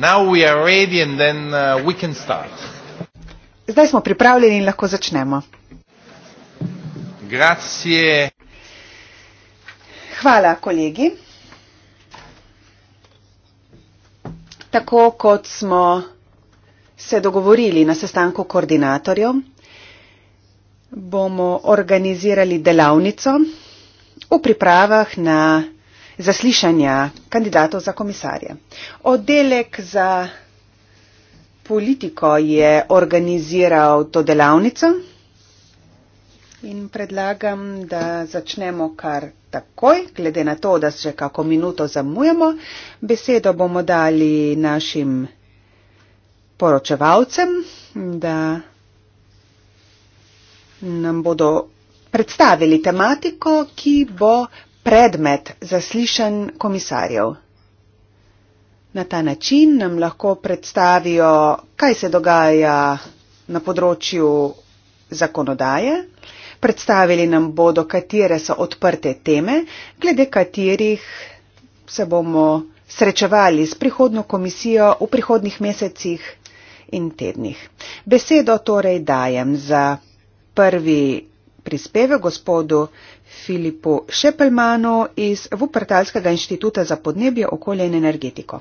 Uh, Zdaj smo pripravljeni in lahko začnemo. Grazie. Hvala, kolegi. Tako kot smo se dogovorili na sestanku koordinatorjev, bomo organizirali delavnico v pripravah na zaslišanja kandidatov za komisarje. Oddelek za politiko je organiziral to delavnico in predlagam, da začnemo kar takoj, glede na to, da se že kako minuto zamujamo. Besedo bomo dali našim poročevalcem, da nam bodo predstavili tematiko, ki bo predmet zaslišanj komisarjev. Na ta način nam lahko predstavijo, kaj se dogaja na področju zakonodaje, predstavili nam bodo, katere so odprte teme, glede katerih se bomo srečevali s prihodno komisijo v prihodnih mesecih in tednih. Besedo torej dajem za prvi prispevek gospodu Filipu Šepelmanu iz Vupertalskega inštituta za podnebje, okolje in energetiko.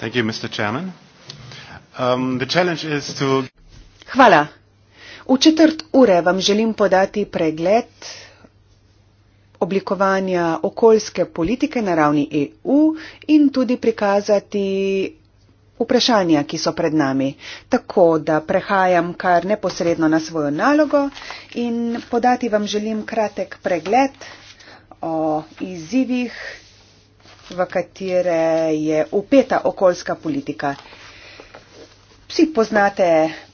Thank you, Mr. Chairman. Um, the challenge is to... Hvala. V četrt ure vam želim podati pregled oblikovanja okoljske politike na ravni EU in tudi prikazati vprašanja, ki so pred nami. Tako da prehajam kar neposredno na svojo nalogo in podati vam želim kratek pregled o izzivih, v katere je upeta okoljska politika. Vsi poznate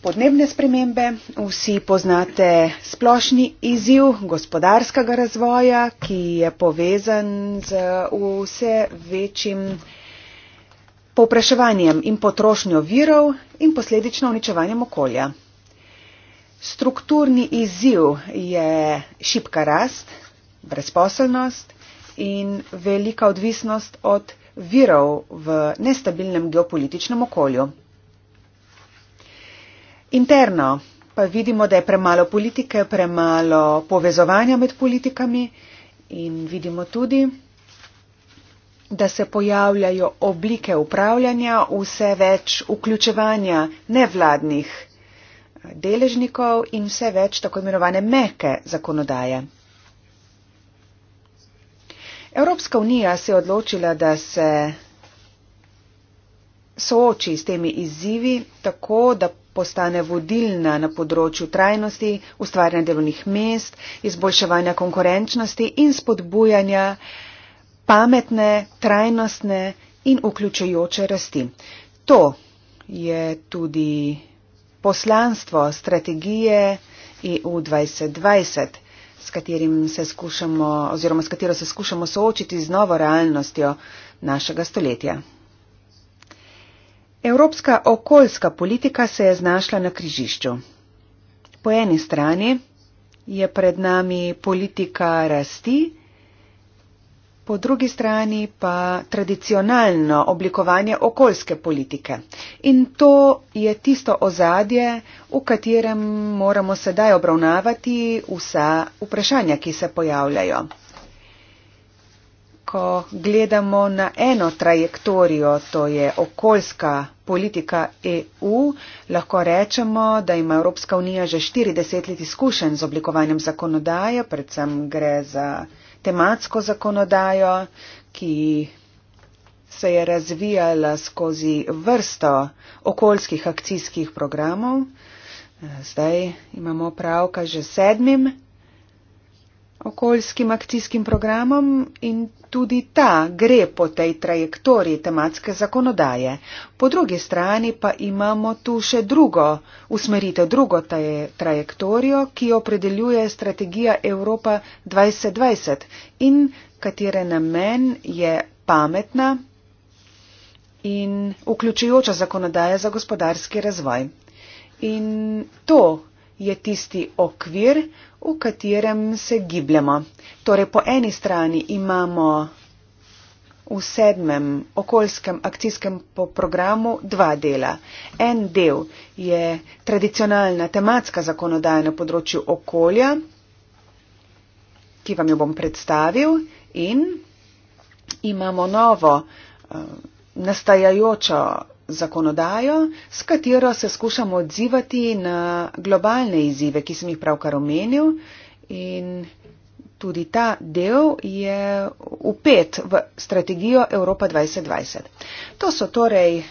podnebne spremembe, vsi poznate splošni izziv gospodarskega razvoja, ki je povezan z vse večjim povpraševanjem in potrošnjo virov in posledično uničevanjem okolja. Strukturni izziv je šipka rast, brezposelnost in velika odvisnost od virov v nestabilnem geopolitičnem okolju. Interno pa vidimo, da je premalo politike, premalo povezovanja med politikami in vidimo tudi, da se pojavljajo oblike upravljanja, vse več vključevanja nevladnih eh, deležnikov in vse več tako imenovane meke zakonodaje. Evropska unija se je odločila, da se sooči s temi izzivi tako, da postane vodilna na področju trajnosti, ustvarjanja delovnih mest, izboljševanja konkurenčnosti in spodbujanja pametne, trajnostne in vključujoče rasti. To je tudi poslanstvo strategije EU 2020, s, se skušamo, oziroma, s katero se skušamo soočiti z novo realnostjo našega stoletja. Evropska okoljska politika se je znašla na križišču. Po eni strani je pred nami politika rasti, Po drugi strani pa tradicionalno oblikovanje okoljske politike. In to je tisto ozadje, v katerem moramo sedaj obravnavati vsa vprašanja, ki se pojavljajo. Ko gledamo na eno trajektorijo, to je okoljska politika EU, lahko rečemo, da ima Evropska unija že 40 let izkušenj z oblikovanjem zakonodaje, predvsem gre za tematsko zakonodajo, ki se je razvijala skozi vrsto okoljskih akcijskih programov. Zdaj imamo pravka že sedmim okoljskim akcijskim programom in tudi ta gre po tej trajektoriji tematske zakonodaje. Po drugi strani pa imamo tu še drugo usmeritev, drugo ta je trajektorijo, ki opredeljuje strategija Evropa 2020 in katere namen je pametna in vključujoča zakonodaja za gospodarski razvoj. In to, je tisti okvir, v katerem se gibljemo. Torej, po eni strani imamo v sedmem okoljskem akcijskem programu dva dela. En del je tradicionalna tematska zakonodaja na področju okolja, ki vam jo bom predstavil, in imamo novo eh, nastajajočo zakonodajo, s katero se skušamo odzivati na globalne izzive, ki sem jih pravkar omenil. In tudi ta del je upet v strategijo Evropa 2020. To so torej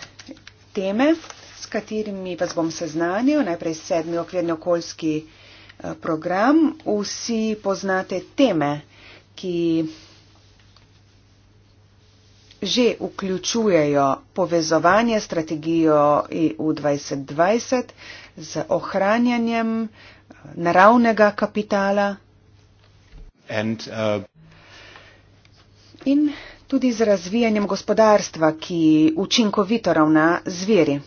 teme, s katerimi vas bom seznanil. Najprej sedmi okvirni okoljski eh, program. Vsi poznate teme, ki že vključujejo povezovanje strategijo EU 2020 z ohranjanjem eh, naravnega kapitala And, uh... in tudi z razvijanjem gospodarstva, ki učinkovito ravna zveri.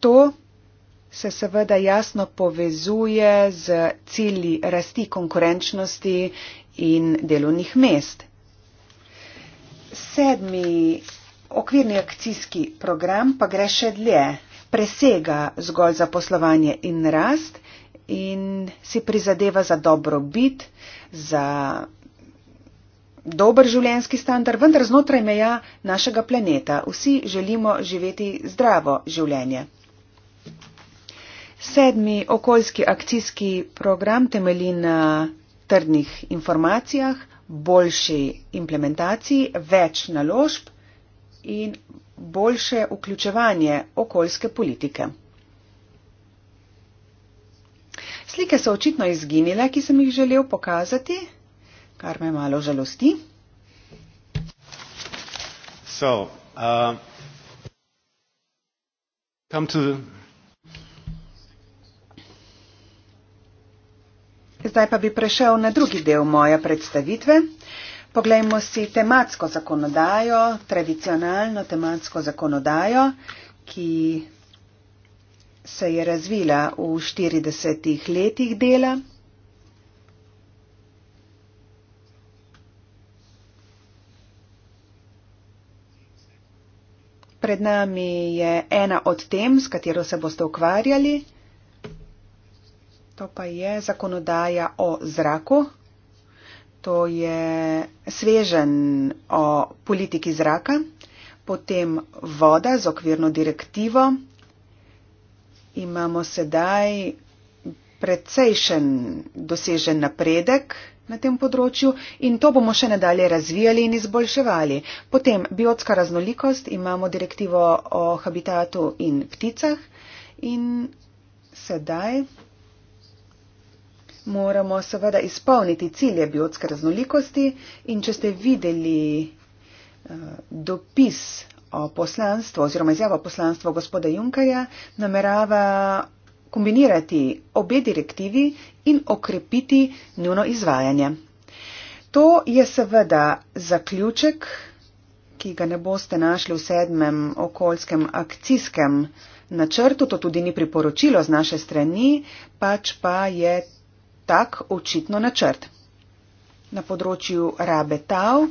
To se seveda jasno povezuje z cilji rasti konkurenčnosti in delovnih mest sedmi okvirni akcijski program pa gre še dlje, presega zgolj za poslovanje in rast in si prizadeva za dobrobit, za dober življenski standard, vendar znotraj meja našega planeta. Vsi želimo živeti zdravo življenje. Sedmi okoljski akcijski program temelji na trdnih informacijah, boljši implementaciji, več naložb in boljše vključevanje okoljske politike. Slike so očitno izginile, ki sem jih želel pokazati, kar me malo žalosti. So, uh, come to the Zdaj pa bi prešel na drugi del moje predstavitve. Poglejmo si tematsko zakonodajo, tradicionalno tematsko zakonodajo, ki se je razvila v 40 letih dela. Pred nami je ena od tem, s katero se boste ukvarjali. To pa je zakonodaja o zraku. To je svežen o politiki zraka, potem voda z okvirno direktivo. Imamo sedaj precejšen dosežen napredek na tem področju in to bomo še nadalje razvijali in izboljševali. Potem biotska raznolikost, imamo direktivo o habitatu in pticah in sedaj moramo seveda izpolniti cilje biotske raznolikosti in če ste videli eh, dopis o poslanstvu oziroma izjavo poslanstva gospoda Junkarja, namerava kombinirati obe direktivi in okrepiti njuno izvajanje. To je seveda zaključek, ki ga ne boste našli v sedmem okoljskem akcijskem načrtu, to tudi ni priporočilo z naše strani, pač pa je tak očitno načrt. Na področju rabe tav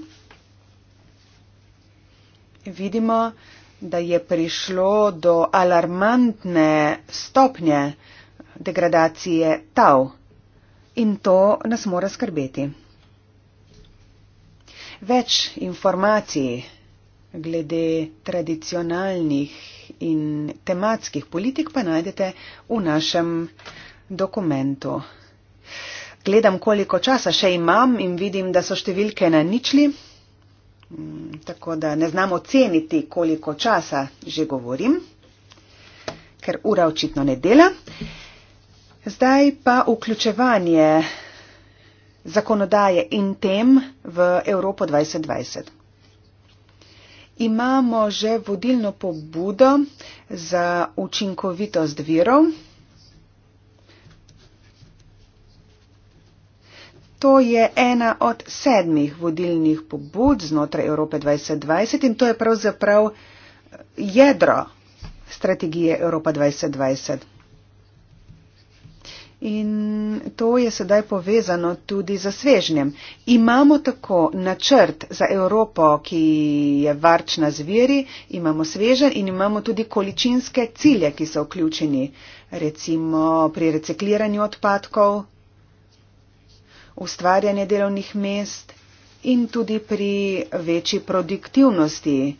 vidimo, da je prišlo do alarmantne stopnje degradacije tav in to nas mora skrbeti. Več informacij glede tradicionalnih in tematskih politik pa najdete v našem dokumentu. Gledam, koliko časa še imam in vidim, da so številke na ničli, mm, tako da ne znam oceniti, koliko časa že govorim, ker ura očitno ne dela. Zdaj pa vključevanje zakonodaje in tem v Evropo 2020. Imamo že vodilno pobudo za učinkovitost virov. To je ena od sedmih vodilnih pobud znotraj Evrope 2020 in to je pravzaprav eh, jedro strategije Evropa 2020. In to je sedaj povezano tudi za svežnjem. Imamo tako načrt za Evropo, ki je varčna zveri, imamo svežen in imamo tudi količinske cilje, ki so vključeni, recimo pri recikliranju odpadkov, ustvarjanje delovnih mest in tudi pri večji produktivnosti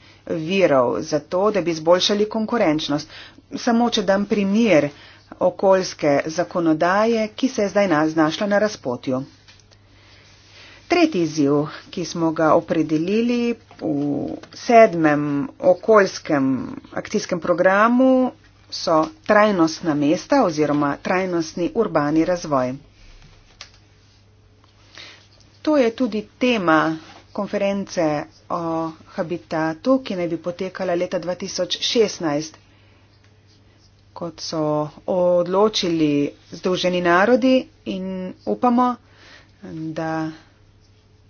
virov, zato da bi izboljšali konkurenčnost. Samo, če dam primer okoljske zakonodaje, ki se je zdaj znašla na razpotju. Tretji izziv, ki smo ga opredelili v sedmem okoljskem akcijskem programu, so trajnostna mesta oziroma trajnostni urbani razvoj. To je tudi tema konference o habitatu, ki naj bi potekala leta 2016. Kot so odločili Združeni narodi in upamo, da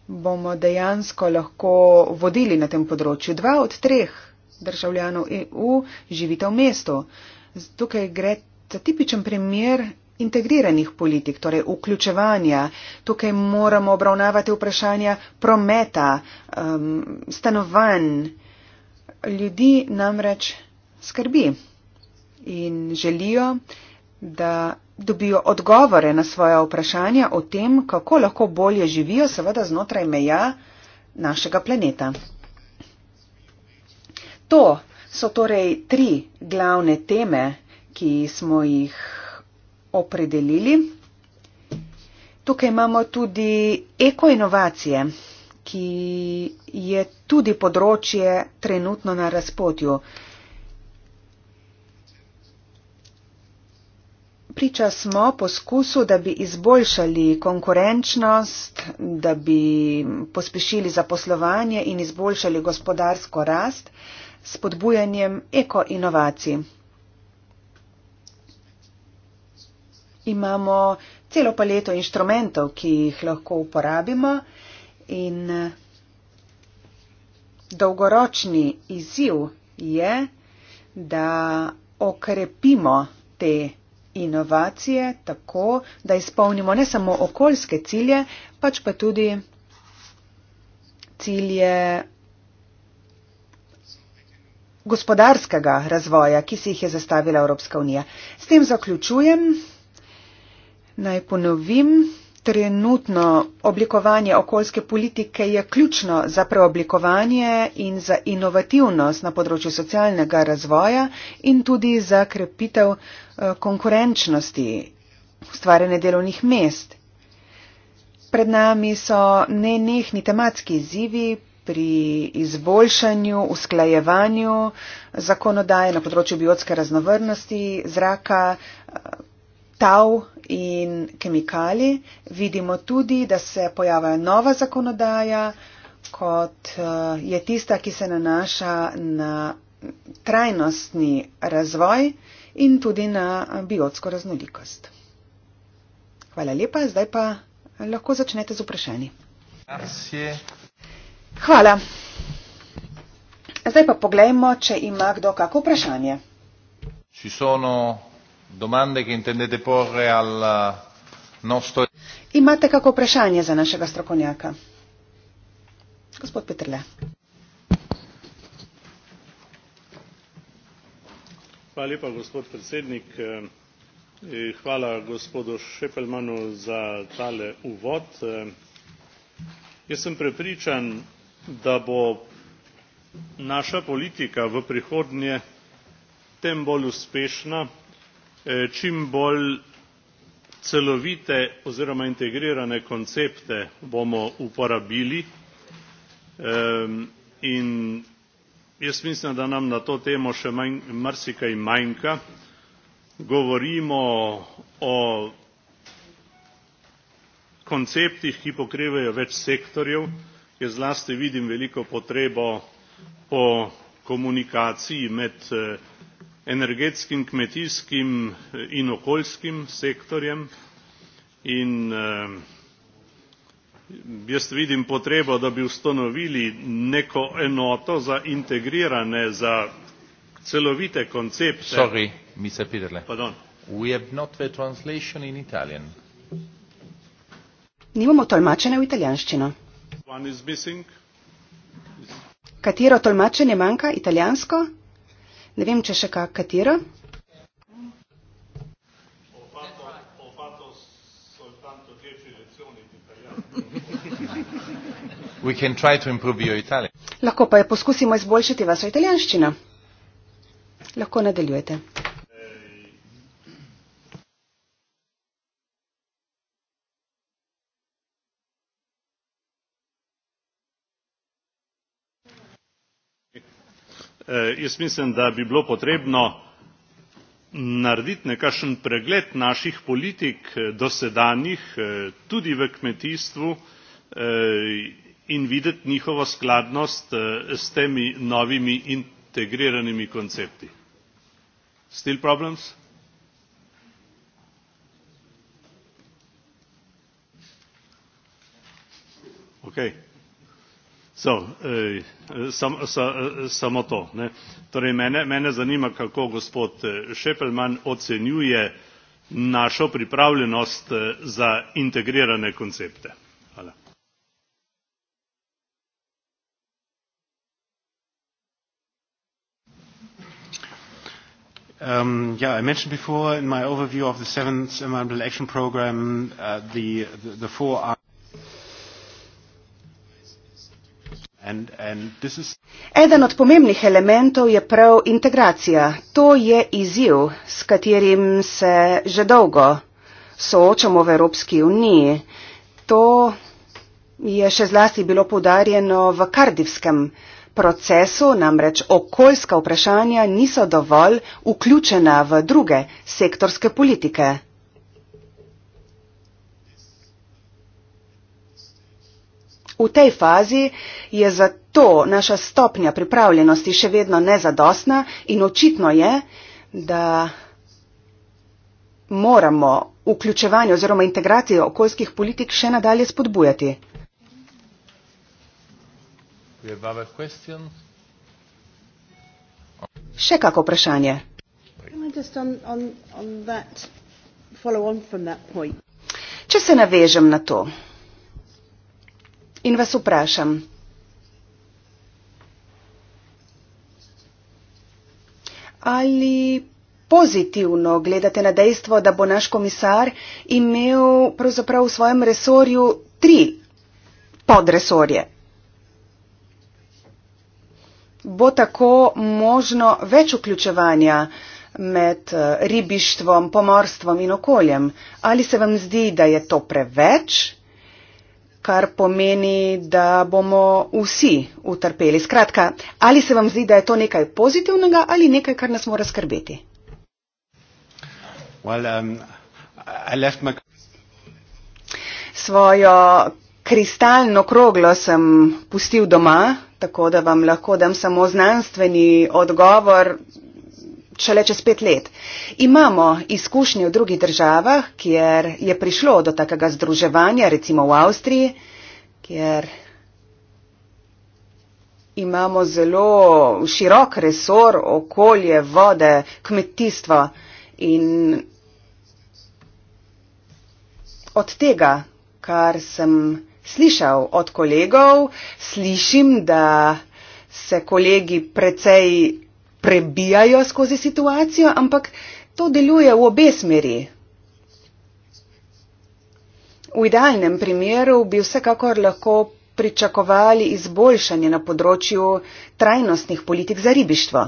bomo dejansko lahko vodili na tem področju. Dva od treh državljanov EU živite v mestu. Tukaj gre za tipičen primer integriranih politik, torej vključevanja. Tukaj moramo obravnavati vprašanja prometa, um, stanovanj. Ljudi namreč skrbi in želijo, da dobijo odgovore na svoja vprašanja o tem, kako lahko bolje živijo, seveda znotraj meja našega planeta. To so torej tri glavne teme, ki smo jih opredelili. Tukaj imamo tudi ekoinovacije, ki je tudi področje trenutno na razpotju. Priča smo poskusu, da bi izboljšali konkurenčnost, da bi pospešili zaposlovanje in izboljšali gospodarsko rast s podbujanjem ekoinovacij. imamo celo paleto inštrumentov, ki jih lahko uporabimo in dolgoročni izziv je, da okrepimo te inovacije tako, da izpolnimo ne samo okoljske cilje, pač pa tudi cilje gospodarskega razvoja, ki si jih je zastavila Evropska unija. S tem zaključujem. Naj ponovim, trenutno oblikovanje okoljske politike je ključno za preoblikovanje in za inovativnost na področju socialnega razvoja in tudi za krepitev eh, konkurenčnosti, ustvarjanje delovnih mest. Pred nami so nenehni tematski izzivi pri izboljšanju, usklajevanju zakonodaje na področju biotske raznovrnosti, zraka, eh, tav in kemikali. Vidimo tudi, da se pojavlja nova zakonodaja, kot eh, je tista, ki se nanaša na trajnostni razvoj in tudi na biotsko raznolikost. Hvala lepa, zdaj pa lahko začnete z vprašanji. Hvala. Zdaj pa pogledajmo, če ima kdo kako vprašanje domande che intendete porre al eh, nostro. Imate kako vprašanje za našega strokovnjaka? Gospod Petrle. Hvala lepa, gospod predsednik. Eh, eh, hvala gospodu Šepelmanu za tale uvod. Jaz sem prepričan, da bo naša politika v prihodnje tem bolj uspešna, E, čim bolj celovite oziroma integrirane koncepte bomo uporabili in jaz mislim da nam na to temo še marsikaj manjka govorimo o konceptih ki pokrivajo več sektorjev jaz zlasti vidim veliko potrebo po komunikaciji med energetskim kmetijskim eh, in okoljskim sektorjem in eh, jaz vidim potrebo da bi ustanovili neko enoto za integrirane za celovite koncepte. Nimamo tolmačenja v italijanščino. Katero tolmačenje manjka italijansko? Ne vem, če še kak, katera. Lahko pa jo poskusimo izboljšati vašo italijanščino. Lahko nadaljujete. Eh, jaz mislim da bi bilo potrebno narediti nekakšen pregled naših politik eh, dosedanjih eh, tudi v kmetijstvu in videti njihovo skladnost s temi novimi integriranimi koncepti. Still problems? Okej. So, ej, eh, sam, eh, sa, eh, samo to. Ne. Torej, mene, mene zanima, kako gospod Šepelman ocenjuje našo pripravljenost za integrirane koncepte. Hvala. Um, yeah, I mentioned before in my overview of the seventh Environmental Action Program uh, the, the, the four Eden od pomembnih elementov je prav integracija. To je izziv, s katerim se že dolgo soočamo v Evropski uniji. To je še zlasti bilo podarjeno v kardivskem procesu, namreč okoljska vprašanja niso dovolj vključena v druge sektorske politike. V tej fazi je zato naša stopnja pripravljenosti še vedno nezadostna in očitno je, da moramo vključevanje oziroma integracijo okoljskih politik še nadalje spodbujati. Še kako vprašanje? Če se navežem na to, in vas vprašam. Ali pozitivno gledate na dejstvo, da bo naš komisar imel pravzaprav v svojem resorju tri podresorje? Bo tako možno več vključevanja med eh, ribištvom, pomorstvom in okoljem? Ali se vam zdi, da je to preveč? kar pomeni, da bomo vsi utrpeli. Skratka, ali se vam zdi, da je to nekaj pozitivnega ali nekaj, kar nas mora skrbeti? Well, um, my... Svojo kristalno kroglo sem pustil doma, tako da vam lahko dam samo znanstveni odgovor šele čez pet let. Imamo izkušnje v drugih državah, kjer je prišlo do takega združevanja, recimo v Avstriji, kjer imamo zelo širok resor okolje, vode, kmetijstvo in od tega, kar sem slišal od kolegov, slišim, da se kolegi precej prebijajo skozi situacijo, ampak to deluje v obe smeri. V idealnem primeru bi vsekakor lahko pričakovali izboljšanje na področju trajnostnih politik za ribištvo.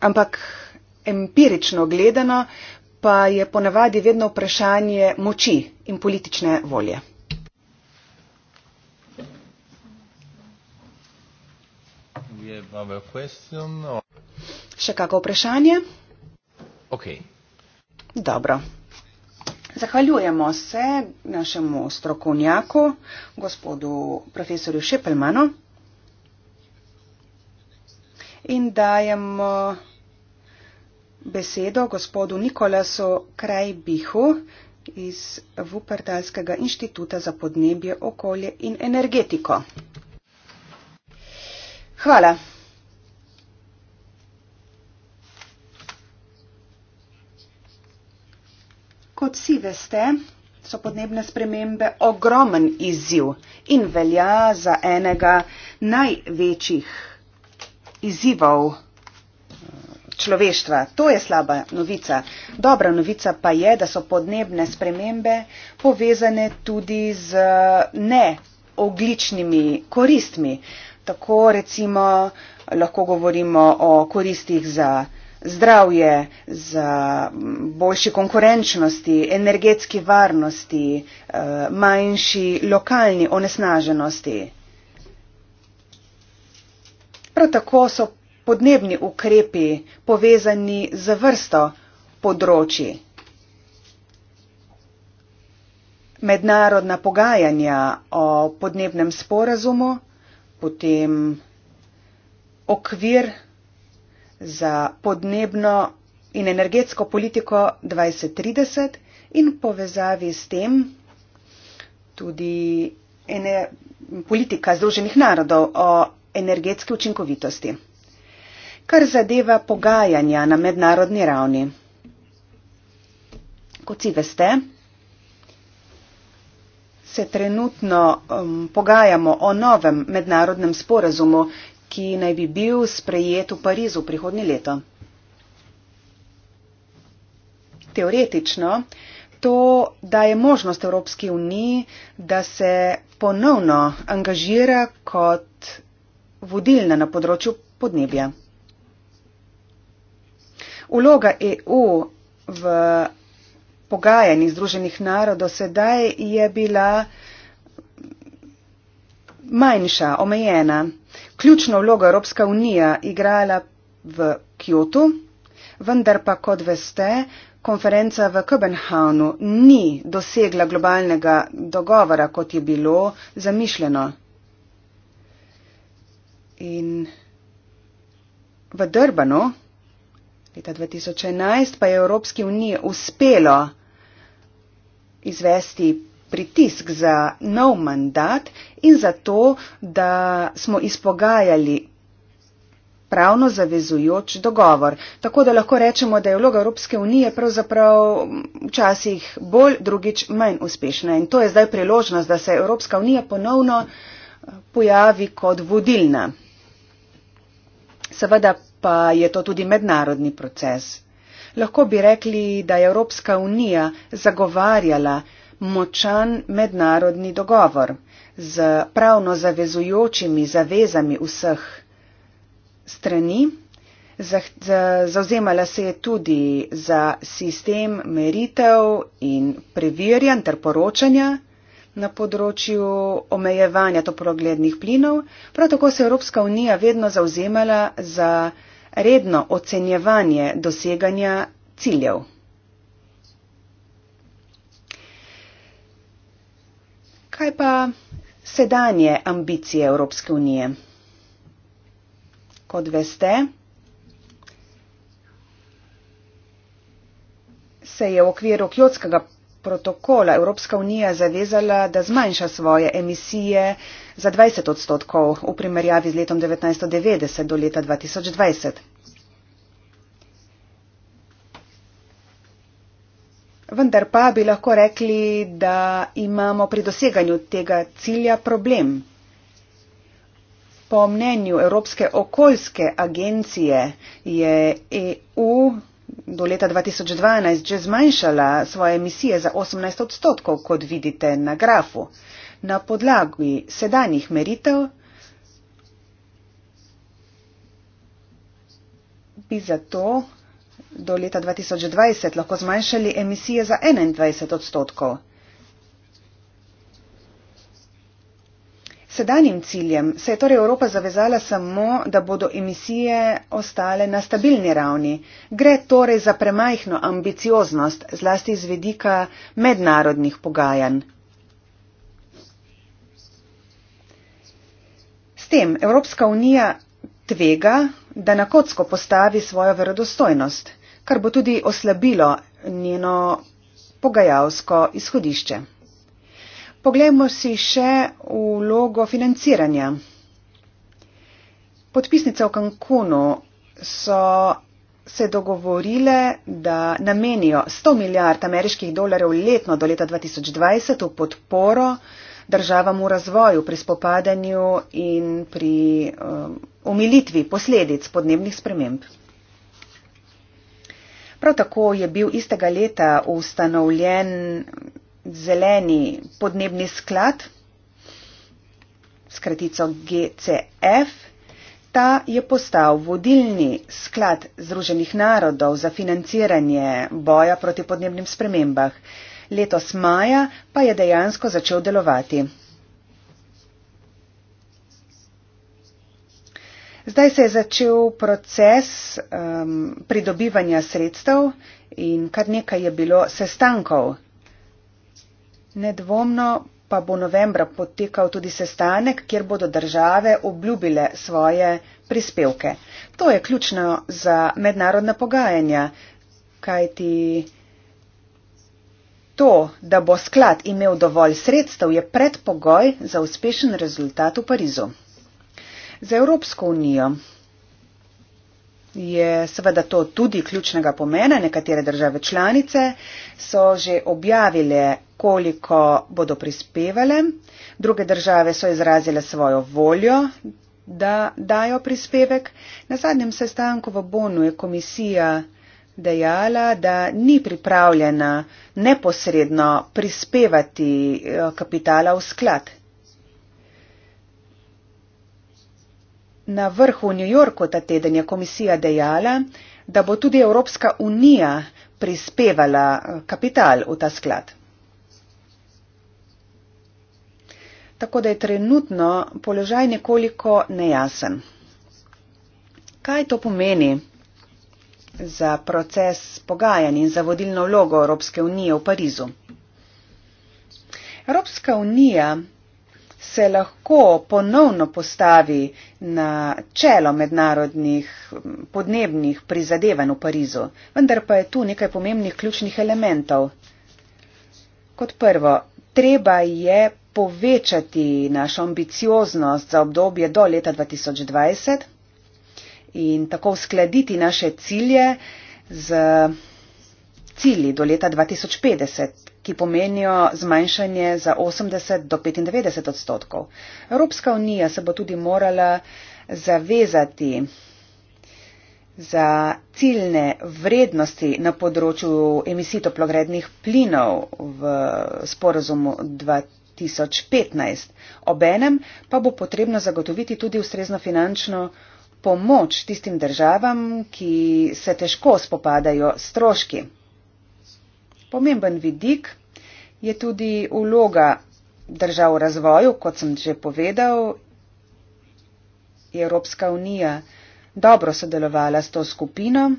Ampak empirično gledano pa je ponavadi vedno vprašanje moči in politične volje. Še kako vprašanje? Ok. Dobro. Zahvaljujemo se našemu strokovnjaku, gospodu profesorju Šepelmanu. In dajemo besedo gospodu Nikolasu Krajbihu iz Vupertalskega inštituta za podnebje, okolje in energetiko. Hvala. Kot vsi veste, so podnebne spremembe ogromen izziv in velja za enega največjih izzivov eh, človeštva. To je slaba novica. Dobra novica pa je, da so podnebne spremembe povezane tudi z neogličnimi koristmi. Uh, Tako recimo lahko govorimo o koristih za zdravje, za boljši konkurenčnosti, energetski varnosti, eh, manjši lokalni onesnaženosti. Prav tako so podnebni ukrepi povezani z vrsto področji. Mednarodna pogajanja o podnebnem sporazumu potem okvir za podnebno in energetsko politiko 2030 in povezavi s tem tudi ene, politika Združenih narodov o energetski učinkovitosti. Kar zadeva pogajanja na mednarodni ravni. Kot si veste, se trenutno um, pogajamo o novem mednarodnem sporazumu, ki naj bi bil sprejet v Parizu prihodnje leto. Teoretično to daje možnost Evropski uniji, da se ponovno angažira kot vodilna na področju podnebja. Vloga EU v pogajanj Združenih narodov sedaj je bila manjša, omejena. Ključno vlogo Evropska unija igrala v Kyoto, vendar pa, kot veste, konferenca v Kopenhavnu ni dosegla globalnega dogovora, kot je bilo zamišljeno. In v Drbanu leta 2011 pa je Evropski uniji uspelo izvesti pritisk za nov mandat in za to, da smo izpogajali pravno zavezujoč dogovor. Tako da lahko rečemo, da je vloga Evropske unije pravzaprav včasih bolj, drugič manj uspešna. In to je zdaj priložnost, da se Evropska unija ponovno eh, pojavi kot vodilna. Seveda pa je to tudi mednarodni proces lahko bi rekli, da je Evropska unija zagovarjala močan mednarodni dogovor z pravno zavezujočimi zavezami vseh strani. Zauzemala se je tudi za sistem meritev in preverjanj ter poročanja na področju omejevanja toplogrednih plinov. Prav tako se je Evropska unija vedno zauzemala za redno ocenjevanje doseganja ciljev. Kaj pa sedanje ambicije Evropske unije? Kot veste, se je v okviru kjotskega protokola Evropska unija zavezala, da zmanjša svoje emisije za 20 odstotkov v primerjavi z letom 1990 do leta 2020. Vendar pa bi lahko rekli, da imamo pri doseganju tega cilja problem. Po mnenju Evropske okoljske agencije je EU do leta 2012 že zmanjšala svoje emisije za 18 odstotkov, kot vidite na grafu na podlagi sedanjih meritev bi zato do leta 2020 lahko zmanjšali emisije za 21 odstotkov. Sedanjim ciljem se je torej Evropa zavezala samo, da bodo emisije ostale na stabilni ravni. Gre torej za premajhno ambicioznost, zlasti z vedika mednarodnih pogajanj. tem Evropska unija tvega, da na kocko postavi svojo verodostojnost, kar bo tudi oslabilo njeno pogajalsko izhodišče. Poglejmo si še vlogo financiranja. Podpisnice v Cancunu so se dogovorile, da namenijo 100 milijard ameriških dolarjev letno do leta 2020 v podporo državam v razvoju pri spopadanju in pri um, omilitvi posledic podnebnih sprememb. Prav tako je bil istega leta ustanovljen zeleni podnebni sklad s kratico GCF. Ta je postal vodilni sklad Združenih narodov za financiranje boja proti podnebnim spremembah letos maja pa je dejansko začel delovati. Zdaj se je začel proces um, pridobivanja sredstev in kar nekaj je bilo sestankov. Nedvomno pa bo novembra potekal tudi sestanek, kjer bodo države obljubile svoje prispevke. To je ključno za mednarodne pogajanja, kajti To, da bo sklad imel dovolj sredstev, je predpogoj za uspešen rezultat v Parizu. Za Evropsko unijo je seveda to tudi ključnega pomena. Nekatere države članice so že objavile, koliko bodo prispevale, druge države so izrazile svojo voljo da dajo prispevek. Na zadnjem sestanku v Bonu je komisija dejala, da ni pripravljena neposredno prispevati eh, kapitala v sklad. Na vrhu v New Yorku ta teden je komisija dejala, da bo tudi Evropska unija prispevala eh, kapital v ta sklad. Tako da je trenutno položaj nekoliko nejasen. Kaj to pomeni? za proces pogajanj in za vodilno vlogo Evropske unije v Parizu. Evropska unija se lahko ponovno postavi na čelo mednarodnih podnebnih prizadevanj v Parizu, vendar pa je tu nekaj pomembnih ključnih elementov. Kot prvo, treba je povečati našo ambicioznost za obdobje do leta 2020 in tako uskladiti naše cilje z cilji do leta 2050, ki pomenijo zmanjšanje za 80 do 95 odstotkov. Evropska unija se bo tudi morala zavezati za ciljne vrednosti na področju emisij toplogrednih plinov v sporozumu 2015. Obenem pa bo potrebno zagotoviti tudi ustrezno finančno pomoč tistim državam, ki se težko spopadajo s stroški. Pomemben vidik je tudi uloga držav v razvoju, kot sem že povedal. Je Evropska unija dobro sodelovala s to skupino.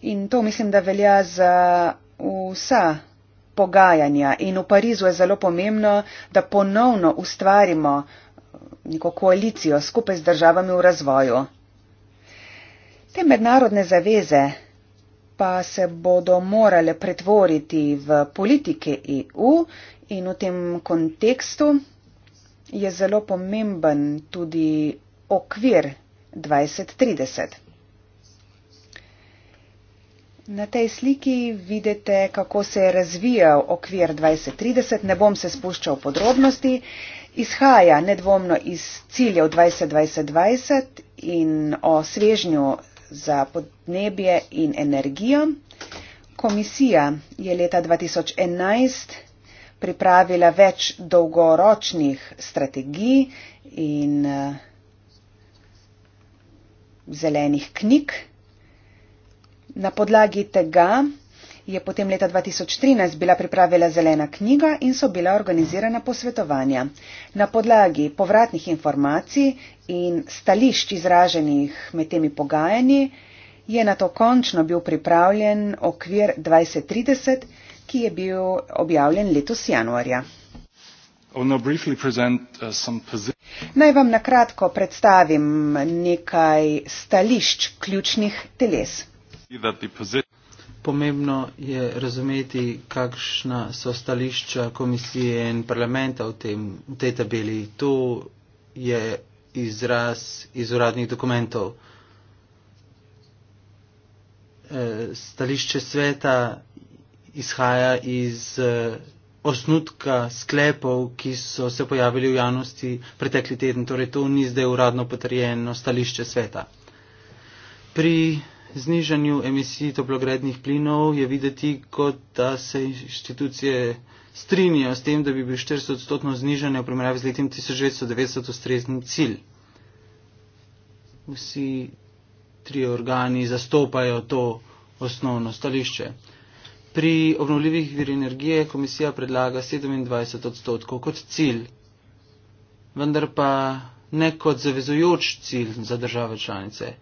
In to mislim, da velja za vsa pogajanja in v Parizu je zelo pomembno, da ponovno ustvarimo eh, neko koalicijo skupaj z državami v razvoju. Te mednarodne zaveze pa se bodo morale pretvoriti v politike EU in v tem kontekstu je zelo pomemben tudi okvir 2030. Na tej sliki vidite, kako se je razvijal okvir 2030. Ne bom se spuščal v podrobnosti. Izhaja nedvomno iz ciljev 2020 in o svežnju za podnebje in energijo. Komisija je leta 2011 pripravila več dolgoročnih strategij in eh, zelenih knjig na podlagi tega je potem leta 2013 bila pripravila zelena knjiga in so bila organizirana posvetovanja. Na podlagi povratnih informacij in stališč izraženih med temi pogajanji je na to končno bil pripravljen okvir 2030, ki je bil objavljen letos januarja. Uh, Naj vam na kratko predstavim nekaj stališč ključnih teles. Pomembno je razumeti, kakšna so stališča komisije in parlamenta v, tem, v tej tabeli. To je izraz iz uradnih dokumentov. E, stališče sveta izhaja iz e, osnutka sklepov, ki so se pojavili v javnosti pretekli teden. Torej, to ni zdaj uradno potrjeno stališče sveta. Pri znižanju emisij toplogrednih plinov je videti, kot da se inštitucije strinjajo s tem, da bi bil 400 odstotno znižanje v primerjavi z letim 1990 ustrezni cilj. Vsi tri organi zastopajo to osnovno stališče. Pri obnovljivih vir energije komisija predlaga 27 odstotkov kot cilj, vendar pa ne kot zavezujoč cilj za države članice.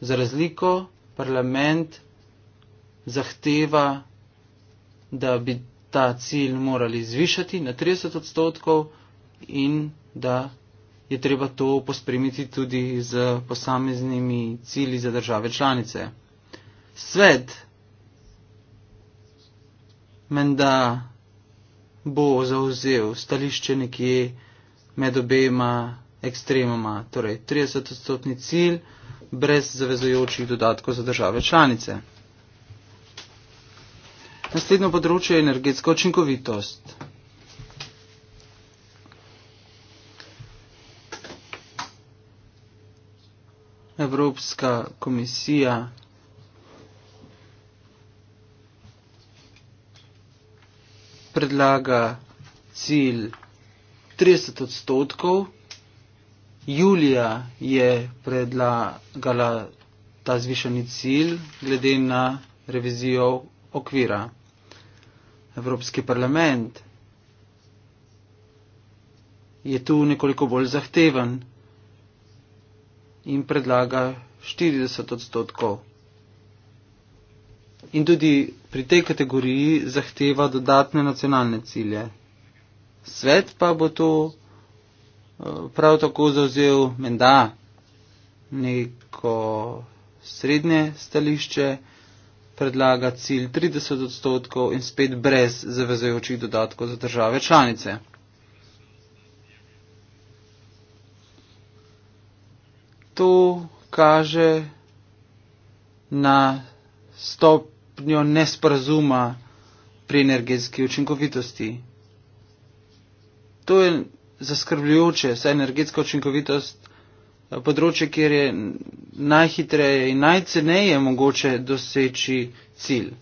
Za razliko parlament zahteva, da bi ta cilj morali zvišati na 30 odstotkov in da je treba to pospremiti tudi z posameznimi cilji za države članice. Svet menda bo zauzel stališče nekje med obema ekstremoma, torej 30 odstotni cilj brez zavezujočih dodatkov za države članice. Naslednjo področje je energetska očinkovitost. Evropska komisija predlaga cilj 30 odstotkov Julija je predlagala ta zvišeni cilj glede na revizijo okvira. Evropski parlament je tu nekoliko bolj zahteven in predlaga 40 odstotkov. In tudi pri tej kategoriji zahteva dodatne nacionalne cilje. Svet pa bo to prav tako zauzel menda neko srednje stališče, predlaga cilj 30 odstotkov in spet brez zavezajočih dodatkov za države članice. To kaže na stopnjo nesporazuma pri energetski učinkovitosti. To je zaskrbljujoče, saj energetska učinkovitost eh, področje, kjer je najhitreje in najceneje mogoče doseči cilj.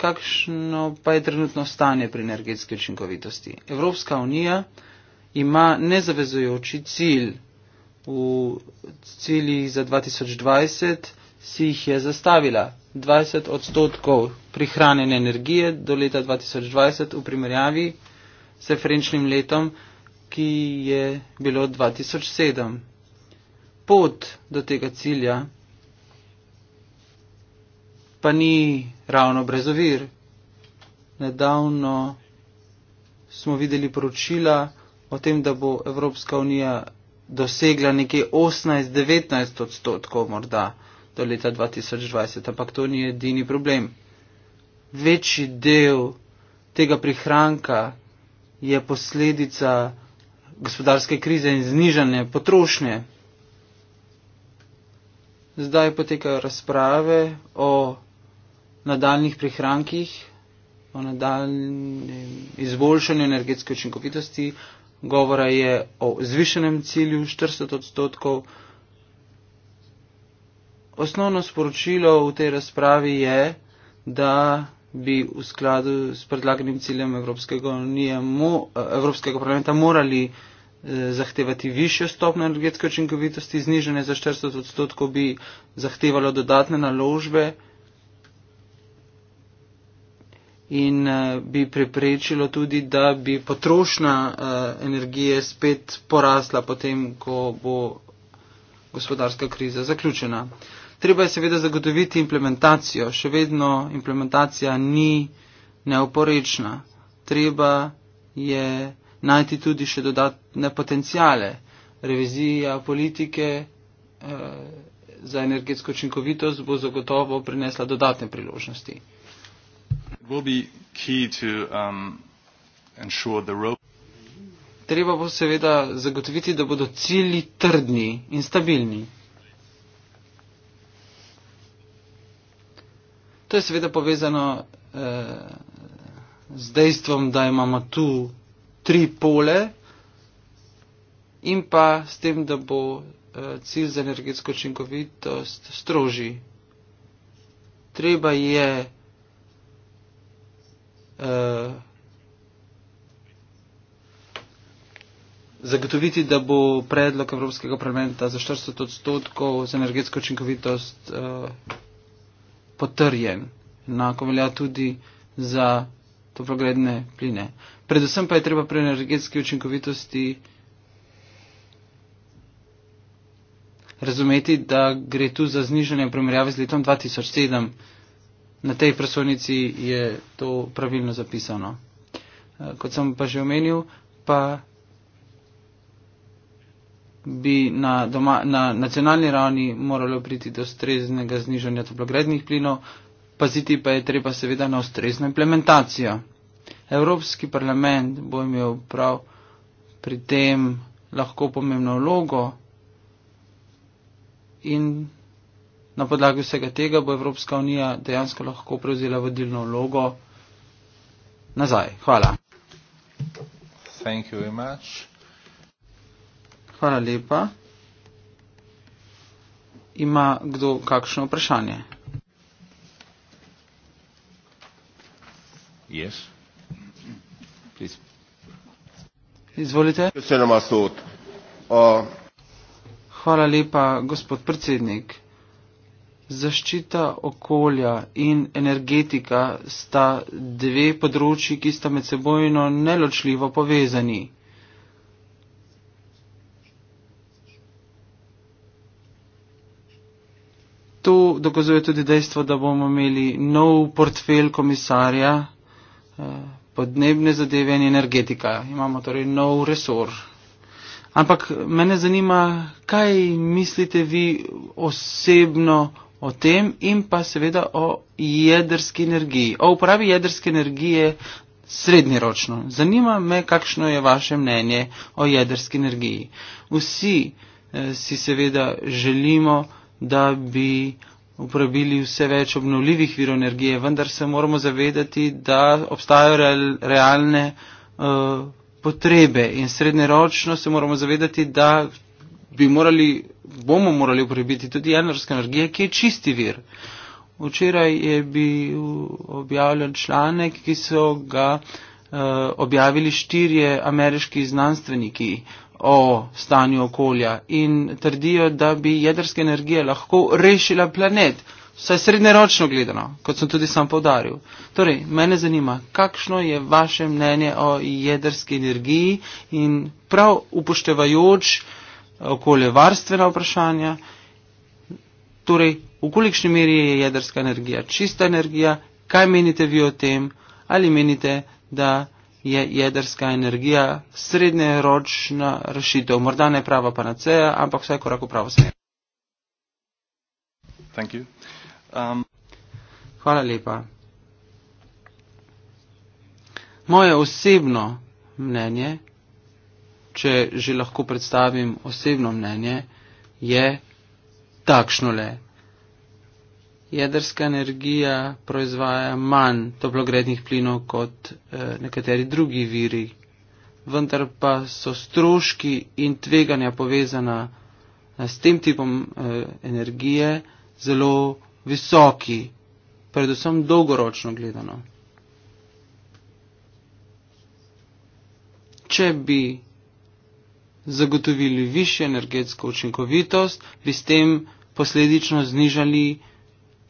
Kakšno pa je trenutno stanje pri energetski učinkovitosti? Evropska unija ima nezavezujoči cilj v ciljih za 2020, si jih je zastavila 20 odstotkov prihranjene energije do leta 2020 v primerjavi s referenčnim letom ki je bilo 2007. Pot do tega cilja pa ni ravno brez ovir. Nedavno smo videli poročila o tem, da bo Evropska unija dosegla nekje 18-19 odstotkov morda do leta 2020, ampak to ni edini problem. Večji del tega prihranka je posledica gospodarske krize in znižanje potrošnje. Zdaj potekajo razprave o nadaljnih prihrankih, o nadaljnem izboljšanju energetske učinkovitosti. Govora je o zvišenem cilju 40 odstotkov. Osnovno sporočilo v tej razpravi je, da bi v skladu s predlaganim ciljem Evropskega, unije, mo, Evropskega parlamenta morali uh, Eh, zahtevati više stopne energetske učinkovitosti, znižanje za 40 odstotkov bi zahtevalo dodatne naložbe in eh, bi preprečilo tudi, da bi potrošnja eh, energije spet porasla potem, ko bo gospodarska kriza zaključena. Treba je seveda zagotoviti implementacijo. Še vedno implementacija ni neoporečna. Treba je najti tudi še dodatne potencijale. Revizija politike eh, za energetsko učinkovitost bo zagotovo prinesla dodatne priložnosti. Um, Treba bo seveda zagotoviti, da bodo cilji trdni in stabilni. To je seveda povezano eh, z dejstvom, da imamo tu tri pole in pa s tem, da bo eh, cilj za energetsko učinkovitost strožji. Treba je uh, zagotoviti, da bo predlog Evropskega parlamenta za 400 odstotkov za energetsko učinkovitost uh, potrjen. Enako velja tudi za toplogredne pline. Predvsem pa je treba pri energetski učinkovitosti razumeti, da gre tu za znižanje primerjave z letom 2007. Na tej prosovnici je to pravilno zapisano. Eh, kot sem pa že omenil, pa bi na, doma, na nacionalni ravni moralo priti do streznega znižanja toplogrednih plinov, Paziti pa je treba seveda na ustrezno implementacijo. Evropski parlament bo imel prav pri tem lahko pomembno vlogo in na podlagi vsega tega bo Evropska unija dejansko lahko prevzela vodilno vlogo nazaj. Hvala. Hvala lepa. Ima kdo kakšno vprašanje? Hvala lepa, gospod predsednik. Zaščita okolja in energetika sta dve področji, ki sta med sebojno neločljivo povezani. To dokazuje tudi dejstvo, da bomo imeli nov portfelj komisarja. Eh, podnebne zadeve in energetika. Imamo torej nov resor. Ampak mene zanima, kaj mislite vi osebno o tem in pa seveda o jedrski energiji, o uporabi jedrske energije srednjeročno. Zanima me, kakšno je vaše mnenje o jedrski energiji. Vsi eh, si seveda želimo, da bi uh, uporabili vse več obnovljivih virov energije, vendar se moramo zavedati, da obstajajo real, realne uh, potrebe in srednjeročno se moramo zavedati, da bi morali, bomo morali uporabiti tudi jedrska energija, ki je čisti vir. Včeraj je bil objavljen članek, ki so ga uh, objavili štirje ameriški znanstveniki, uh, o stanju okolja in trdijo, da bi jedrska energija lahko rešila planet, vsaj srednjeročno gledano, kot sem tudi sam povdaril. Torej, mene zanima, kakšno je vaše mnenje o jedrski energiji in prav upoštevajoč eh, okoljevarstvena vprašanja, torej, v kolikšni meri je jedrska energija čista energija, kaj menite vi o tem ali menite, da je jedrska energija srednjeročna rešitev. Morda ne prava panaceja, ampak vsaj korak v pravo smer. Um... Hvala lepa. Moje osebno mnenje, če že lahko predstavim osebno mnenje, je takšno le jedrska energija proizvaja manj toplogrednih plinov kot eh, nekateri drugi viri, vendar pa so stroški in tveganja povezana eh, s tem tipom eh, energije zelo visoki, predvsem dolgoročno gledano. Če bi zagotovili višjo energetsko učinkovitost, bi s tem posledično znižali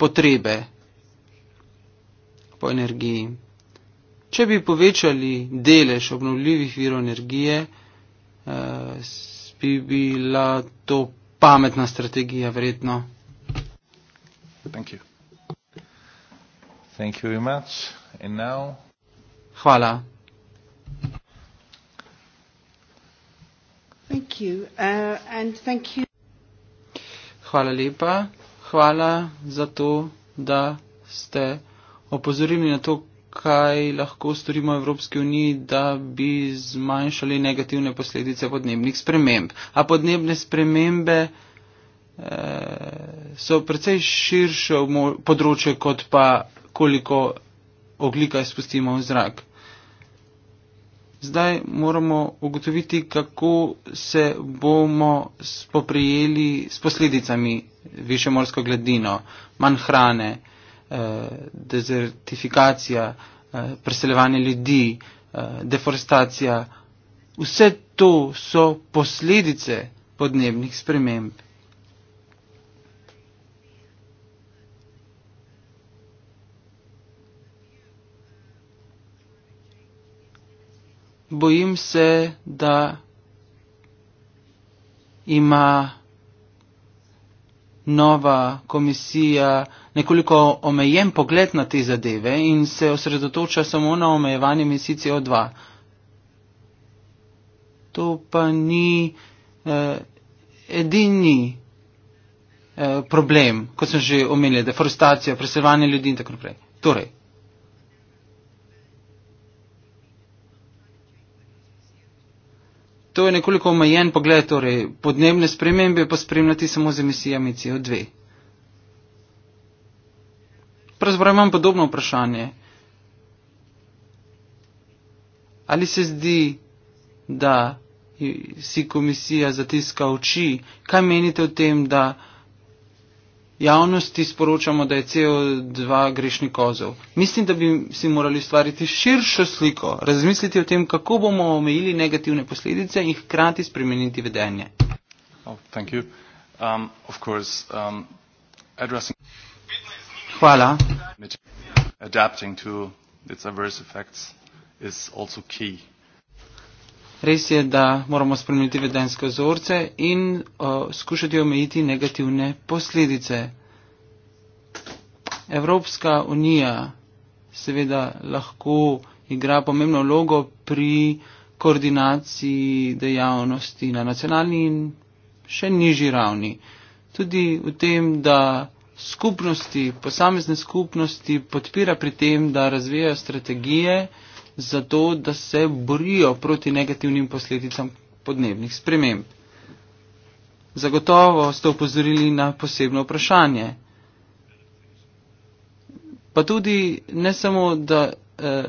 potrebe po energiji. Če bi povečali delež obnovljivih virov energije, eh, bi bila to pametna strategija vredno. Hvala. Thank you. Uh, and thank you. Hvala lepa hvala za to, da ste opozorili na to, kaj lahko storimo v Evropski uniji, da bi zmanjšali negativne posledice podnebnih sprememb. A podnebne spremembe eh, so precej širše območje, kot pa koliko oglika izpustimo v zrak. Zdaj moramo ugotoviti, kako se bomo spoprijeli s posledicami više morsko gladino, manj hrane, eh, dezertifikacija, eh, preseljevanje ljudi, eh, deforestacija. Vse to so posledice podnebnih sprememb. bojim se, da ima nova komisija nekoliko omejen pogled na te zadeve in se osredotoča samo na omejevanje emisij CO2. To pa ni eh, edini eh, problem, kot sem že omenil, deforestacija, preseljevanje ljudi in tako naprej. Torej, to je nekoliko omejen pogled, torej podnebne spremembe pa spremljati samo z emisijami CO2. Pravzaprav imam podobno vprašanje. Ali se zdi, da si komisija zatiska oči, kaj menite o tem, da javnosti sporočamo, da je CO2 grešni kozel. Mislim, da bi si morali ustvariti širšo sliko, razmisliti o tem, kako bomo omejili negativne posledice in hkrati spremeniti vedenje. Oh, um, um, Hvala. Res je, da moramo spremeniti vedenske vzorce in o, skušati omejiti negativne posledice. Evropska unija seveda lahko igra pomembno vlogo pri koordinaciji dejavnosti na nacionalni in še nižji ravni. Tudi v tem, da skupnosti, posamezne skupnosti podpira pri tem, da razvijajo strategije, zato, da se borijo proti negativnim posledicam podnebnih sprememb. Zagotovo ste upozorili na posebno vprašanje. Pa tudi ne samo, da eh,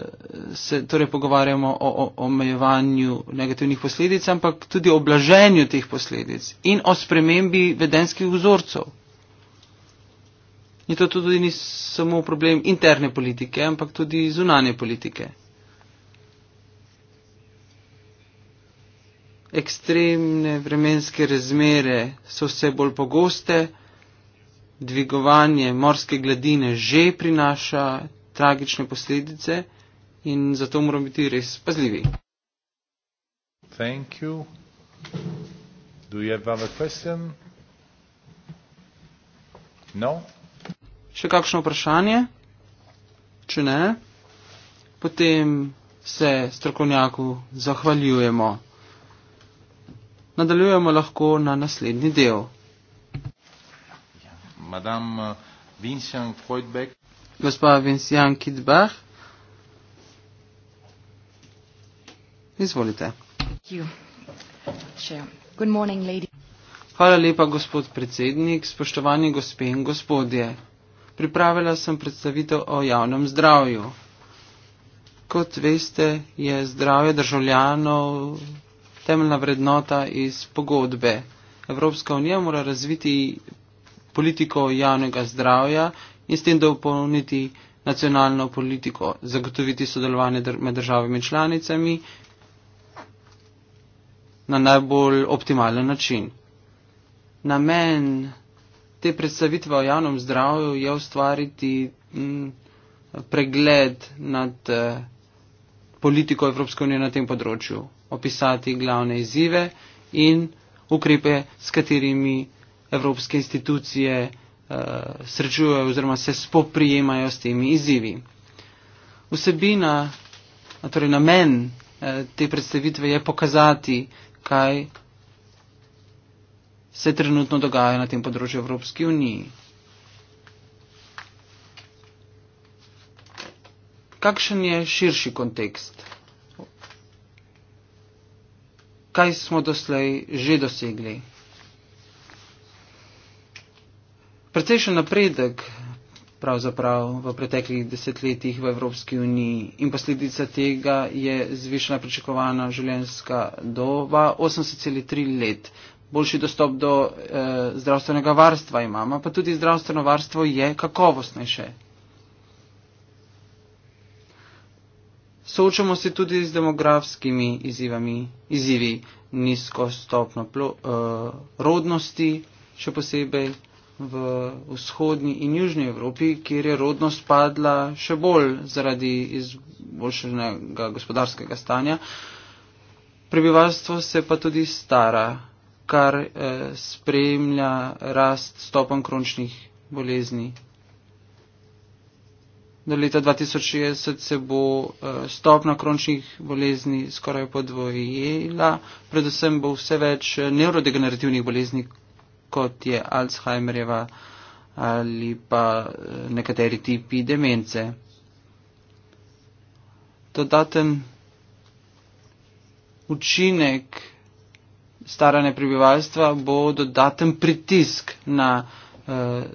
se torej pogovarjamo o, o omejevanju negativnih posledic, ampak tudi o blaženju teh posledic in o spremembi vedenskih vzorcev. In to tudi ni samo problem interne politike, ampak tudi zunanje politike. ekstremne vremenske razmere so vse bolj pogoste, dvigovanje morske gladine že prinaša tragične posledice in zato moramo biti res pazljivi. Thank you. Do you have another question? No? Še kakšno vprašanje? Če ne, potem se strokovnjaku zahvaljujemo nadaljujemo lahko na naslednji del. Eh, Gospa Vincian Kidbach, izvolite. Morning, Hvala lepa, gospod predsednik, spoštovani gospe in gospodje. Pripravila sem predstavitev o javnem zdravju. Kot veste, je zdravje državljanov temeljna vrednota iz pogodbe. Evropska unija mora razviti politiko javnega zdravja in s tem dopolniti nacionalno politiko, zagotoviti sodelovanje med državami članicami na najbolj optimalen način. Namen te predstavitve o javnem zdravju je ustvariti mm, pregled nad eh, politiko Evropske unije na tem področju opisati glavne izzive in ukrepe, s katerimi evropske institucije uh, srečujejo oziroma se spoprijemajo s temi izzivi. Vsebina, torej namen uh, te predstavitve je pokazati, kaj se trenutno dogaja na tem področju Evropske unije. Kakšen je širši kontekst? kaj smo doslej že dosegli. Precejšen napredek pravzaprav v preteklih desetletjih v Evropski uniji in posledica tega je zvišena pričakovana življenjska doba 8,3 let. Boljši dostop do eh, zdravstvenega varstva imamo, pa tudi zdravstveno varstvo je kakovostnejše. Soočamo se tudi z demografskimi izzivami, izzivi nizko stopno plo, uh, rodnosti, še posebej v vzhodni in južni Evropi, kjer je rodnost padla še bolj zaradi izboljšenega gospodarskega stanja. Prebivalstvo se pa tudi stara, kar eh, spremlja rast stopen krončnih bolezni do leta 2060 se bo eh, stopna kroničnih bolezni skoraj podvojila, predvsem bo vse več eh, neurodegenerativnih bolezni, kot je Alzheimerjeva ali pa eh, nekateri tipi demence. Dodaten učinek staranja prebivalstva bo dodaten pritisk na eh,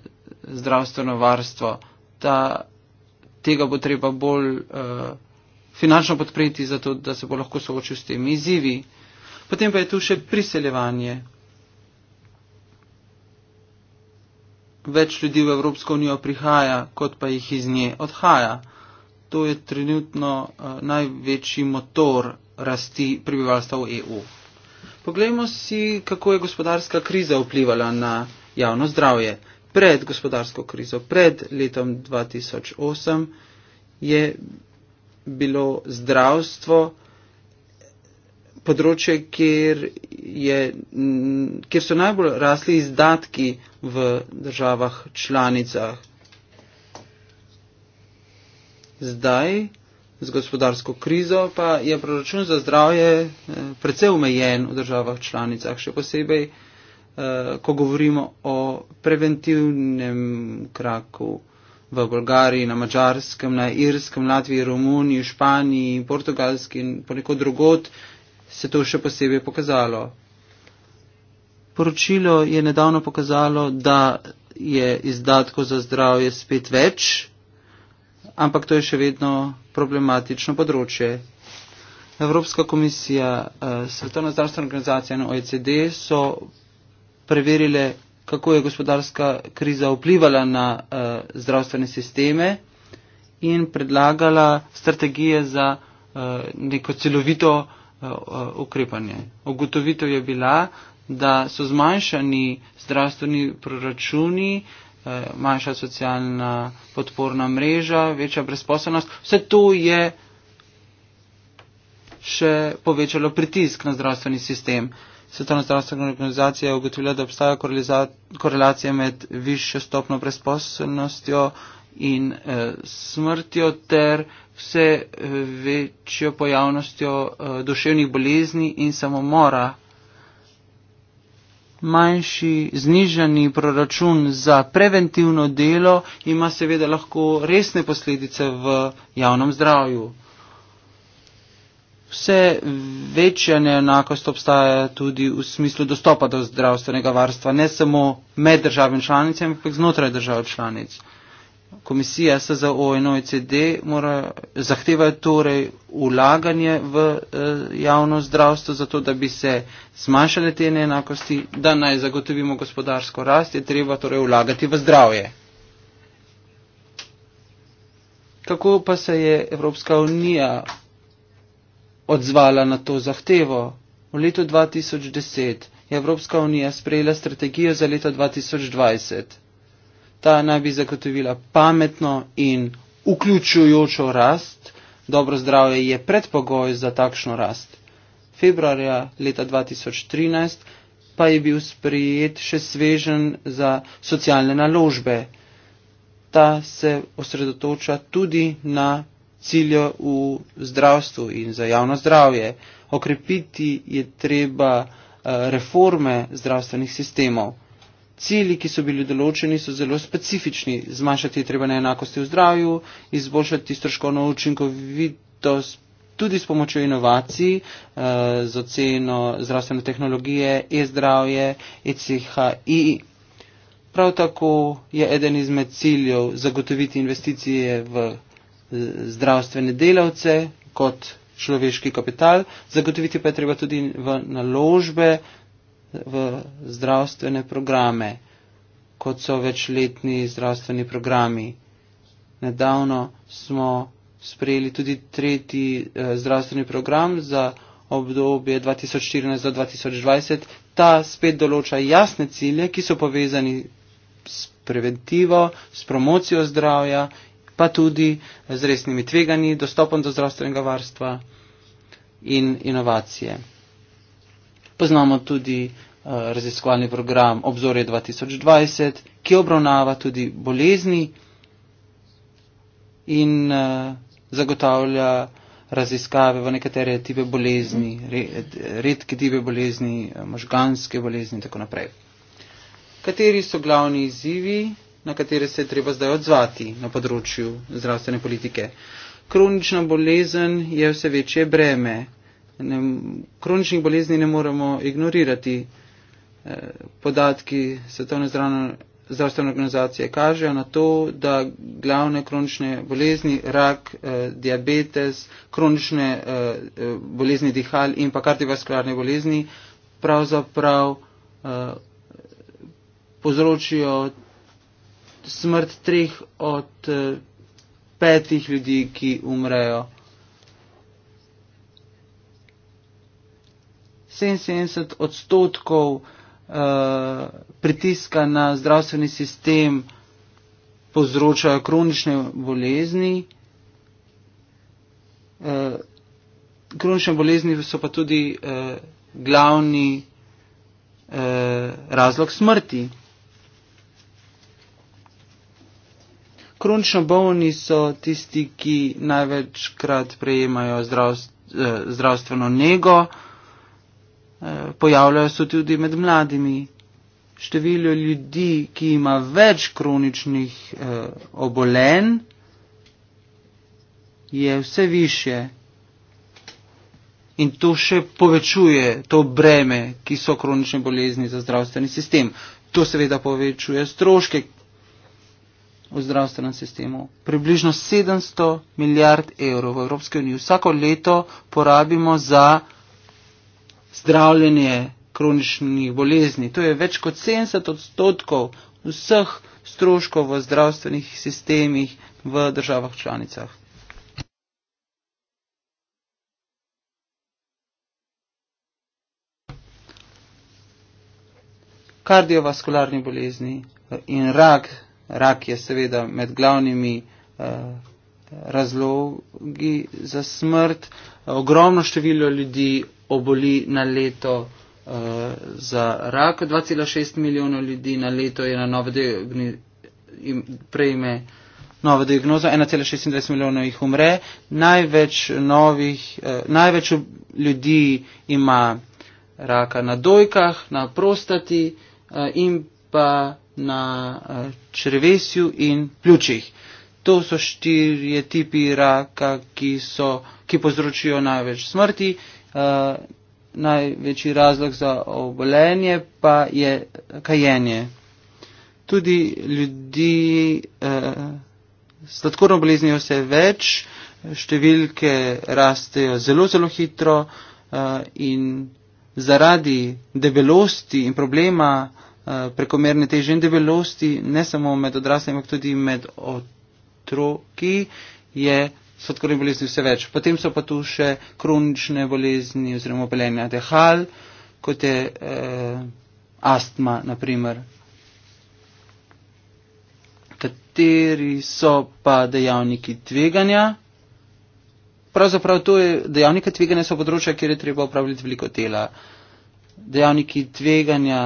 zdravstveno varstvo. Ta tega bo treba bolj uh, finančno podpreti, zato da se bo lahko soočil s temi izzivi. Potem pa je tu še priseljevanje. Več ljudi v Evropsko unijo prihaja, kot pa jih iz nje odhaja. To je trenutno uh, največji motor rasti prebivalstva v EU. Poglejmo si, kako je gospodarska kriza vplivala na javno zdravje pred gospodarsko krizo, pred letom 2008, je bilo zdravstvo področje, kjer, je, kjer so najbolj rasli izdatki v državah članicah. Zdaj, z gospodarsko krizo, pa je proračun za zdravje eh, precej omejen v državah članicah, še posebej. Eh, ko govorimo o preventivnem kraku v Bolgariji, na Mačarskem, na Irskem, Latviji, Romuniji, Španiji, Portugalski in ponekod drugot, se to še posebej pokazalo. Poročilo je nedavno pokazalo, da je izdatkov za zdravje spet več, ampak to je še vedno problematično področje. Evropska komisija, eh, Svetovna zdravstvena organizacija in OECD so preverile, kako je gospodarska kriza vplivala na uh, zdravstvene sisteme in predlagala strategije za uh, neko celovito uh, uh, ukrepanje. Ogotovitev je bila, da so zmanjšani zdravstveni proračuni, uh, manjša socialna podporna mreža, večja brezposobnost. Vse to je še povečalo pritisk na zdravstveni sistem. Uh, Svetovna zdravstvena organizacija je ugotovila, da obstaja korelacija med višjo stopno brezposobnostjo in eh, smrtjo ter vse eh, večjo pojavnostjo eh, duševnih bolezni in samomora. Manjši znižani proračun za preventivno delo ima seveda lahko resne posledice v javnem zdravju vse večja neenakost obstaja tudi v smislu dostopa do zdravstvenega varstva, ne samo med državami članicami, ampak znotraj držav članic. Komisija SZO in OECD mora, zahteva torej ulaganje v eh, javno zdravstvo, zato da bi se zmanjšale te neenakosti, da naj zagotovimo gospodarsko rast, je treba torej ulagati v zdravje. Kako pa se je Evropska unija odzvala na to zahtevo. V letu 2010 je Evropska unija sprejela strategijo za leto 2020. Ta naj bi zagotovila pametno in vključujočo rast. Dobro zdravje je predpogoj za takšno rast. Februarja leta 2013 pa je bil sprejet še svežen za socialne naložbe. Ta se osredotoča tudi na cilje v zdravstvu in za javno zdravje. Okrepiti je treba eh, reforme zdravstvenih sistemov. Cilji, ki so bili določeni, so zelo specifični. Zmanjšati je treba neenakosti v zdravju, izboljšati stroškovno učinkovitost tudi s pomočjo inovacij uh, z oceno zdravstvene tehnologije, e-zdravje, ECHI. Prav tako je eden izmed ciljev zagotoviti investicije v zdravstvene delavce kot človeški kapital, zagotoviti pa je treba tudi v naložbe, v zdravstvene programe, kot so večletni zdravstveni programi. Nedavno smo sprejeli tudi tretji eh, zdravstveni program za obdobje 2014 do 2020. Ta spet določa jasne cilje, ki so povezani s preventivo, s promocijo zdravja pa tudi z resnimi tveganji, dostopom do zdravstvenega varstva in inovacije. Poznamo tudi eh, raziskovalni program Obzorje 2020, ki obravnava tudi bolezni in eh, zagotavlja raziskave v nekatere tipe bolezni, redke tipe bolezni, eh, možganske bolezni in tako naprej. Kateri so glavni izzivi na katere se je treba zdaj odzvati na področju zdravstvene politike. Kronična bolezen je vse večje breme. Ne, kroničnih bolezni ne moremo ignorirati. Eh, podatki Svetovne zdravstvene organizacije kažejo na to, da glavne kronične bolezni, rak, eh, diabetes, kronične eh, bolezni dihal in pa kardiovaskularne bolezni pravzaprav povzročijo smrt treh od eh, petih ljudi, ki umrejo. 77 odstotkov uh, pritiska na zdravstveni sistem povzročajo kronične bolezni. Uh, kronične bolezni so pa tudi uh, glavni uh, razlog smrti. kronično bolni so tisti, ki največkrat prejemajo zdravst, eh, zdravstveno nego, eh, pojavljajo se tudi med mladimi. Število ljudi, ki ima več kroničnih eh, obolenj, je vse više in to še povečuje to breme, ki so kronične bolezni za zdravstveni sistem. To seveda povečuje stroške, v zdravstvenem sistemu. Približno 700 milijard evrov v Evropski uniji vsako leto porabimo za zdravljenje kroničnih bolezni. To je več kot 70 odstotkov vseh stroškov v zdravstvenih sistemih v državah članicah. Kardiovaskularni bolezni in rak Rak je seveda med glavnimi eh, razlogi za smrt. Ogromno število ljudi oboli na leto eh, za rak, 2,6 milijona ljudi na leto je na nove prejme novo diagnozo, 1,26 milijona jih umre, največ, novih, eh, največ ljudi ima raka na dojkah, na prostati in pa na eh, črvesju in pljučih. To so štirje tipi raka, ki, so, ki povzročijo največ smrti. Uh, največji razlog za obolenje pa je kajenje. Tudi ljudi uh, sladkorno boleznijo vse več, številke rastejo zelo, zelo hitro uh, in zaradi debelosti in problema uh, Eh, prekomerne teže in debelosti, ne samo med odraslimi, ampak tudi med otroki, je sladkorne bolezni vse več. Potem so pa tu še kronične bolezni oziroma obolenja dehal, kot je eh, astma, naprimer, kateri so pa dejavniki tveganja. Pravzaprav to je dejavnika tveganja so področja, kjer je treba upravljati veliko dela. Dejavniki tveganja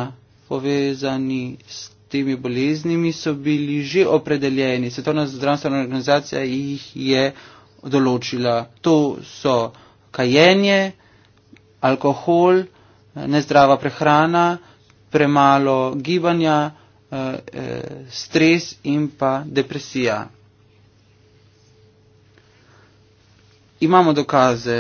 povezani s temi boleznimi, so bili že opredeljeni. Svetovna zdravstvena organizacija jih je določila. To so kajenje, alkohol, nezdrava prehrana, premalo gibanja, eh, eh, stres in pa depresija. Imamo dokaze,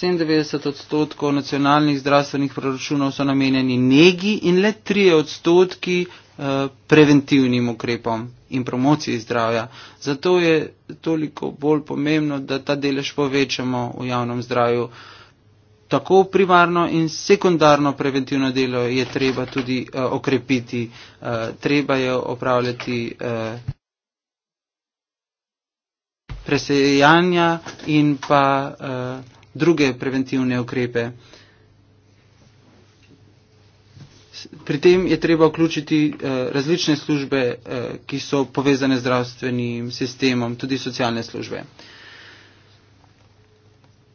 97 odstotkov nacionalnih zdravstvenih proračunov so namenjeni negi in le 3 odstotki eh, preventivnim ukrepom in promociji zdravja. Zato je toliko bolj pomembno, da ta delež povečamo v javnem zdravju. Tako primarno in sekundarno preventivno delo je treba tudi uh, okrepiti. Uh, treba je opravljati uh, presejanja in pa uh, druge preventivne ukrepe. Pri tem je treba vključiti eh, različne službe, eh, ki so povezane z zdravstvenim sistemom, tudi socialne službe.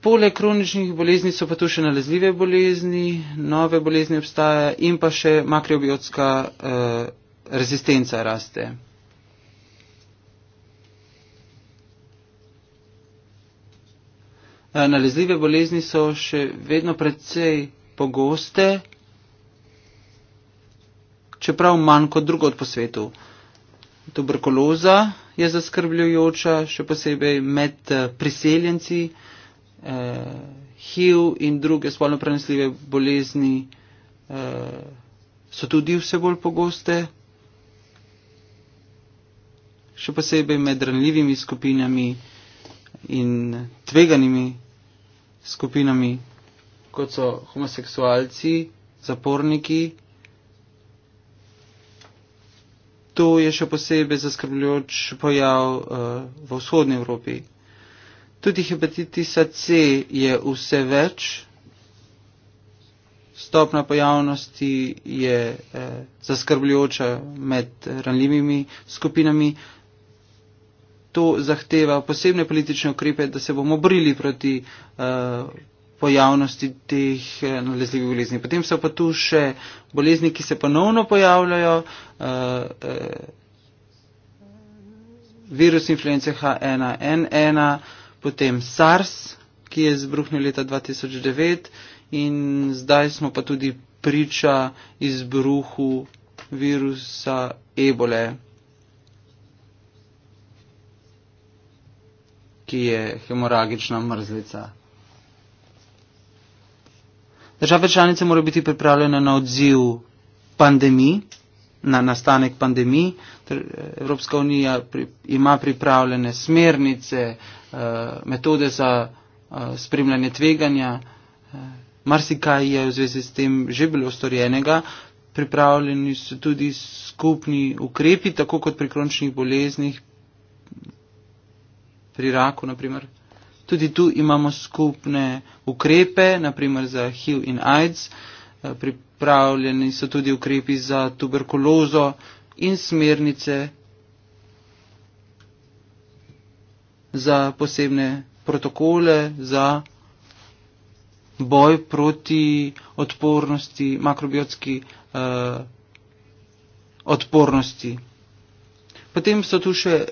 Poleg kroničnih bolezni so pa tu še nalezljive bolezni, nove bolezni obstaja in pa še makrobiotska eh, rezistenca raste. Eh, nalezljive bolezni so še vedno precej pogoste, čeprav manj kot drugod po svetu. Tuberkuloza je zaskrbljujoča, še posebej med eh, priseljenci. Eh, HIV in druge spolno prenosljive bolezni so tudi vse bolj pogoste, še posebej med ranljivimi skupinami in tveganimi skupinami skupinami, kot so homoseksualci, zaporniki. To je še posebej zaskrbljujoč pojav uh, v vzhodni Evropi. Tudi hepatitisa C je vse več, stopna pojavnosti je eh, zaskrbljujoča med ranljivimi skupinami, to zahteva posebne politične ukrepe, da se bomo borili proti uh, pojavnosti teh eh, nalezljivih bolezni. Potem so pa tu še bolezni, ki se ponovno pojavljajo. Uh, uh, virus influence H1N1, potem SARS, ki je zbruhnil leta 2009 in zdaj smo pa tudi priča izbruhu virusa ebole. ki je hemoragična mrzlica. Države članice morajo biti pripravljene na odziv pandemij, na nastanek pandemij. Evropska unija pri, ima pripravljene smernice, eh, metode za eh, spremljanje tveganja. Eh, marsikaj je v zvezi s tem že bilo storjenega. Pripravljeni so tudi skupni ukrepi, tako kot pri kroničnih boleznih, pri raku, naprimer. Tudi tu imamo skupne ukrepe, naprimer za HIV in AIDS, eh, pripravljeni so tudi ukrepi za tuberkulozo in smernice za posebne protokole za boj proti odpornosti, makrobiotski uh, odpornosti. Potem so tu še uh,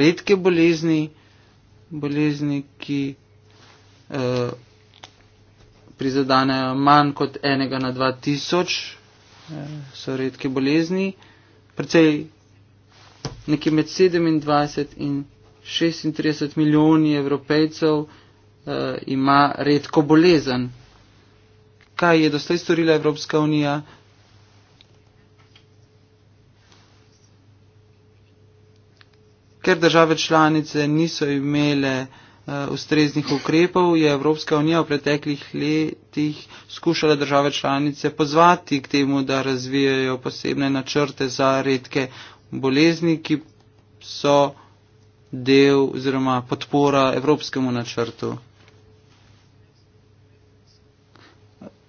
redke bolezni, bolezni, ki eh, prizadanejo manj kot enega na 2000, eh, so redke bolezni, precej nekje med 27 in 36 milijoni evropejcev eh, ima redko bolezen. Kaj je doslej storila Evropska unija? ker države članice niso imele eh, ustreznih ukrepov, je Evropska unija v preteklih letih skušala države članice pozvati k temu, da razvijajo posebne načrte za redke bolezni, ki so del oziroma podpora evropskemu načrtu.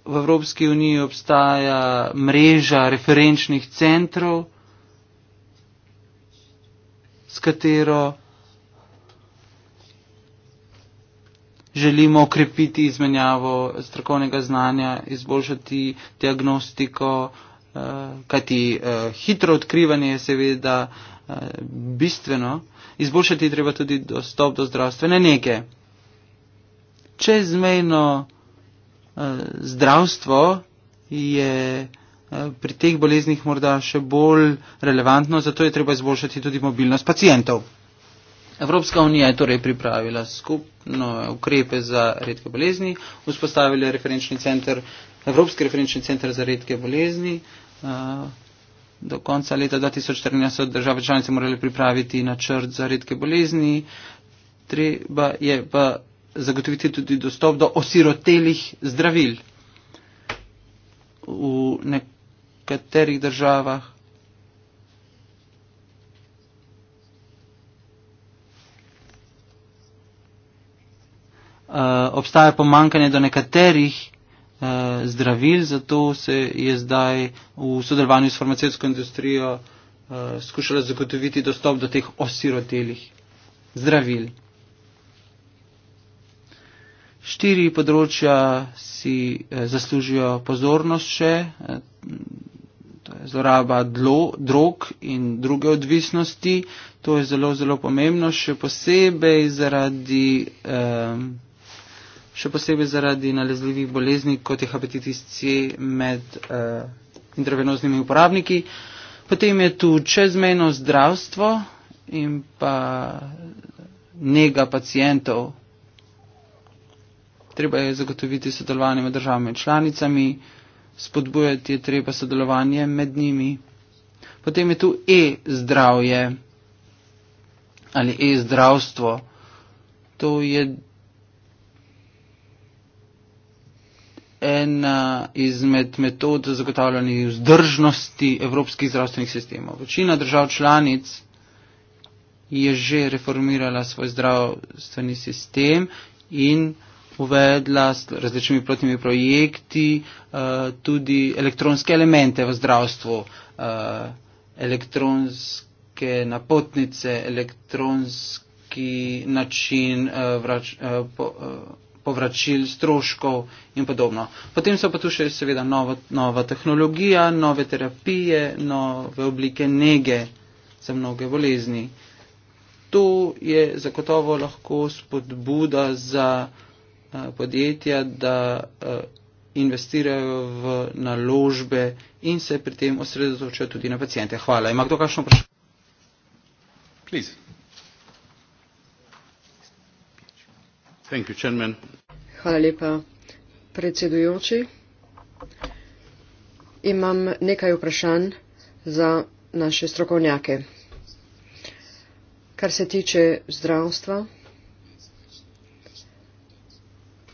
V Evropski uniji obstaja mreža referenčnih centrov, s katero želimo okrepiti izmenjavo strokovnega znanja, izboljšati diagnostiko, eh, kajti eh, hitro odkrivanje je seveda eh, bistveno, izboljšati je treba tudi dostop do zdravstvene nege. Čezmejno zdravstvo je. Eh, pri teh boleznih morda še bolj relevantno, zato je treba izboljšati tudi mobilnost pacijentov. Evropska unija je torej pripravila skupno ukrepe za redke bolezni, vzpostavili je Evropski referenčni center za redke bolezni. Eh, do konca leta 2014 so države članice morali pripraviti načrt za redke bolezni. Treba je pa zagotoviti tudi dostop do osirotelih zdravil. V nekaj katerih državah. Uh, obstaja pomankanje do nekaterih uh, zdravil, zato se je zdaj v sodelovanju s farmacevsko industrijo uh, skušala zagotoviti dostop do teh osirotelih zdravil. Štiri področja si uh, zaslužijo pozornost še. Uh, to je zloraba dlo, drog in druge odvisnosti. To je zelo, zelo pomembno, še posebej zaradi, um, še posebej zaradi nalezljivih bolezni, kot je hepatitis C med uh, eh, intravenoznimi uporabniki. Potem je tu čezmejno zdravstvo in pa njega pacijentov. Treba je zagotoviti sodelovanje med državami in članicami. Uh, spodbujati je treba sodelovanje med njimi. Potem je tu e-zdravje ali e-zdravstvo. To je ena izmed metod zagotavljanja vzdržnosti evropskih zdravstvenih sistemov. Večina držav članic je že reformirala svoj zdravstveni sistem in uvedla s različnimi protimi projekti uh, tudi elektronske elemente v zdravstvu, uh, elektronske napotnice, elektronski način uh, vrač, uh, po, uh, povračil stroškov in podobno. Potem so pa tu še seveda novo, nova tehnologija, nove terapije, nove oblike nege za mnoge bolezni. To je zagotovo lahko spodbuda za Eh, podjetja, da eh, investirajo v naložbe in se pri tem osredotočajo tudi na pacijente. Hvala. Ima kdo kakšno vprašanje? Please. Thank you, chairman. Hvala lepa, predsedujoči. Imam nekaj vprašanj za naše strokovnjake. Kar se tiče zdravstva,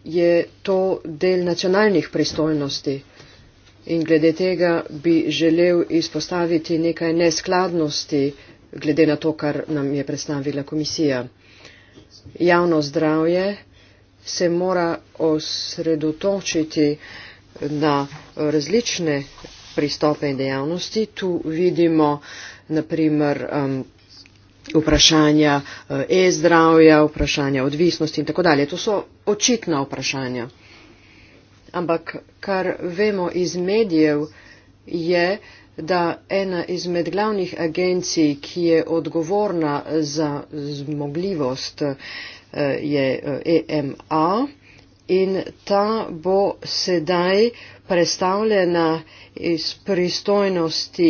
je to del nacionalnih pristojnosti in glede tega bi želel izpostaviti nekaj neskladnosti glede na to, kar nam je predstavila komisija. Javno zdravje se mora osredotočiti na različne pristope in dejavnosti. Tu vidimo naprimer um, vprašanja eh, e-zdravja, vprašanja odvisnosti in tako dalje. To so očitna vprašanja. Ampak kar vemo iz medijev je, da ena izmed glavnih agencij, ki je odgovorna za zmogljivost, eh, je EMA eh, e in ta bo sedaj prestavljena iz pristojnosti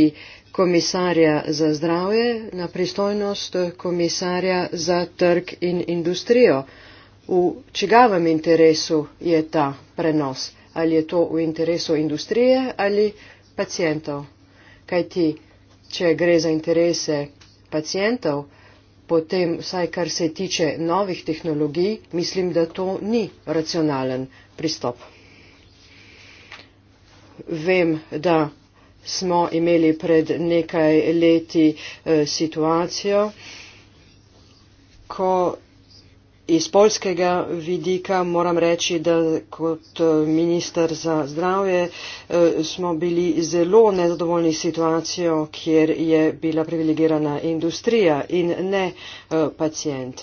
komisarja za zdravje na pristojnost komisarja za trg in industrijo. V čigavem interesu je ta prenos? Ali je to v interesu industrije ali pacijentov? Kaj ti, če gre za interese pacijentov, potem vsaj kar se tiče novih tehnologij, mislim, da to ni racionalen pristop. Vem, da smo imeli pred nekaj leti eh, situacijo, ko iz polskega vidika moram reči, da kot eh, minister za zdravje eh, smo bili zelo nezadovoljni situacijo, kjer je bila privilegirana industrija in ne pacijent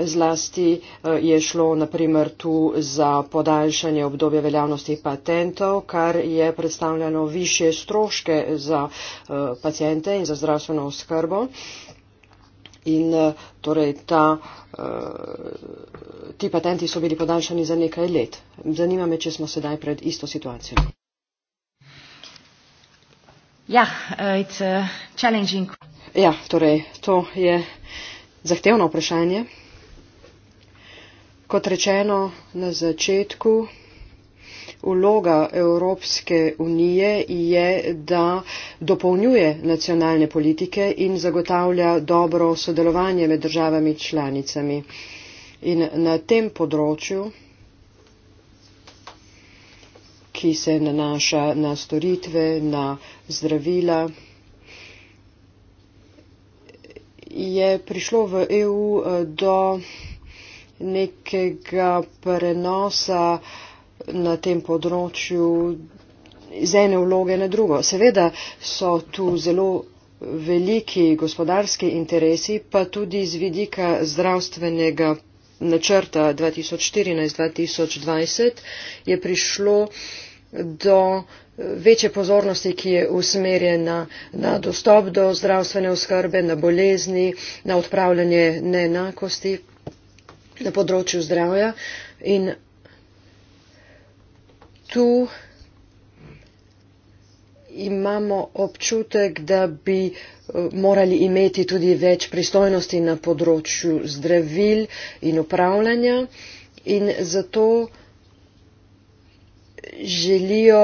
zlasti eh, je šlo naprimer tu za podaljšanje obdobja veljavnosti patentov, kar je predstavljalo više stroške za eh, pacijente in za zdravstveno oskrbo. In eh, torej ta, ti patenti so bili podaljšani za nekaj let. Zanima me, če smo sedaj pred isto situacijo. Ja, it's challenging. Ja, torej to je zahtevno vprašanje. Kot rečeno na začetku, vloga Evropske unije je, da dopolnjuje nacionalne politike in zagotavlja dobro sodelovanje med državami članicami. In na tem področju, ki se nanaša na storitve, na zdravila, je prišlo v EU eh, do nekega prenosa na tem področju iz ene vloge na drugo. Seveda so tu zelo veliki gospodarski interesi, pa tudi z vidika zdravstvenega načrta 2014-2020 je prišlo do večje pozornosti, ki je usmerjena na dostop do zdravstvene oskrbe, na bolezni, na odpravljanje neenakosti, na področju zdravja in tu imamo občutek, da bi eh, morali imeti tudi več pristojnosti na področju zdravil in upravljanja in zato želijo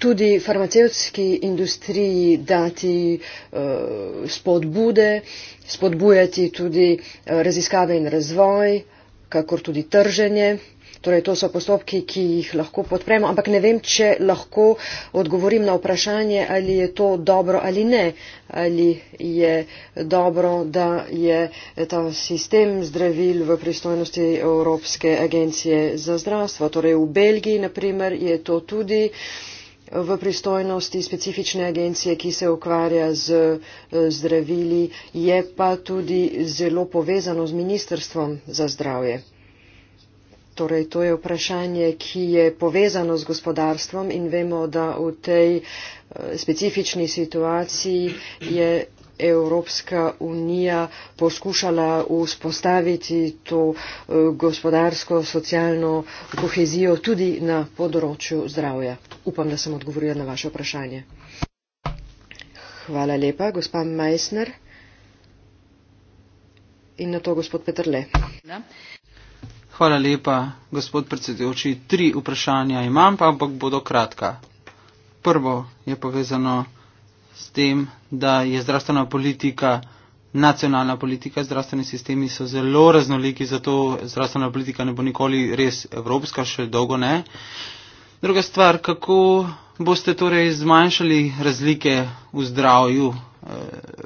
tudi farmacevtski industriji dati uh, spodbude, spodbujati tudi eh, raziskave in razvoj, kakor tudi trženje. Torej, to so postopki, ki jih lahko podpremo, ampak ne vem, če lahko odgovorim na vprašanje, ali je to dobro ali ne, ali je dobro, da je ta sistem zdravil v pristojnosti Evropske agencije za zdravstvo. Torej, v Belgiji, naprimer, je to tudi. Uh, v pristojnosti specifične agencije, ki se ukvarja z eh, zdravili, je pa tudi zelo povezano z Ministrstvom za zdravje. Torej, to je vprašanje, ki je povezano z gospodarstvom in vemo, da v tej eh, specifični situaciji je Evropska unija poskušala vzpostaviti to eh, gospodarsko, socialno kohezijo tudi na področju zdravja. Upam, da sem odgovorila na vaše vprašanje. Hvala lepa, gospod Meissner. In na to gospod Petrle. Hvala lepa, gospod predsedujoči. Tri vprašanja imam, pa ampak bodo kratka. Prvo je povezano s tem, da je zdravstvena politika nacionalna politika, zdravstveni sistemi so zelo raznoliki, zato zdravstvena politika ne bo nikoli res evropska, še dolgo ne. Druga stvar, kako boste torej zmanjšali razlike v zdravju eh,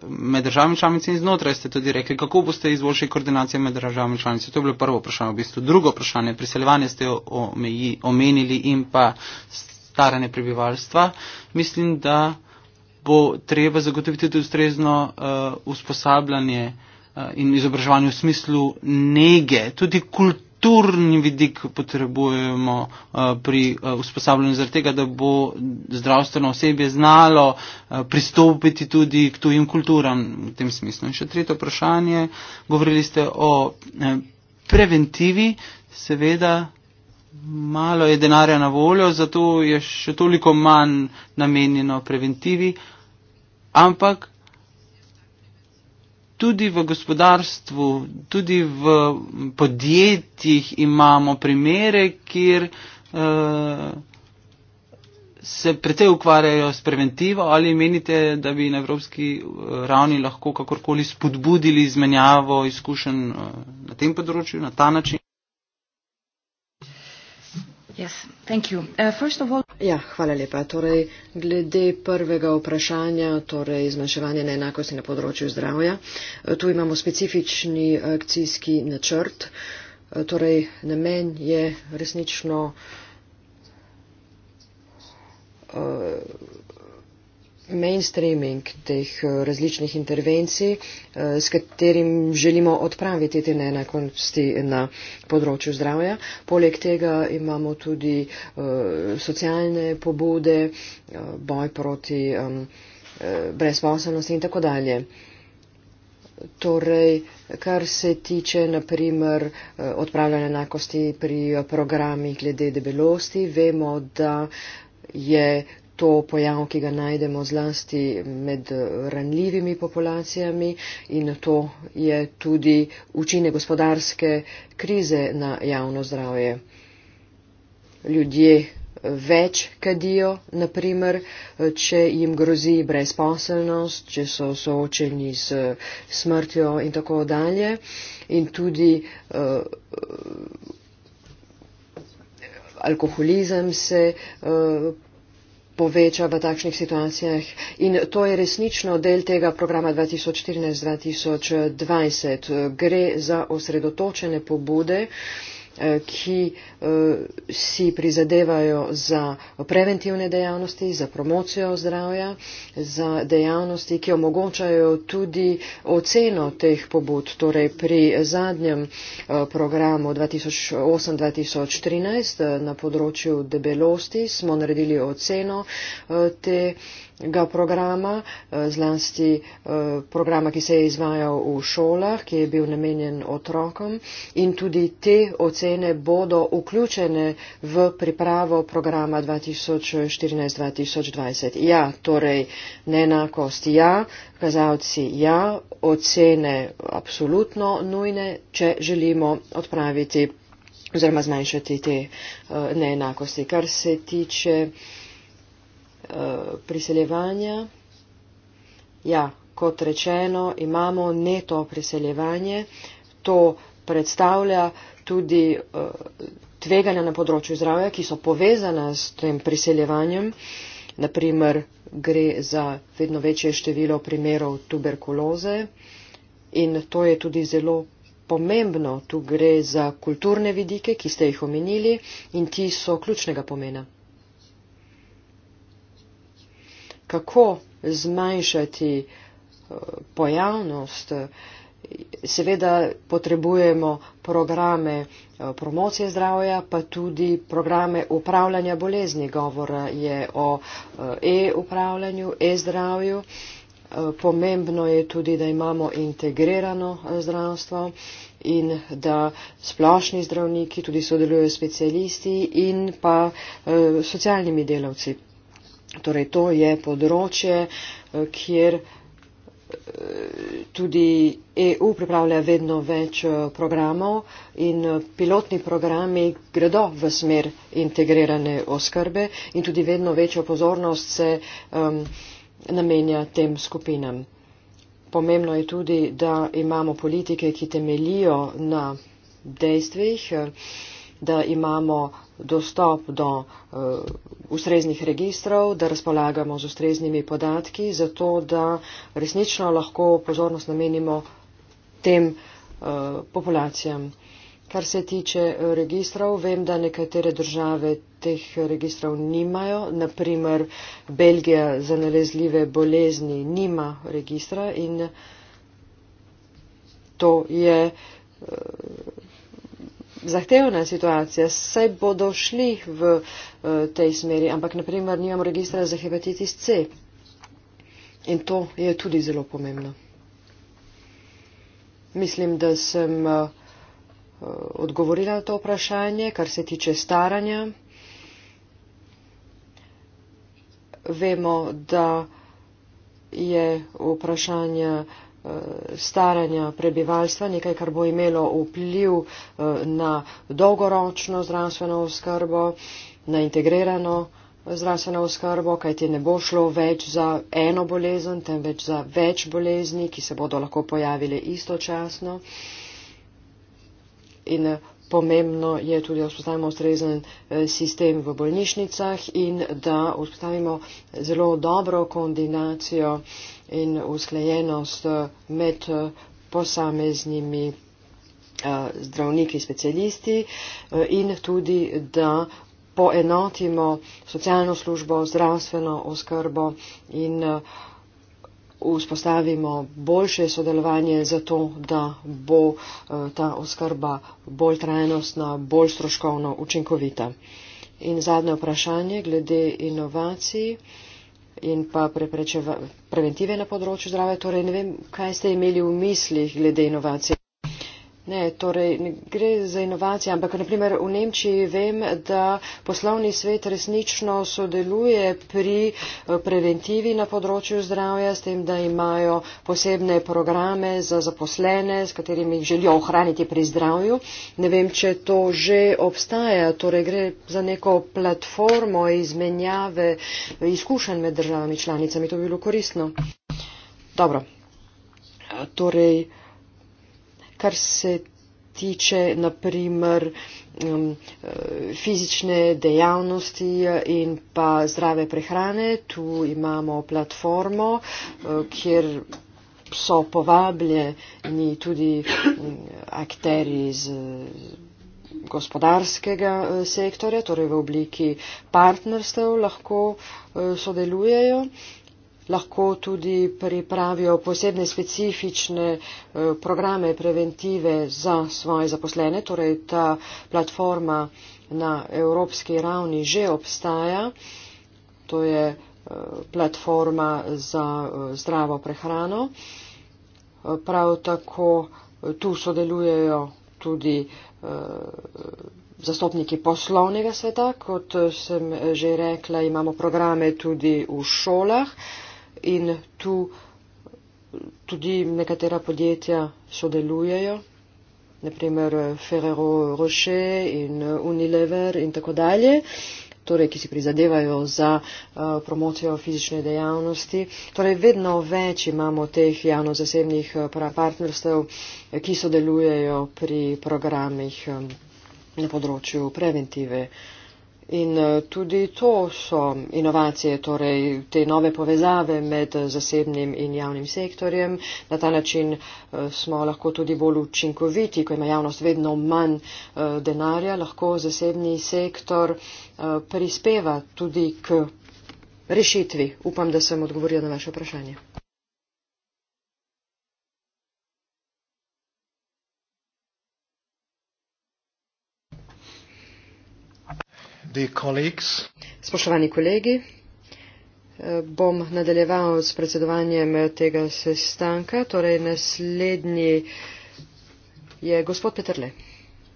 med državami članicami in znotraj, ste tudi rekli, kako boste izboljšali koordinacijo med državami članicami. To je bilo prvo vprašanje, v bistvu drugo vprašanje, priseljevanje ste omeji, omenili in pa staranje prebivalstva. Mislim, da bo treba zagotoviti tudi ustrezno uh, usposabljanje uh, in izobraževanje v smislu nege, tudi kulture. Kulturni vidik potrebujemo uh, pri uh, usposabljanju, zaradi tega, da bo zdravstveno osebje znalo uh, pristopiti tudi k tujim kulturam v tem smislu. In še tretje vprašanje, govorili ste o eh, preventivi, seveda malo je denarja na voljo, zato je še toliko manj namenjeno preventivi. Uh, ampak tudi v gospodarstvu, tudi v podjetjih imamo primere, kjer uh, se precej ukvarjajo s preventivo ali menite, da bi na evropski eh, ravni lahko kakorkoli spodbudili izmenjavo izkušenj eh, na tem področju, na ta način. Yes, uh, all... ja, hvala lepa. Torej, glede prvega vprašanja, torej zmanjševanje neenakosti na področju zdravja, eh, tu imamo specifični akcijski načrt. Eh, torej, namen je resnično. Uh, mainstreaming teh eh, različnih intervencij, eh, s katerim želimo odpraviti te neenakosti na področju zdravja. Poleg tega imamo tudi eh, socialne pobude, boj proti brezposobnosti in tako dalje. Torej, kar se tiče naprimer odpravljanja enakosti pri programih glede debelosti, vemo, da je to pojav, ki ga najdemo zlasti med ranljivimi populacijami in to je tudi učine gospodarske krize na javno zdravje. Ljudje več kadijo, naprimer, če jim grozi brezposelnost, če so soočeni s smrtjo in tako dalje. In tudi uh, alkoholizem se uh, poveča v takšnih situacijah. In to je resnično del tega programa 2014-2020. Gre za osredotočene pobude. Uh, Eh, ki eh, si prizadevajo za preventivne dejavnosti, za promocijo zdravja, za dejavnosti, ki omogočajo tudi oceno teh pobud. Torej pri zadnjem eh, programu 2008-2013 na področju debelosti smo naredili oceno te pobude ga programa, eh, zlasti eh, programa, ki se je izvajal v šolah, ki je bil namenjen otrokom in tudi te ocene bodo vključene v pripravo programa 2014-2020. Ja, torej neenakost ja, kazalci ja, ocene absolutno nujne, če želimo odpraviti oziroma zmanjšati te eh, neenakosti. Kar se tiče Eh, priseljevanja. Ja, kot rečeno, imamo neto priseljevanje. To predstavlja tudi eh, tveganja na področju zdravja, ki so povezana s tem priseljevanjem. Naprimer, gre za vedno večje število primerov tuberkuloze in to je tudi zelo pomembno. Tu gre za kulturne vidike, ki ste jih omenili in ti so ključnega pomena. kako zmanjšati eh, pojavnost. Seveda potrebujemo programe eh, promocije zdravja, pa tudi programe upravljanja bolezni. Govor je o eh, e-upravljanju, e-zdravju. Pomembno je tudi, da imamo integrirano zdravstvo in da splošni zdravniki tudi sodelujejo s specialisti in pa socialnimi delavci. Torej, to je področje, eh, kjer eh, tudi EU pripravlja vedno več eh, programov in pilotni programi gredo v smer integrirane oskrbe in tudi vedno večjo pozornost se um, namenja tem skupinam. Pomembno je tudi, da imamo politike, ki temelijo na dejstvih. Uh, da imamo dostop do uh, ustreznih registrov, da razpolagamo z ustreznimi podatki, zato da resnično lahko pozornost namenimo tem uh, populacijam. Kar se tiče eh, registrov, vem, da nekatere države teh registrov nimajo. Naprimer, Belgija za nalezljive bolezni nima registra in to je zahtevna situacija, saj bodo šli v eh, tej smeri, ampak naprimer nimamo registra za hepatitis C. In to je tudi zelo pomembno. Mislim, da sem eh, odgovorila na to vprašanje, kar se tiče staranja. Vemo, da je vprašanje uh, Eh, staranja prebivalstva, nekaj, kar bo imelo vpliv eh, na dolgoročno zdravstveno oskrbo, na integrirano zdravstveno oskrbo, kajti ne bo šlo več za eno bolezen, temveč za več bolezni, ki se bodo lahko pojavile istočasno. In eh, pomembno je tudi, da vzpostavimo ustrezen eh, sistem v bolnišnicah in da vzpostavimo zelo dobro koordinacijo in usklejenost eh, med eh, posameznimi zdravniki, specialisti in tudi, da poenotimo socialno službo, zdravstveno oskrbo in uh, vzpostavimo boljše sodelovanje za to, da bo eh, ta oskrba bolj trajnostna, bolj stroškovno učinkovita. In zadnje vprašanje glede inovacij in pa preprečeva preventive na področju zdrave. Torej ne vem, kaj ste imeli v mislih glede inovacij. Ne, torej ne gre za inovacije, ampak naprimer v Nemčiji vem, da poslovni svet resnično sodeluje pri eh, preventivi na področju zdravja, s tem, da imajo posebne programe za zaposlene, s katerimi želijo ohraniti pri zdravju. Ne vem, če to že obstaja, torej gre za neko platformo izmenjave izkušenj med državami članicami. To bi bilo koristno. Dobro. Torej, kar se tiče naprimer um, eh, fizične dejavnosti eh, in pa zdrave prehrane. Tu imamo platformo, eh, kjer so povabljeni tudi mm, akteri z gospodarskega sektorja, torej v obliki partnerstev lahko sodelujejo lahko tudi pripravijo posebne specifične eh, programe preventive za svoje zaposlene. Torej, ta platforma na evropski ravni že obstaja. To je eh, platforma za eh, zdravo prehrano. Prav tako tu sodelujejo tudi zastopniki poslovnega sveta. Kot sem že rekla, imamo programe tudi v šolah in tu tudi nekatera podjetja sodelujejo, naprimer Ferrero Rocher in Unilever in tako dalje, torej, ki si prizadevajo za eh, promocijo fizične dejavnosti. Torej, vedno več imamo teh javno-zasebnih eh, partnerstev, eh, ki sodelujejo pri programih na področju preventive. In eh, tudi to so inovacije, torej te nove povezave med zasebnim in javnim sektorjem. Na ta način eh, smo lahko tudi bolj učinkoviti, ko ima javnost vedno manj eh, denarja, lahko zasebni sektor prispeva tudi k rešitvi. Upam, da sem odgovorila na vaše vprašanje. Spoštovani kolegi, eh, bom nadaljeval s predsedovanjem eh, tega sestanka. Torej naslednji je gospod Petrle.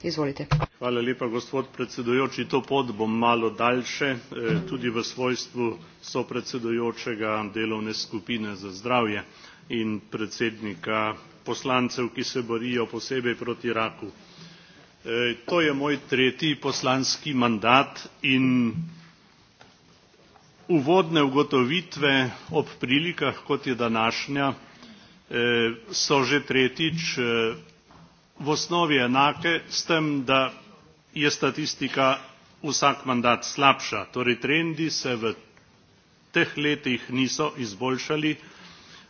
Izvolite. Hvala lepa, gospod predsedujoči. To pot bom malo daljše, eh, tudi v svojstvu sopredsedujočega delovne skupine za zdravje in predsednika poslancev, ki se borijo posebej proti raku. E, to je moj tretji poslanski mandat in uvodne ugotovitve ob prilikah kot je današnja e, so že tretjič e, v osnovi enake s tem da je statistika vsak mandat slabša torej trendi se v teh letih niso izboljšali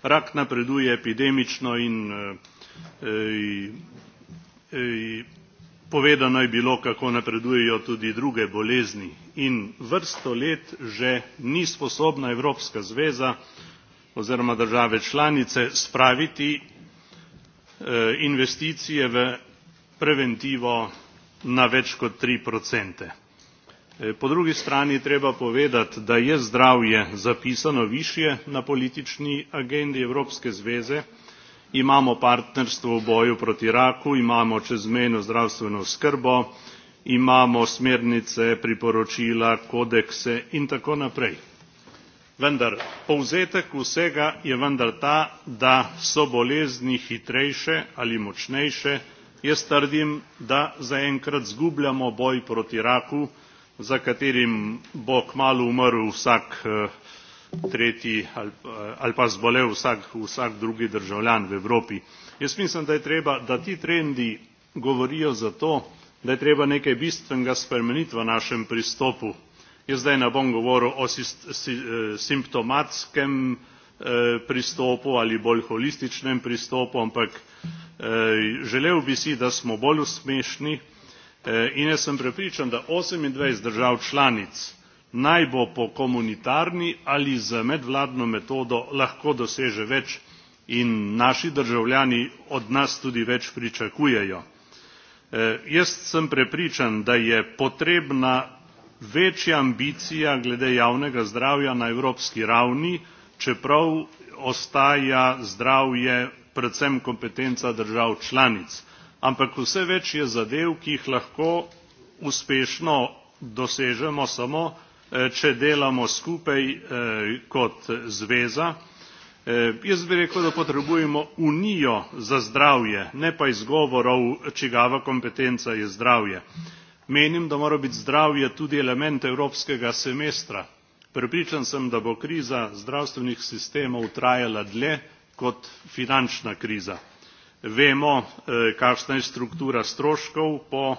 rak napreduje epidemično in Povedano je bilo, kako napredujejo tudi druge bolezni in vrsto let že ni sposobna Evropska zveza oziroma države članice spraviti eh, investicije v preventivo na več kot tri odstotke. Eh, po drugi strani treba povedati, da je zdravje zapisano višje na politični agendi Evropske zveze imamo partnerstvo v boju proti raku imamo čezmejno zdravstveno oskrbo imamo smernice priporočila kodekse in tako naprej vendar povzetek vsega je vendar ta da so bolezni hitrejše ali močnejše jaz trdim da zaenkrat izgubljamo boj proti raku za katerim bo kmalu umrl vsak eh, tretji eh, ali pa zbolel vsak, vsak drugi državljan v Evropi. Jaz mislim, da je treba, da ti trendi govorijo za to, da je treba nekaj bistvenega spremeniti v našem pristopu. Jaz zdaj ne bom govoril o eh, simptomatskem eh, pristopu ali bolj holističnem pristopu, ampak želel bi si, da smo bolj uspešni in jaz sem prepričan, da osemindvajset držav članic naj bo po komunitarni ali z medvladno metodo lahko doseže več in naši državljani od nas tudi več pričakujejo. E, jaz sem prepričan da je potrebna večja ambicija glede javnega zdravja na evropski ravni čeprav ostaja zdravje predvsem kompetenca držav članic ampak vse več je zadev ki jih lahko uspešno dosežemo samo Eh, če delamo skupaj eh, kot zveza eh, jaz bi rekel da potrebujemo unijo za zdravje ne pa izgovorov čigava kompetenca je zdravje. menim da mora biti zdravje tudi element evropskega semestra. prepričan sem da bo kriza zdravstvenih sistemov trajala dlje kot finančna kriza. vemo kakšna je struktura stroškov po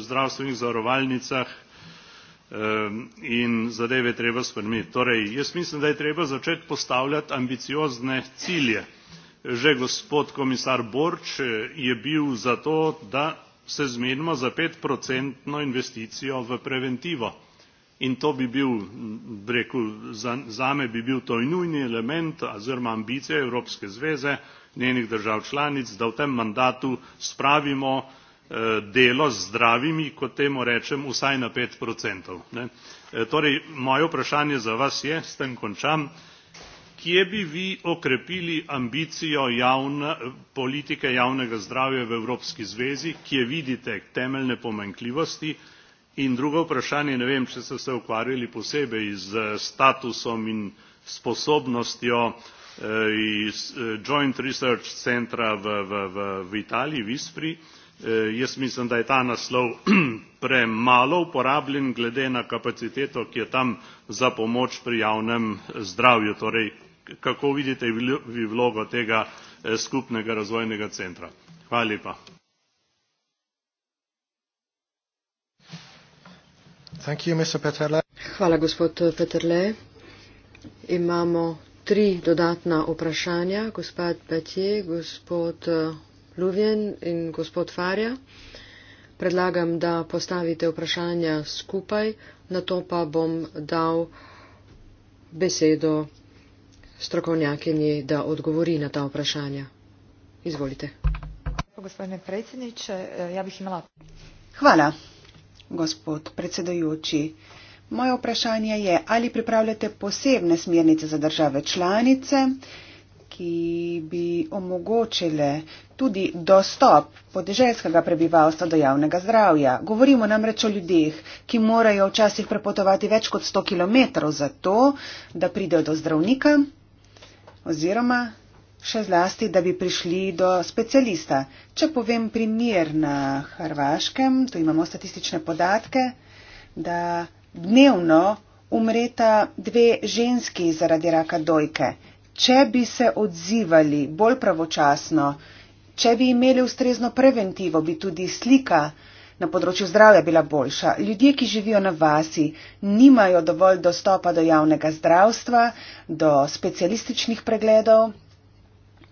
zdravstvenih zavarovalnicah Ehm, in zadeve je treba spremeniti. torej jaz mislim da je treba začeti postavljati ambiciozne cilje. že gospod komisar borg eh, je bil za to da se zmenimo za petprocentno investicijo v preventivo in to bi bil bi rekel zame bi bil to nujni element oziroma ambicija evropske zveze njenih držav članic da v tem mandatu spravimo Eh, delo z zdravimi kot temu rečem vsaj na pet procentov. Eh, torej moje vprašanje za vas je s tem končam kje bi vi okrepili ambicijo politike javnega zdravja v evropski zvezi kje vidite temeljne pomanjkljivosti in drugo vprašanje ne vem če ste se ukvarjali posebej s statusom in sposobnostjo eh, joint research centra v italiji v ispri Eh, jaz mislim da je ta naslov premalo uporabljen glede na kapaciteto ki je tam za pomoč pri javnem zdravju torej kako vidite vi vlogo tega eh, skupnega razvojnega centra hvala lepa Hvala, gospod eh, Peterle. Imamo tri dodatna vprašanja. Gospod Petje, gospod Luvjen in gospod Farja. Predlagam, da postavite vprašanja skupaj, na to pa bom dal besedo strokovnjakinji, da odgovori na ta vprašanja. Izvolite. Gospodine predsedniče, ja bih imela. Hvala, gospod predsedujoči. Moje vprašanje je, ali pripravljate posebne smernice za države članice? ki bi omogočile tudi dostop podeželskega prebivalstva do javnega zdravja. Govorimo namreč o ljudeh, ki morajo včasih prepotovati več kot 100 km za to, da pridejo do zdravnika oziroma še zlasti, da bi prišli do specialista. Če povem primer na Hrvaškem, tu imamo statistične podatke, da dnevno umreta dve ženski zaradi raka dojke če bi se odzivali bolj pravočasno, če bi imeli ustrezno preventivo, bi tudi slika na področju zdravja bila boljša. Ljudje, ki živijo na vasi, nimajo dovolj dostopa do javnega zdravstva, do specialističnih pregledov.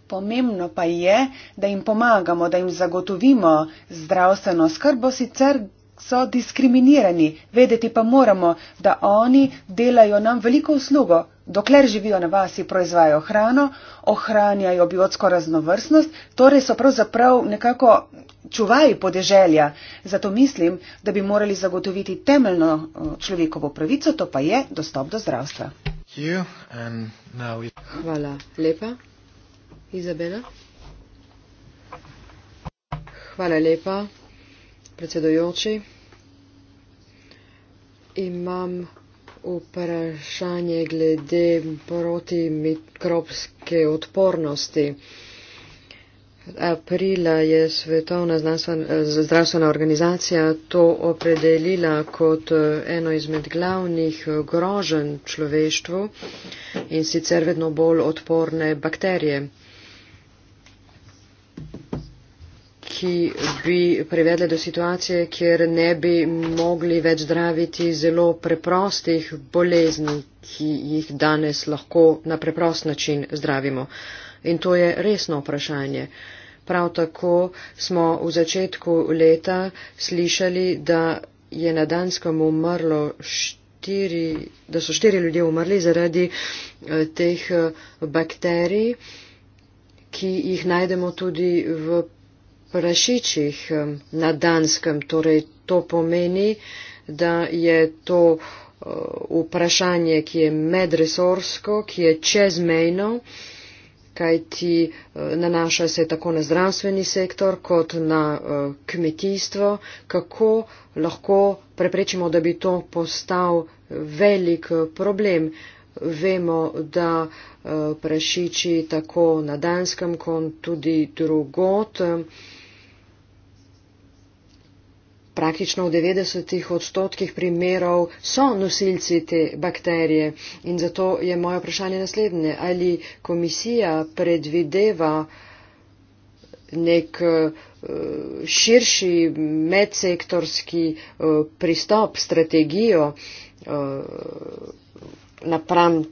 Pomembno pa je, da jim pomagamo, da jim zagotovimo zdravstveno skrbo, sicer so diskriminirani. Vedeti pa moramo, da oni delajo nam veliko uslugo, Dokler živijo na vasi, proizvajajo hrano, ohranjajo biotsko raznovrstnost, torej so pravzaprav nekako čuvaji podeželja. Zato mislim, da bi morali zagotoviti temeljno eh, človekovo pravico, to pa je dostop do zdravstva. Hvala lepa, Izabela. Hvala lepa, predsedojoči. Imam vprašanje glede protimikrobske odpornosti. Aprila je Svetovna zdravstvena organizacija to opredelila kot eno izmed glavnih grožen človeštvu in sicer vedno bolj odporne bakterije. ki bi privedle do situacije, kjer ne bi mogli več zdraviti zelo preprostih bolezni, ki jih danes lahko na preprost način zdravimo. In to je resno vprašanje. Prav tako smo v začetku leta slišali, da je na Danskem umrlo štiri, da so štiri ljudje umrli zaradi eh, teh eh, bakterij, ki jih najdemo tudi v prašičih na Danskem. Torej, to pomeni, da je to eh, vprašanje, ki je medresorsko, ki je čezmejno, kaj ti eh, nanaša se tako na zdravstveni sektor kot na eh, kmetijstvo, kako lahko preprečimo, da bi to postal velik problem. Vemo, da prašiči tako na Danskem, kot tudi drugot, Praktično v 90 odstotkih primerov so nosilci te bakterije in zato je moje vprašanje naslednje. Ali komisija predvideva nek eh, širši medsektorski eh, pristop, strategijo eh, napram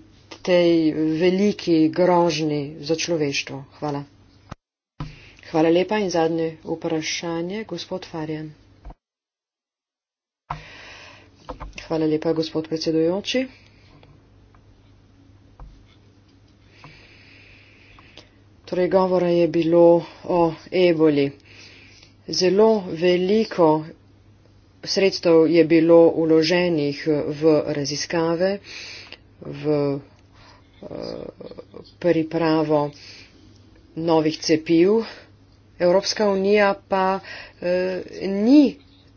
tej veliki grožni za človeštvo? Hvala. Hvala lepa in zadnje vprašanje, gospod Farjan. Hvala lepa, gospod predsedujoči. Torej, govora je bilo o eboli. Zelo veliko sredstev je bilo uloženih v raziskave, v eh, pripravo novih cepiv. Evropska unija pa eh, ni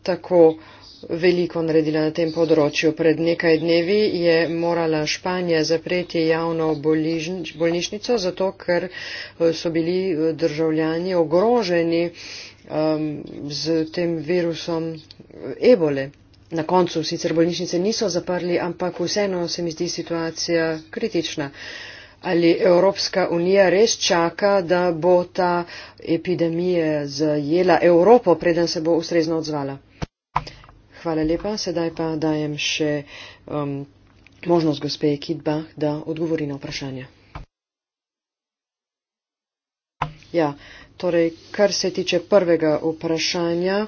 tako eh, veliko naredila na tem področju. Pred nekaj dnevi je morala Španija zapreti javno bolnišnico, zato ker eh, so bili eh, državljani ogroženi um, ehm, z tem virusom eh, ebole. Na koncu sicer bolnišnice niso zaprli, ampak vseeno se mi zdi situacija kritična. Ali Evropska unija res čaka, da bo ta epidemija zajela Evropo, preden se bo ustrezno odzvala? hvala lepa. Sedaj pa dajem še um, možnost gospe Kidbach, da odgovori na vprašanje. Ja, torej, kar se tiče prvega vprašanja,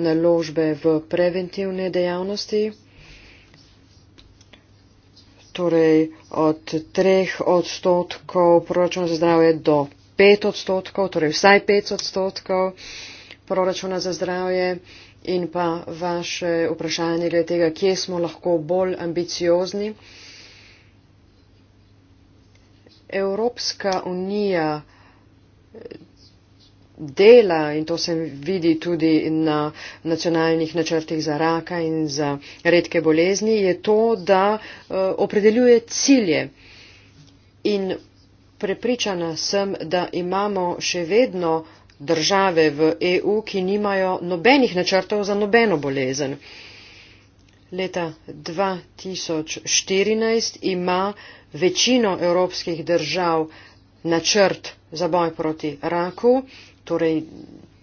naložbe v preventivne dejavnosti. Torej, od 3 odstotkov proračuna za zdravje do 5 odstotkov, torej vsaj 5 odstotkov proračuna za zdravje in pa vaše vprašanje glede tega, kje smo lahko bolj ambiciozni. Evropska unija eh, dela in to se vidi tudi na nacionalnih načrtih za raka in za redke bolezni, je to, da eh, opredeljuje cilje in prepričana sem, da imamo še vedno države v EU, ki nimajo nobenih načrtov za nobeno bolezen. Leta 2014 ima večino evropskih držav načrt za boj proti raku, torej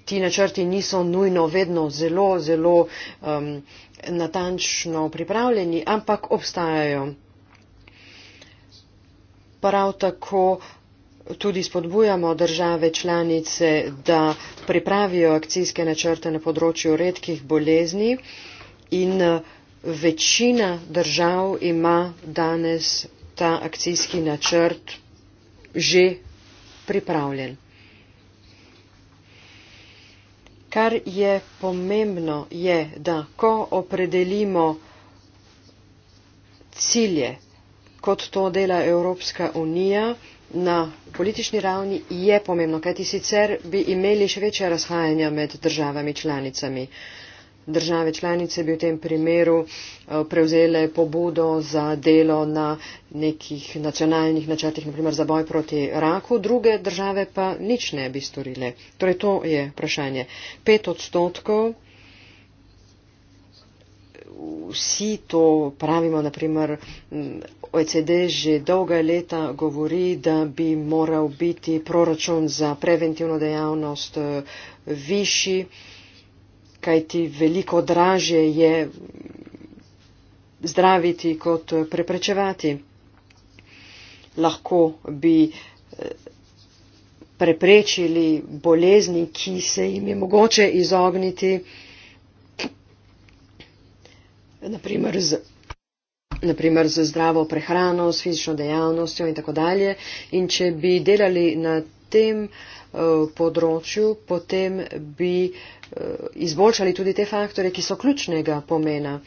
ti načrti niso nujno vedno zelo, zelo um, natančno pripravljeni, ampak obstajajo. Prav tako tudi spodbujamo države članice, da pripravijo akcijske načrte na področju redkih bolezni in eh, večina držav ima danes ta akcijski načrt že pripravljen. Kar je pomembno, je, da ko opredelimo cilje, kot to dela Evropska unija, na politični ravni je pomembno kajti sicer bi imeli še večja razhajanja med državami članicami države članice bi v tem primeru eh, prevzele pobudo za delo na nekih nacionalnih načrtih naprimer za boj proti raku druge države pa nič ne bi storile torej to je vprašanje pet odstotkov vsi to pravimo, naprimer mm, OECD že dolga leta govori, da bi moral biti proračun za preventivno dejavnost eh, višji, kajti veliko draže je zdraviti kot preprečevati. Lahko bi eh, preprečili bolezni, ki se jim je mogoče izogniti naprimer z, naprimer z zdravo prehrano, s fizično dejavnostjo in tako dalje. In če bi delali na tem eh, področju, potem bi eh, izboljšali tudi te faktore, ki so ključnega pomena.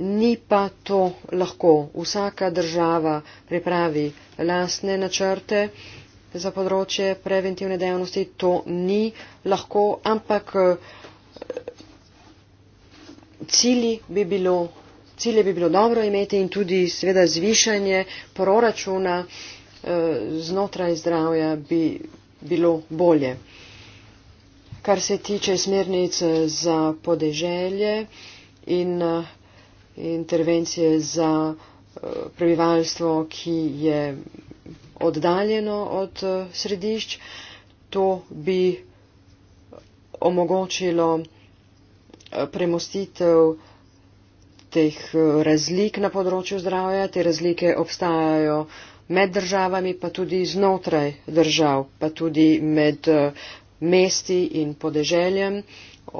Ni pa to lahko. Vsaka država pripravi lastne načrte za področje preventivne dejavnosti. To ni lahko, ampak eh, cilji bi bilo, cilje bi bilo dobro imeti in tudi seveda zvišanje proračuna eh, znotraj zdravja bi bilo bolje. Kar se tiče smernic eh, za podeželje in eh, intervencije za prebivalstvo, ki je oddaljeno od središč, to bi omogočilo Eh, premostitev teh eh, razlik na področju zdravja. Te razlike obstajajo med državami, pa tudi znotraj držav, pa tudi med eh, mesti in podeželjem.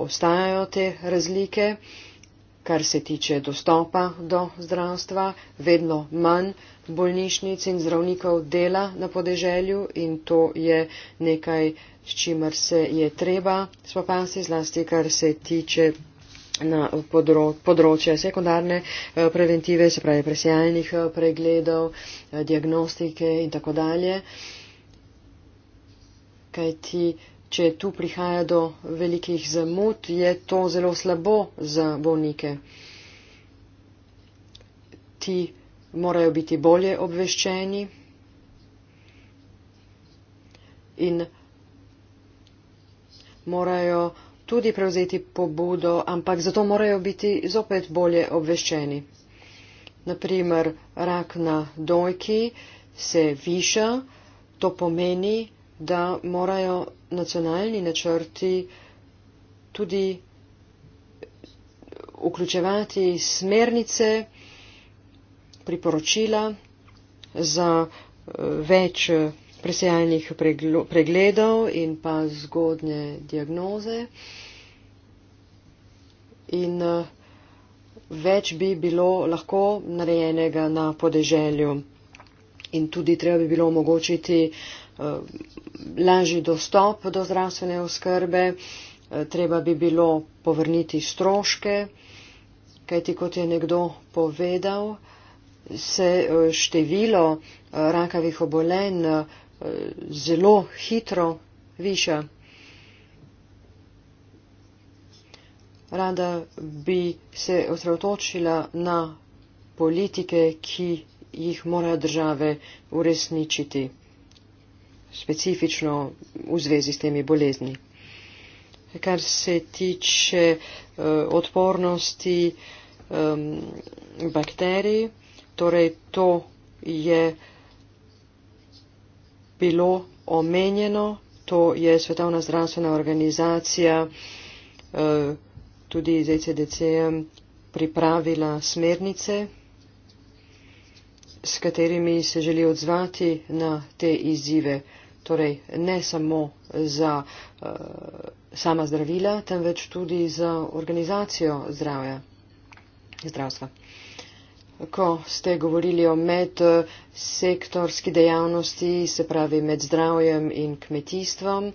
Obstajajo te razlike. Uh, kar se tiče dostopa do zdravstva, vedno manj bolnišnic in zdravnikov dela na podeželju in to je nekaj, s čimer se je treba spopasti, zlasti kar se tiče na področje sekundarne eh, preventive, se pravi presejalnih eh, pregledov, eh, diagnostike in tako dalje. Kaj ti? Če tu prihaja do velikih zamud, je to zelo slabo za bolnike. Ti morajo biti bolje obveščeni in morajo tudi prevzeti pobudo, ampak zato morajo biti zopet bolje obveščeni. Naprimer, rak na dojki se viša, to pomeni, da morajo nacionalni načrti tudi vključevati smernice, priporočila za eh, več eh, presejalnih pregledov in pa zgodnje diagnoze. In eh, več bi bilo lahko narejenega na podeželju. In tudi treba bi bilo omogočiti uh, Eh, lažji dostop do zdravstvene oskrbe, eh, treba bi bilo povrniti stroške, kajti kot je nekdo povedal, se eh, število rakavih obolenj zelo hitro viša. Rada bi se osredotočila na politike, ki jih morajo države uresničiti specifično v zvezi s temi bolezni. Kar se tiče uh, odpornosti um, bakterij, torej to je bilo omenjeno, to je Svetovna zdravstvena organizacija, uh, tudi z ECDC-em pripravila smernice, s katerimi se želi odzvati na te izzive torej ne samo za uh, sama zdravila, temveč tudi za organizacijo zdravja, zdravstva. Ko ste govorili o medsektorski dejavnosti, se pravi med zdravjem in kmetijstvom,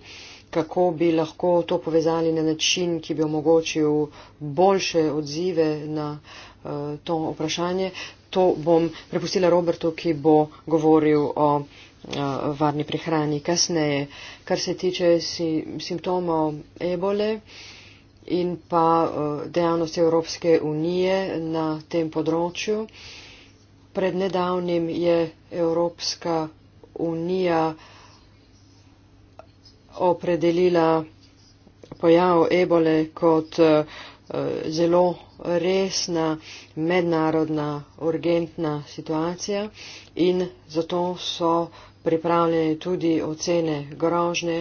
kako bi lahko to povezali na način, ki bi omogočil boljše odzive na uh, to vprašanje, to bom prepustila Robertu, ki bo govoril o Eh, varni prehrani kasneje. Kar se tiče simptomov ebole in pa eh, dejavnosti Evropske unije na tem področju, pred nedavnim je Evropska unija opredelila pojav ebole kot eh, zelo resna mednarodna urgentna situacija in zato so pripravljene tudi ocene grožne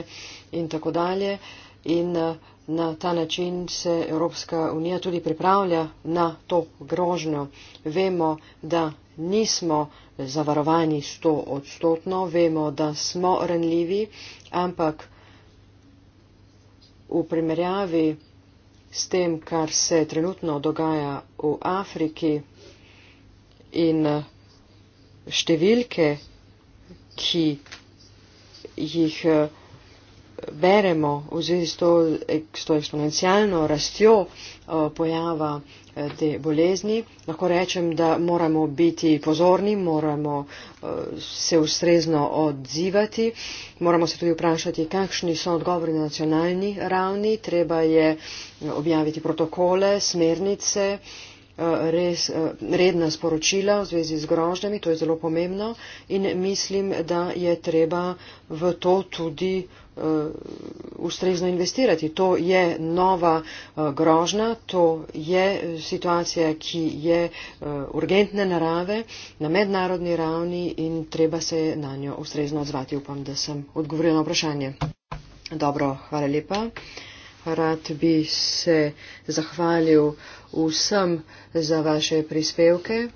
in tako dalje. In eh, na ta način se Evropska unija tudi pripravlja na to grožnjo. Vemo, da nismo zavarovani sto odstotno, vemo, da smo renljivi, ampak v primerjavi s tem, kar se trenutno dogaja v Afriki in eh, številke ki jih eh, beremo v zvezi s to, s to eksponencialno rastjo eh, pojava eh, te bolezni. Lahko rečem, da moramo biti pozorni, moramo se ustrezno odzivati, moramo se tudi vprašati, kakšni so odgovori na nacionalni ravni. Treba je objaviti protokole, smernice. Eh, res eh, redna sporočila v zvezi z grožnjami, to je zelo pomembno in mislim, da je treba v to tudi eh, ustrezno investirati. To je nova grožna, to je situacija, ki je urgentne narave na mednarodni ravni in treba se je na njo ustrezno odzvati. Upam, da sem odgovorila na vprašanje. Dobro, hvala lepa rad bi se zahvalil vsem za vaše prispevke.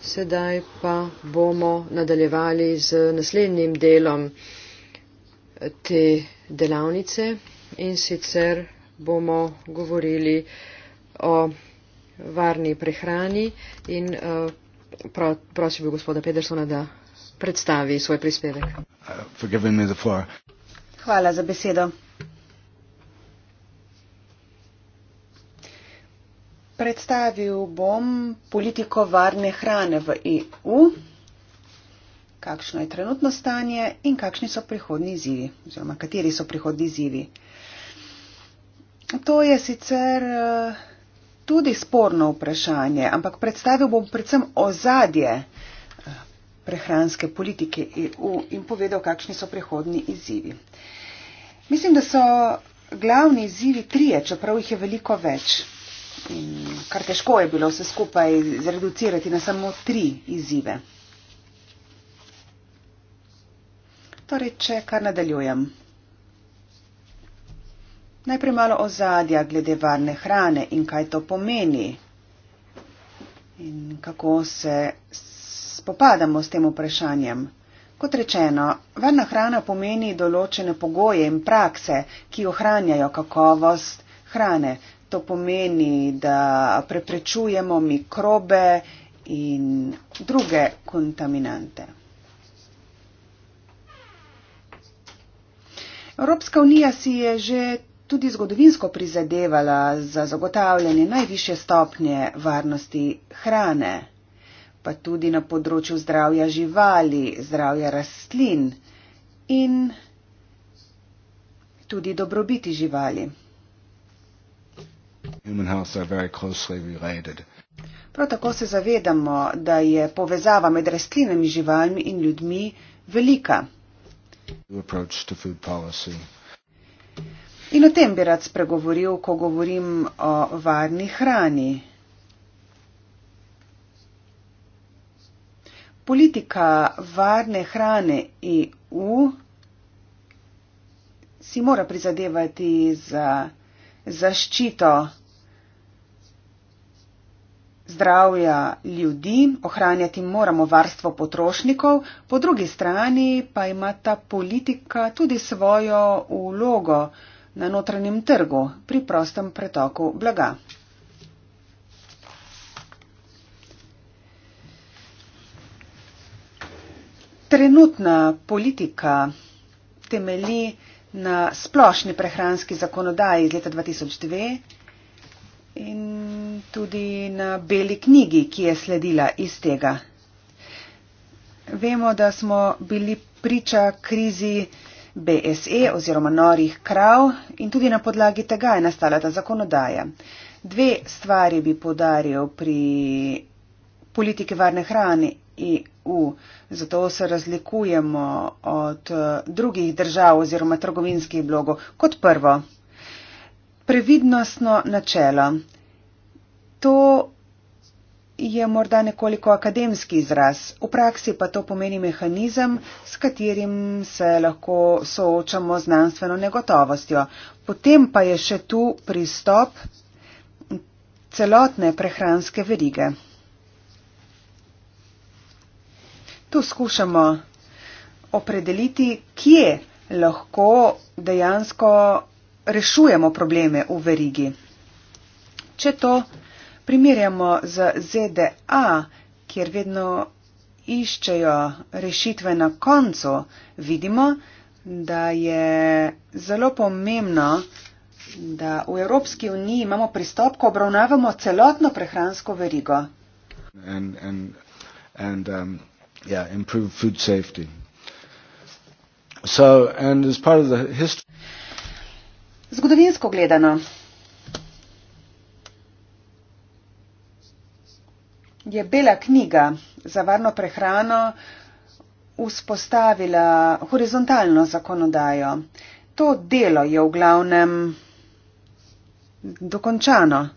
Sedaj pa bomo nadaljevali z naslednjim delom te delavnice in sicer bomo govorili o varni prehrani in eh, prosil bi gospoda Pedersona, da predstavi svoj prispevek. Uh, Hvala za besedo. Predstavil bom politiko varne hrane v EU, kakšno je trenutno stanje in kakšni so prihodni izzivi, oziroma kateri so prihodni izzivi. To je sicer eh, tudi sporno vprašanje, ampak predstavil bom predvsem ozadje eh, prehranske politike EU in povedal, kakšni so prihodni izzivi. Mislim, da so glavni izzivi trije, čeprav jih je veliko več. In kar težko je bilo vse skupaj zreducirati na samo tri izzive. Torej, če kar nadaljujem. Najprej malo ozadja glede varne hrane in kaj to pomeni in kako se spopadamo s tem vprašanjem. Kot rečeno, varna hrana pomeni določene pogoje in prakse, ki ohranjajo kakovost hrane, to pomeni, da preprečujemo mikrobe in druge kontaminante. Evropska unija si je že tudi zgodovinsko prizadevala za zagotavljanje najviše stopnje varnosti hrane, pa tudi na področju zdravja živali, zdravja rastlin in tudi dobrobiti živali. Prav tako se zavedamo, da je povezava med rastlinami, živalmi in ljudmi velika. In o tem bi rad spregovoril, ko govorim o varni hrani. Politika varne hrane EU si mora prizadevati za zaščito zdravja ljudi, ohranjati moramo varstvo potrošnikov, po drugi strani pa ima ta politika tudi svojo ulogo na notranjem trgu pri prostem pretoku blaga. Trenutna politika temelji na splošni prehranski zakonodaji iz leta 2002 in tudi na beli knjigi, ki je sledila iz tega. Vemo, da smo bili priča krizi BSE oziroma norih krav in tudi na podlagi tega je nastala ta zakonodaja. Dve stvari bi podaril pri politiki varne hrane in EU, zato se razlikujemo od eh, drugih držav oziroma trgovinskih blogov. Kot prvo, previdnostno načelo. To je morda nekoliko akademski izraz, v praksi pa to pomeni mehanizem, s katerim se lahko soočamo z znanstveno negotovostjo. Potem pa je še tu pristop celotne prehranske verige. tu skušamo opredeliti, kje lahko dejansko rešujemo probleme v verigi. Če to primerjamo z ZDA, kjer vedno iščejo rešitve na koncu, vidimo, da je zelo pomembno, da v Evropski uniji imamo pristop, ko obravnavamo celotno prehransko verigo. And, and, and, um yeah, improve food safety. So, and as part of the history. Zgodovinsko gledano. Je bela knjiga za varno prehrano vzpostavila horizontalno zakonodajo. To delo je v glavnem dokončano.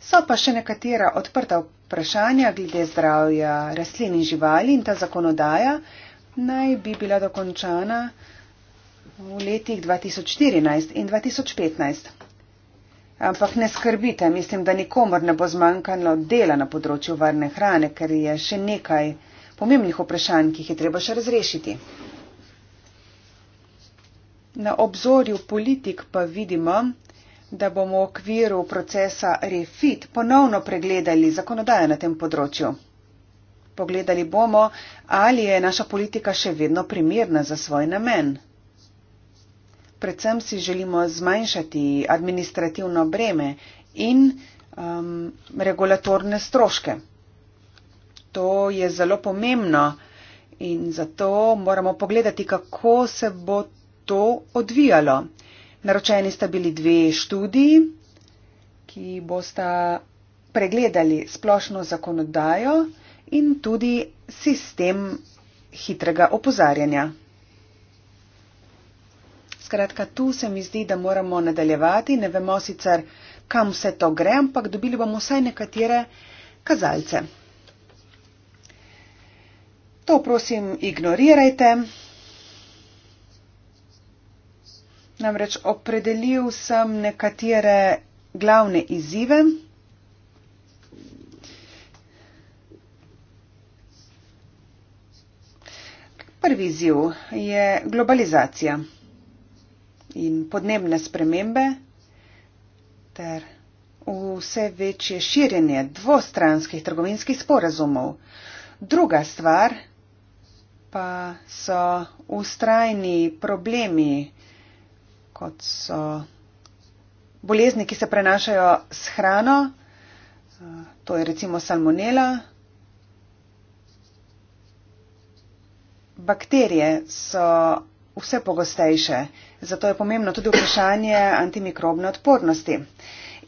So pa še nekatera odprta vprašanja vprašanja glede zdravja rastlin in živali in ta zakonodaja naj bi bila dokončana v letih 2014 in 2015. Ampak ne skrbite, mislim, da nikomor ne bo zmanjkalo dela na področju varne hrane, ker je še nekaj pomembnih vprašanj, ki jih je treba še razrešiti. Na obzorju politik pa vidimo, da bomo v okviru procesa REFIT ponovno pregledali zakonodajo na tem področju. Pogledali bomo, ali je naša politika še vedno primerna za svoj namen. Predvsem si želimo zmanjšati administrativno breme in um, regulatorne stroške. To je zelo pomembno in zato moramo pogledati, kako se bo to odvijalo. Naročeni sta bili dve študiji, ki bosta pregledali splošno zakonodajo in tudi sistem hitrega opozarjanja. Skratka, tu se mi zdi, da moramo nadaljevati. Ne vemo sicer, kam vse to gre, ampak dobili bomo vsaj nekatere kazalce. To prosim ignorirajte. Namreč opredelil sem nekatere glavne izzive. Prvi izziv je globalizacija in podnebne spremembe ter vse večje širjenje dvostranskih trgovinskih sporazumov. Druga stvar pa so ustrajni problemi, kot so bolezni, ki se prenašajo s hrano, to je recimo salmonela. Bakterije so vse pogostejše, zato je pomembno tudi vprašanje antimikrobne odpornosti.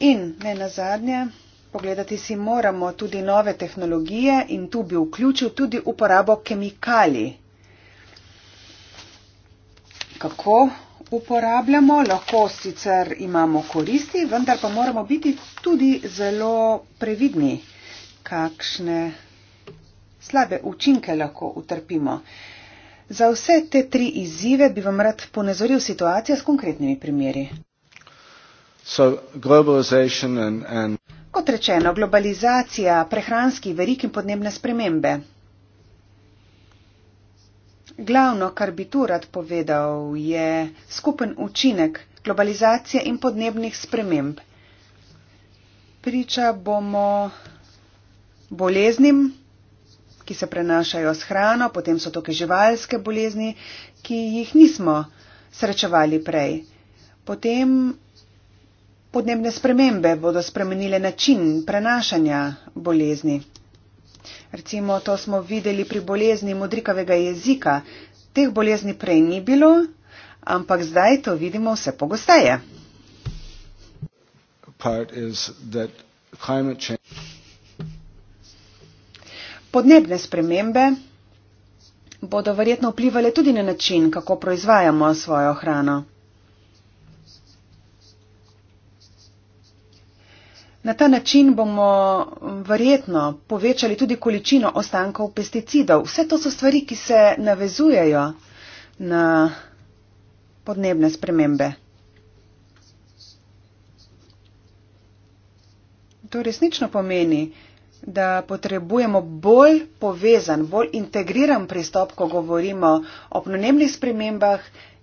In ne na zadnje, pogledati si moramo tudi nove tehnologije in tu bi vključil tudi uporabo kemikalij. Kako uporabljamo, lahko sicer imamo koristi, vendar pa moramo biti tudi zelo previdni, kakšne slabe učinke lahko utrpimo. Za vse te tri izzive bi vam rad ponazoril situacijo s konkretnimi primeri. So, and, and... Kot rečeno, globalizacija, prehranski verik in podnebne spremembe. Glavno, kar bi tu rad povedal, je skupen učinek globalizacije in podnebnih sprememb. Priča bomo boleznim, ki se prenašajo s hrano, potem so to keživalske bolezni, ki jih nismo srečevali prej. Potem podnebne spremembe bodo spremenile način prenašanja bolezni. Recimo, to smo videli pri bolezni modrikavega jezika. Teh bolezni prej ni bilo, ampak zdaj to vidimo vse pogosteje. Podnebne spremembe bodo verjetno vplivali tudi na način, kako proizvajamo svojo hrano. Na ta način bomo verjetno povečali tudi količino ostankov pesticidov. Vse to so stvari, ki se navezujejo na podnebne spremembe. To resnično pomeni, da potrebujemo bolj povezan, bolj integriran pristop, ko govorimo o podnebnih spremembah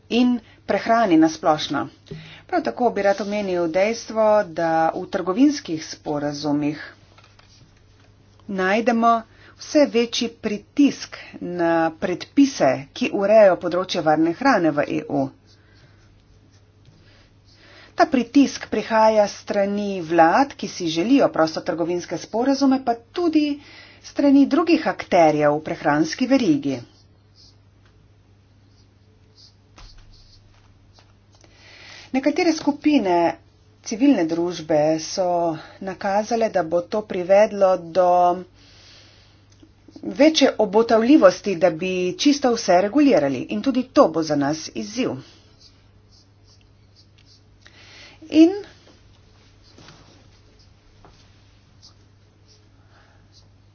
in prehrani na splošno. Prav tako bi rad omenil dejstvo, da v trgovinskih sporazumih najdemo vse večji pritisk na predpise, ki urejajo področje varne hrane v EU. Ta pritisk prihaja strani vlad, ki si želijo prosto trgovinske sporazume, pa tudi strani drugih akterjev v prehranski verigi. Nekatere skupine civilne družbe so nakazale, da bo to privedlo do večje obotavljivosti, da bi čisto vse regulirali in tudi to bo za nas izziv. In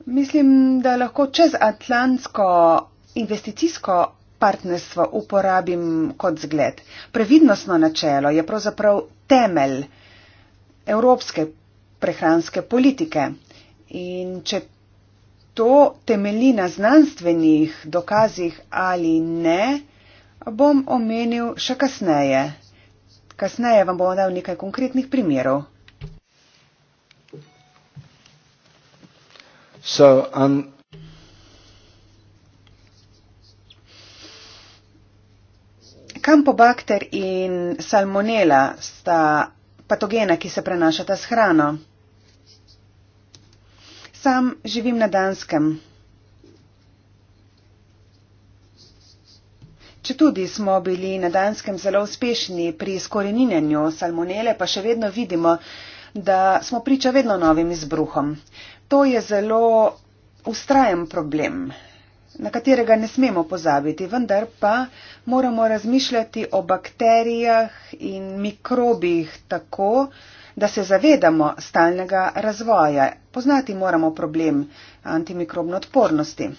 mislim, da lahko čez Atlantsko investicijsko partnerstvo uporabim kot zgled. Previdnostno načelo je pravzaprav temelj evropske prehranske politike. In če to temelji na znanstvenih dokazih ali ne, bom omenil še kasneje. Kasneje vam bom dal nekaj konkretnih primerov. So, um, Campobacter in salmonela sta patogena, ki se prenašata s hrano. Sam živim na Danskem. Če tudi smo bili na Danskem zelo uspešni pri skoreninjanju salmonele, pa še vedno vidimo, da smo priča vedno novim izbruhom. To je zelo ustrajen problem na katerega ne smemo pozabiti, vendar pa moramo razmišljati o bakterijah in mikrobih tako, da se zavedamo stalnega razvoja. Poznati moramo problem antimikrobno odpornosti.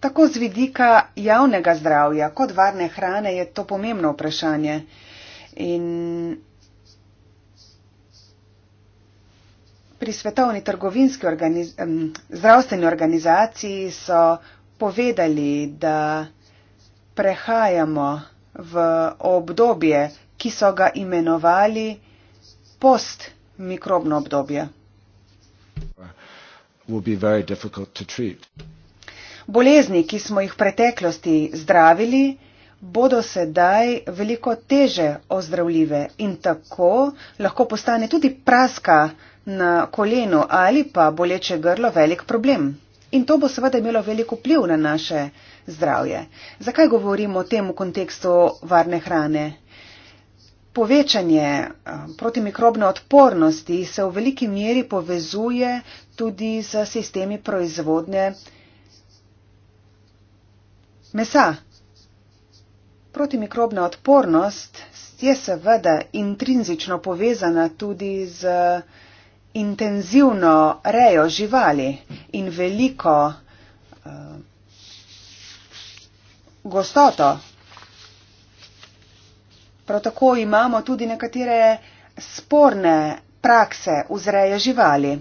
Tako z vidika javnega zdravja kot varne hrane je to pomembno vprašanje. In Pri svetovni trgovinski organiz zdravstveni organizaciji so povedali, da prehajamo v obdobje, ki so ga imenovali postmikrobno obdobje. Bolezni, ki smo jih v preteklosti zdravili, bodo sedaj veliko teže ozdravljive in tako lahko postane tudi praska na kolenu ali pa boleče grlo velik problem. In to bo seveda imelo veliko pliv na naše zdravje. Zakaj govorimo o tem v kontekstu varne hrane? Povečanje eh, protimikrobne odpornosti se v veliki meri povezuje tudi z sistemi proizvodnje mesa. Protimikrobna odpornost je seveda intrinzično povezana tudi z intenzivno rejo živali in veliko uh, gostoto. Prav tako imamo tudi nekatere sporne prakse vzreje živali.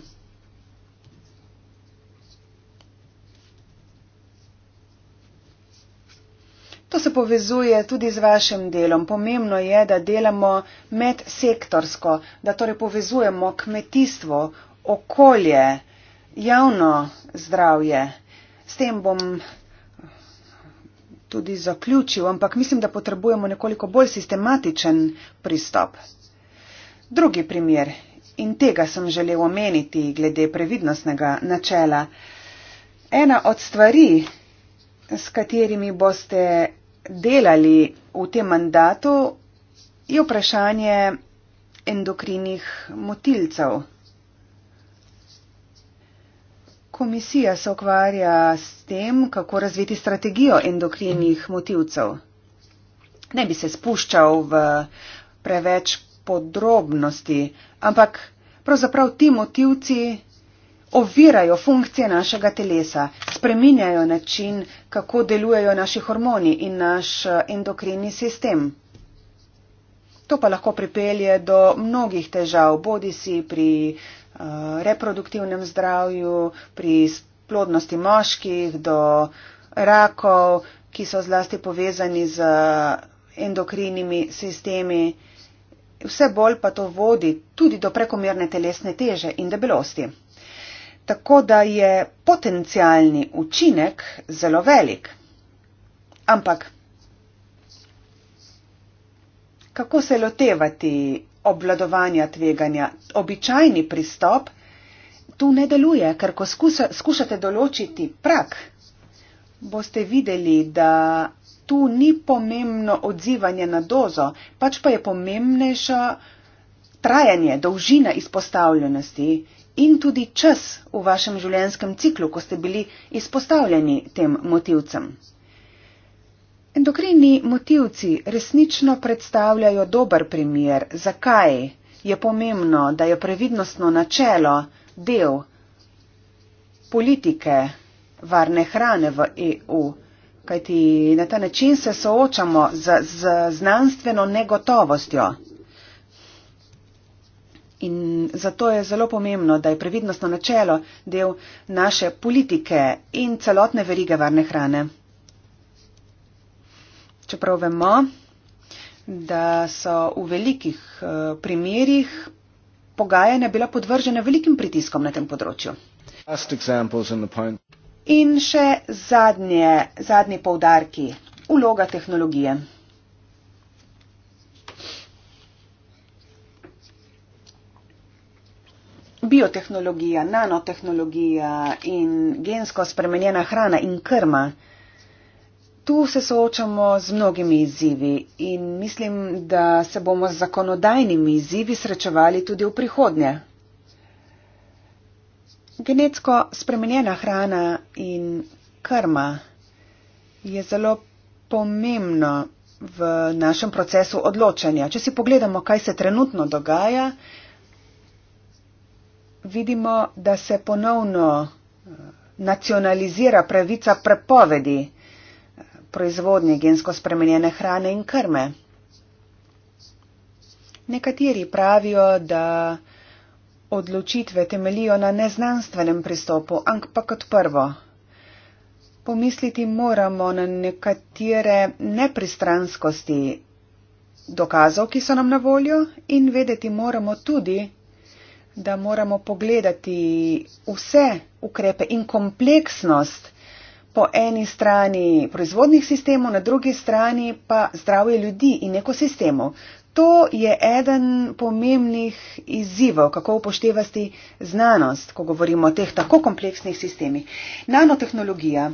To se povezuje tudi z vašim delom. Pomembno je, da delamo medsektorsko, da torej povezujemo kmetijstvo, okolje, javno zdravje. S tem bom tudi zaključil, ampak mislim, da potrebujemo nekoliko bolj sistematičen pristop. Drugi primer, in tega sem želel omeniti glede previdnostnega načela. Ena od stvari, s katerimi boste delali v tem mandatu, je vprašanje endokrinih motilcev. Komisija se ukvarja s tem, kako razviti strategijo endokrinih motilcev. Ne bi se spuščal v preveč podrobnosti, ampak pravzaprav ti motilci ovirajo funkcije našega telesa, spreminjajo način, kako delujejo naši hormoni in naš eh, endokrini sistem. To pa lahko pripelje do mnogih težav, bodi si pri uh, reproduktivnem zdravju, pri plodnosti moških, do rakov, ki so zlasti povezani z endokrinimi sistemi. Vse bolj pa to vodi tudi do prekomerne telesne teže in debelosti tako da je potencialni učinek zelo velik. Ampak kako se lotevati obladovanja tveganja? Običajni pristop tu ne deluje, ker ko skuša, skušate določiti prak, boste videli, da tu ni pomembno odzivanje na dozo, pač pa je pomembnejša trajanje, dolžina izpostavljenosti in tudi čas v vašem življenjskem ciklu, ko ste bili izpostavljeni tem motivcem. Endokrini motivci resnično predstavljajo dober primer, zakaj je pomembno, da je previdnostno načelo del politike varne hrane v EU, kajti na ta način se soočamo z, z znanstveno negotovostjo. In zato je zelo pomembno, da je previdnostno načelo del naše politike in celotne verige varne hrane. Čeprav vemo, da so v velikih eh, primerjih pogajanja bila podvržena velikim pritiskom na tem področju. In še zadnje, zadnji poudarki, uloga tehnologije. biotehnologija, nanotehnologija in gensko spremenjena hrana in krma. Tu se soočamo z mnogimi izzivi in mislim, da se bomo z zakonodajnimi izzivi srečevali tudi v prihodnje. Genetsko spremenjena hrana in krma je zelo pomembno v našem procesu odločanja. Če si pogledamo, kaj se trenutno dogaja, vidimo, da se ponovno eh, nacionalizira pravica prepovedi eh, proizvodnje gensko spremenjene hrane in krme. Nekateri pravijo, da odločitve temelijo na neznanstvenem pristopu, ampak kot prvo. Pomisliti moramo na nekatere nepristranskosti dokazov, ki so nam na voljo in vedeti moramo tudi, da moramo pogledati vse ukrepe in kompleksnost po eni strani proizvodnih sistemov, na drugi strani pa zdravje ljudi in ekosistemov. To je eden pomembnih izzivov, kako upoštevati znanost, ko govorimo o teh tako kompleksnih sistemih. Nanotehnologija,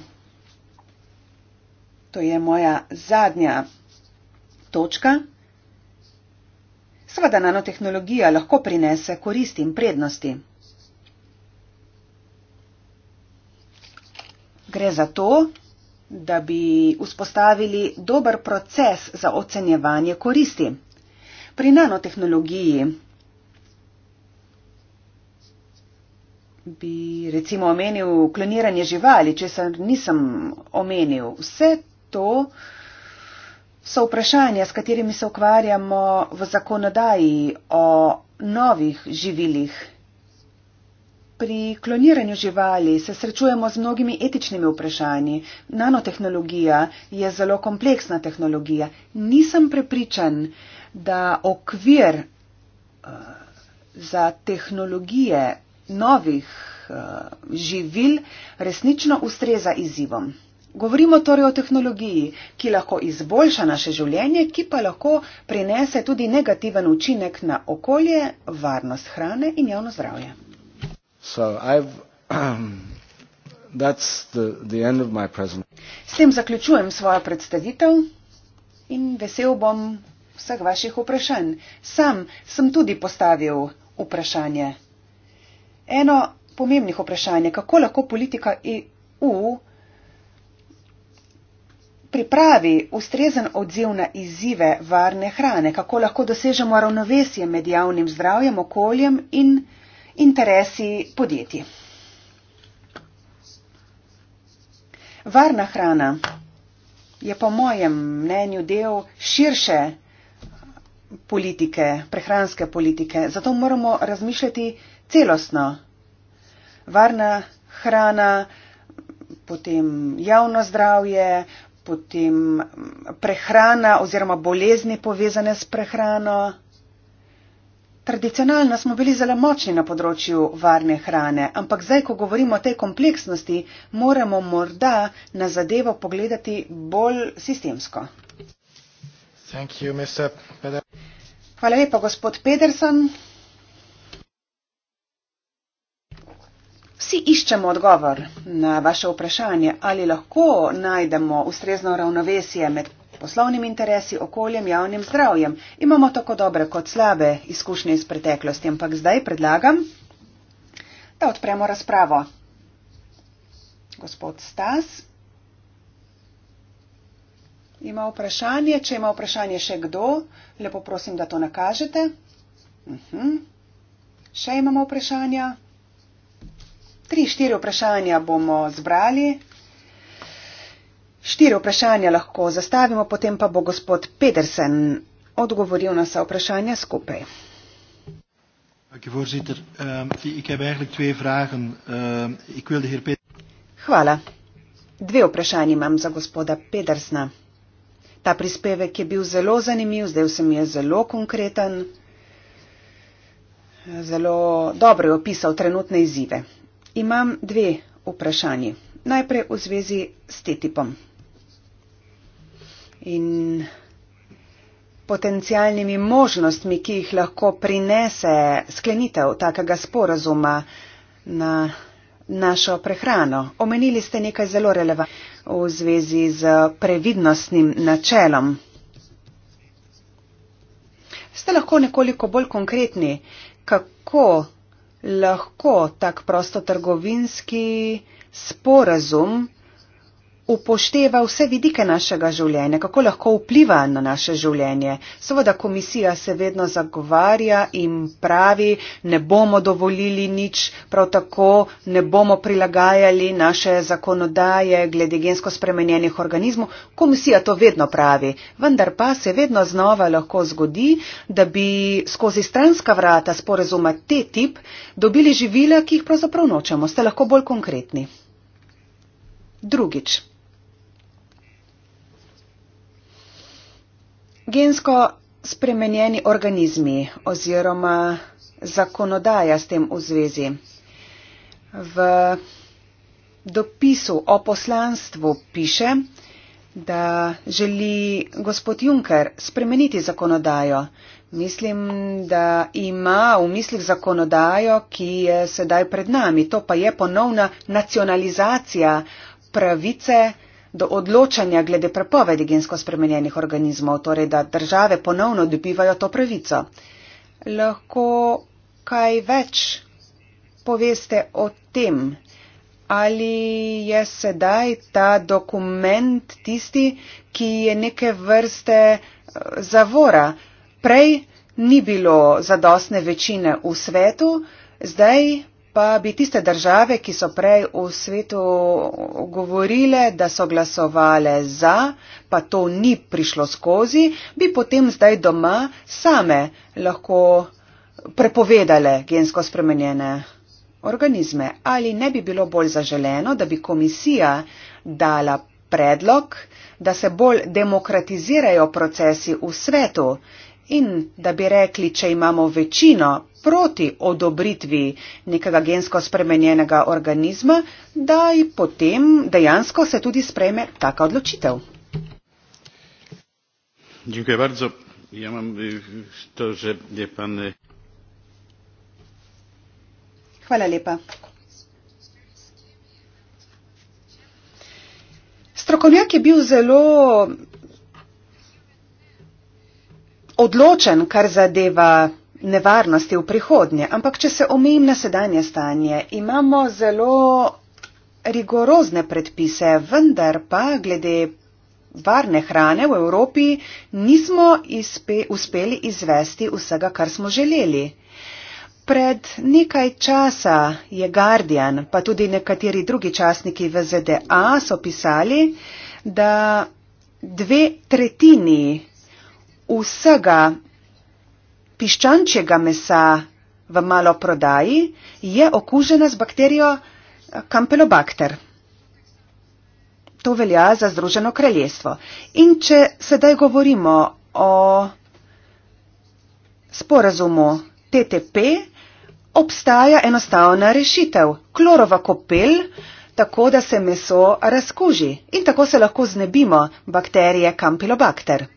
to je moja zadnja točka. Seveda nanotehnologija lahko prinese koristi in prednosti. Gre za to, da bi vzpostavili dober proces za ocenjevanje koristi. Pri nanotehnologiji bi recimo omenil kloniranje živali, če se nisem omenil. Vse to so vprašanja, s katerimi se ukvarjamo v zakonodaji o novih živilih. Pri kloniranju živali se srečujemo z mnogimi etičnimi vprašanji. Nanotehnologija je zelo kompleksna tehnologija. Nisem prepričan, da okvir eh, za tehnologije novih eh, živil resnično ustreza izzivom. Govorimo torej o tehnologiji, ki lahko izboljša naše življenje, ki pa lahko prinese tudi negativen učinek na okolje, varnost hrane in javno zdravje. S tem zaključujem svojo predstavitev in vesel bom vseh vaših vprašanj. Sam sem tudi postavil vprašanje. Eno pomembnih vprašanj je, kako lahko politika EU pripravi ustrezen odziv na izzive varne hrane, kako lahko dosežemo ravnovesje med javnim zdravjem, okoljem in interesi podjetij. Varna hrana je po mojem mnenju del širše politike, prehranske politike, zato moramo razmišljati celostno. Varna hrana, potem javno zdravje, potem prehrana oziroma bolezni povezane s prehrano. Tradicionalno smo bili zelo močni na področju varne hrane, ampak zdaj, ko govorimo o tej kompleksnosti, moramo morda na zadevo pogledati bolj sistemsko. Hvala lepa, gospod Pedersen. Vsi iščemo odgovor na vaše vprašanje, ali lahko najdemo ustrezno ravnovesje med poslovnim interesi, okoljem, javnim zdravjem. Imamo tako dobre kot slabe izkušnje iz preteklosti, ampak zdaj predlagam, da odpremo razpravo. Gospod Stas ima vprašanje. Če ima vprašanje še kdo, lepo prosim, da to nakažete. Uh mhm. -huh. Še imamo vprašanja. Tri, štiri vprašanja bomo zbrali. Štiri vprašanja lahko zastavimo, potem pa bo gospod Pedersen odgovoril na vsa vprašanja skupaj. Ehm, ehm, Hvala. Dve vprašanje imam za gospoda Pedersna. Ta prispevek je bil zelo zanimiv, zdaj se mi je zelo konkreten. Zelo dobro je opisal trenutne izzive. Imam dve vprašanji. Najprej v zvezi s TTIP-om in potencijalnimi možnostmi, ki jih lahko prinese sklenitev takega sporazuma na našo prehrano. Omenili ste nekaj zelo relevantnega v zvezi z previdnostnim načelom. Ste lahko nekoliko bolj konkretni, kako lahko tak prostotrgovinski sporazum upošteva vse vidike našega življenja, kako lahko vpliva na naše življenje. Seveda komisija se vedno zagovarja in pravi, ne bomo dovolili nič, prav tako ne bomo prilagajali naše zakonodaje glede gensko spremenjenih organizmov. Komisija to vedno pravi, vendar pa se vedno znova lahko zgodi, da bi skozi stranska vrata sporezuma te tip dobili živila, ki jih pravzaprav nočemo. Ste lahko bolj konkretni. Drugič. Gensko spremenjeni organizmi oziroma zakonodaja s tem v zvezi. V dopisu o poslanstvu piše, da želi gospod Juncker spremeniti zakonodajo. Mislim, da ima v mislih zakonodajo, ki je sedaj pred nami. To pa je ponovna nacionalizacija pravice do odločanja glede prepovedi gensko spremenjenih organizmov, torej da države ponovno dobivajo to pravico. Lahko kaj več poveste o tem, ali je sedaj ta dokument tisti, ki je neke vrste eh, zavora. Prej ni bilo zadostne večine v svetu, zdaj pa bi tiste države, ki so prej v svetu govorile, da so glasovale za, pa to ni prišlo skozi, bi potem zdaj doma same lahko prepovedale gensko spremenjene organizme. Ali ne bi bilo bolj zaželeno, da bi komisija dala predlog, da se bolj demokratizirajo procesi v svetu in da bi rekli, če imamo večino proti odobritvi nekega gensko spremenjenega organizma, da potem dejansko se tudi spreme taka odločitev. Ja Hvala lepa. Strokovnjak je bil zelo odločen, kar zadeva nevarnosti v prihodnje, ampak če se omejim na sedanje stanje, imamo zelo rigorozne predpise, vendar pa glede varne hrane v Evropi nismo izpe, uspeli izvesti vsega, kar smo želeli. Pred nekaj časa je Guardian, pa tudi nekateri drugi časniki v ZDA so pisali, da dve tretjini vsega piščančjega mesa v malo prodaji je okužena z bakterijo eh, Campylobacter. To velja za Združeno kraljestvo. In če sedaj govorimo o sporazumu TTP, obstaja enostavna rešitev. Klorova kopel, tako da se meso razkuži in tako se lahko znebimo bakterije Campylobacter.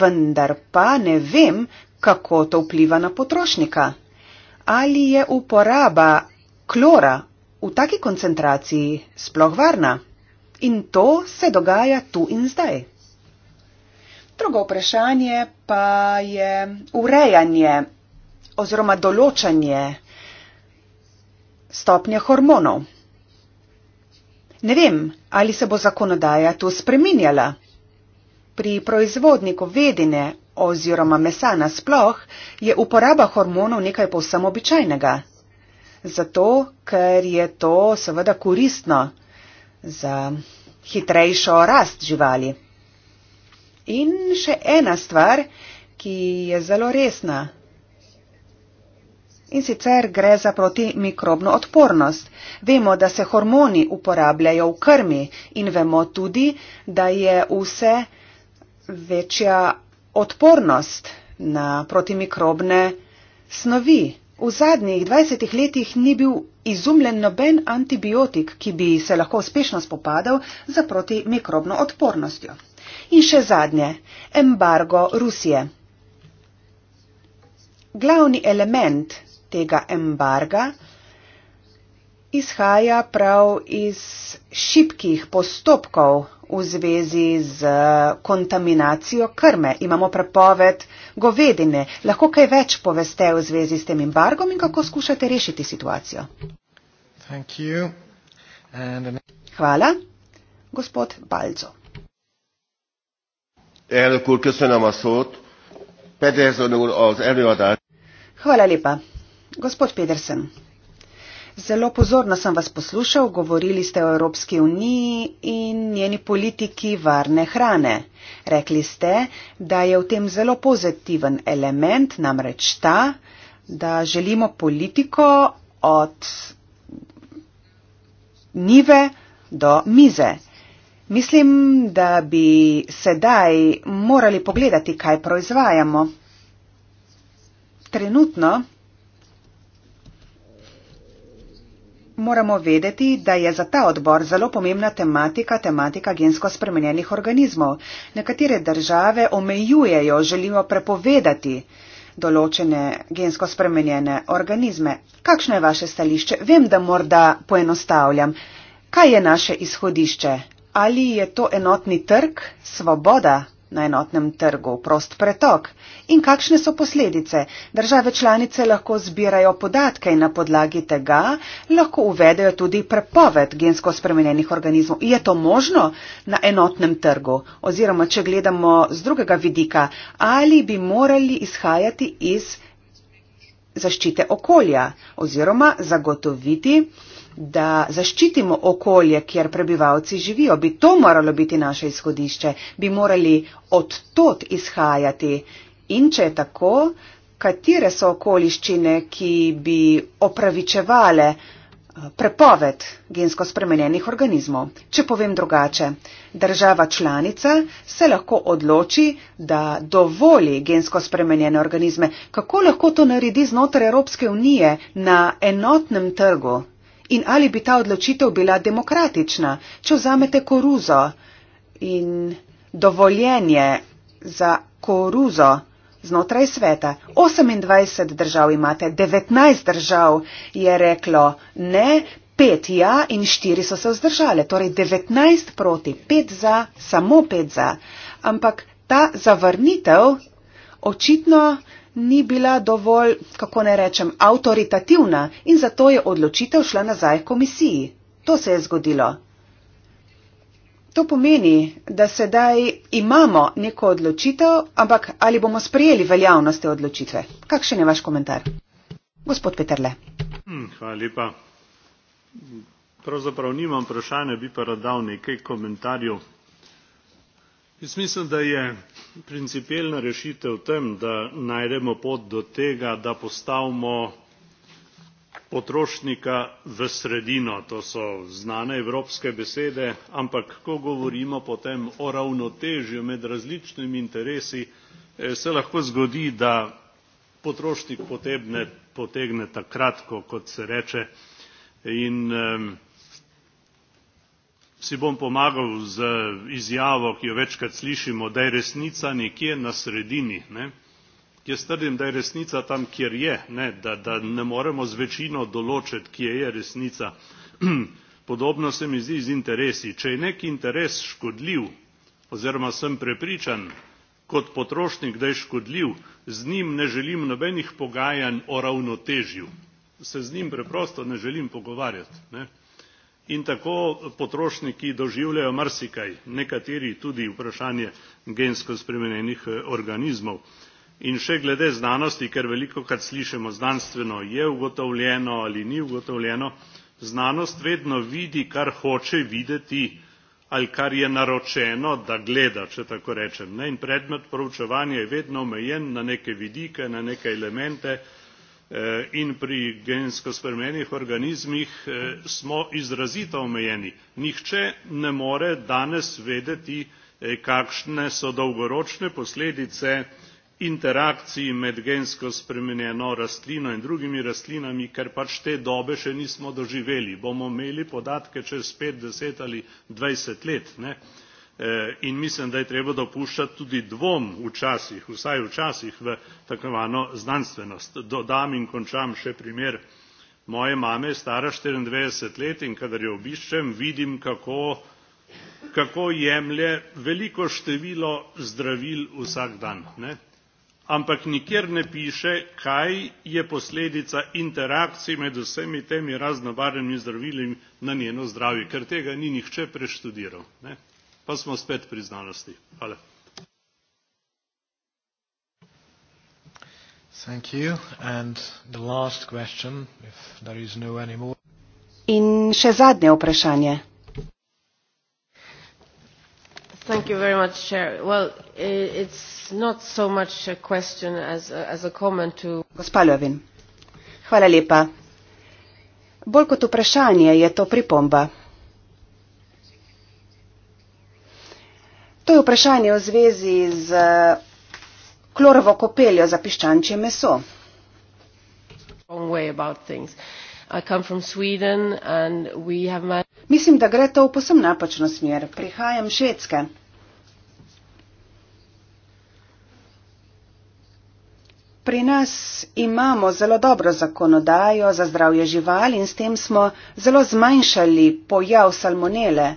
Vendar pa ne vem, kako to vpliva na potrošnika. Ali je uporaba klora v taki koncentraciji sploh varna? In to se dogaja tu in zdaj. Drugo vprašanje pa je urejanje oziroma določanje stopnje hormonov. Ne vem, ali se bo zakonodaja tu spreminjala. Pri proizvodniku vedine oziroma mesa nasploh, je uporaba hormonov nekaj povsem običajnega. Zato, ker je to seveda koristno za hitrejšo rast živali. In še ena stvar, ki je zelo resna. In sicer gre za protimikrobno odpornost. Vemo, da se hormoni uporabljajo v krmi in vemo tudi, da je vse večja odpornost na protimikrobne snovi. V zadnjih 20 letih ni bil izumljen noben antibiotik, ki bi se lahko uspešno spopadal z protimikrobno odpornostjo. In še zadnje, embargo Rusije. Glavni element tega embarga izhaja prav iz šibkih postopkov v zvezi z kontaminacijo krme. Imamo prepoved govedine. Lahko kaj več poveste v zvezi s tem embargom in kako skušate rešiti situacijo? Hvala. Gospod Balco. Hvala lepa. Gospod Pedersen. Zelo pozorno sem vas poslušal, govorili ste o Evropski uniji in njeni politiki varne hrane. Rekli ste, da je v tem zelo pozitiven element, namreč ta, da želimo politiko od nive do mize. Mislim, da bi sedaj morali pogledati, kaj proizvajamo. Trenutno moramo vedeti, da je za ta odbor zelo pomembna tematika, tematika gensko spremenjenih organizmov. Nekatere države omejujejo, želijo prepovedati določene gensko spremenjene organizme. Kakšno je vaše stališče? Vem, da morda poenostavljam. Kaj je naše izhodišče? Ali je to enotni trg, svoboda na enotnem trgu, prost pretok. In kakšne so posledice? Države članice lahko zbirajo podatke in na podlagi tega lahko uvedejo tudi prepoved gensko spremenjenih organizmov. Je to možno na enotnem trgu? Oziroma, če gledamo z drugega vidika, ali bi morali izhajati iz zaščite okolja oziroma zagotoviti, da zaščitimo okolje, kjer prebivalci živijo. Bi to moralo biti naše izhodišče, bi morali od tod izhajati. In če je tako, katere so okoliščine, ki bi opravičevale eh, prepoved gensko spremenjenih organizmov? Če povem drugače, država članica se lahko odloči, da dovoli gensko spremenjene organizme. Kako lahko to naredi znotraj Evropske unije na enotnem trgu? in ali bi ta odločitev bila demokratična, če vzamete koruzo in dovoljenje za koruzo znotraj sveta. 28 držav imate, 19 držav je reklo ne, 5 ja in 4 so se vzdržale, torej 19 proti, 5 za, samo 5 za. Ampak ta zavrnitev očitno ni bila dovolj, kako ne rečem, avtoritativna in zato je odločitev šla nazaj komisiji. To se je zgodilo. To pomeni, da sedaj imamo neko odločitev, ampak ali bomo sprejeli veljavnost te odločitve? Kakšen je vaš komentar? Gospod Peterle. Hmm, hvala lepa. Pravzaprav nimam vprašanja, bi pa rad dal nekaj komentarjev jaz mislim da je principielna rešitev v tem da najdemo pot do tega da postavimo potrošnika v sredino to so znane evropske besede ampak ko govorimo potem o ravnotežju med različnimi interesi eh, se lahko zgodi da potrošnik potegne potegne takrat ko kot se reče in si bom pomagal z izjavo ki jo večkrat slišimo da je resnica nekje na sredini ne jaz trdim da je resnica tam kjer je ne da da ne moremo z večino določiti kje je resnica podobno se mi zdi z interesi če je neki interes škodljiv oziroma sem prepričan kot potrošnik da je škodljiv z njim ne želim nobenih pogajanj o ravnotežju se z njim preprosto ne želim pogovarjati ne in tako potrošniki doživljajo marsikaj nekateri tudi vprašanje gensko spremenjenih eh, organizmov in še glede znanosti ker velikokrat slišimo znanstveno je ugotovljeno ali ni ugotovljeno znanost vedno vidi kar hoče videti ali kar je naročeno da gleda če tako rečem ne in predmet proučevanja je vedno omejen na neke vidike na neke elemente Eh, in pri gensko spremenjenih organizmih eh, smo izrazito omejeni nihče ne more danes vedeti eh, kakšne so dolgoročne posledice interakcij med gensko spremenjeno rastlino in drugimi rastlinami ker pač te dobe še nismo doživeli bomo imeli podatke čez pet deset ali dvajset let ne. Eh, in mislim da je treba dopuščati tudi dvom včasih vsaj včasih v tako imenovano znanstvenost. dodam in končam še primer moje mame stara štiriindevetdeset let in kadar jo obiščem vidim kako kako jemlje veliko število zdravil vsak dan ne ampak nikjer ne piše kaj je posledica interakcij med vsemi temi raznobarvnimi zdravili na njeno zdravje ker tega ni nihče preštudiral ne pa smo spet pri znanosti. Hvala. Thank you. And the last question, if there is no any more. In še zadnje vprašanje. Thank you very much, Chair. Well, it's not so much a question as a, as a comment to... Gospa Lovin, hvala lepa. Bolj kot vprašanje je to pripomba. To je vprašanje v zvezi z eh, klorovo kopeljo za piščančje meso. Mislim, da gre to v posem napačno smer. Prihajam iz Švedske. Pri nas imamo zelo dobro zakonodajo za zdravje živali in s tem smo zelo zmanjšali pojav salmonele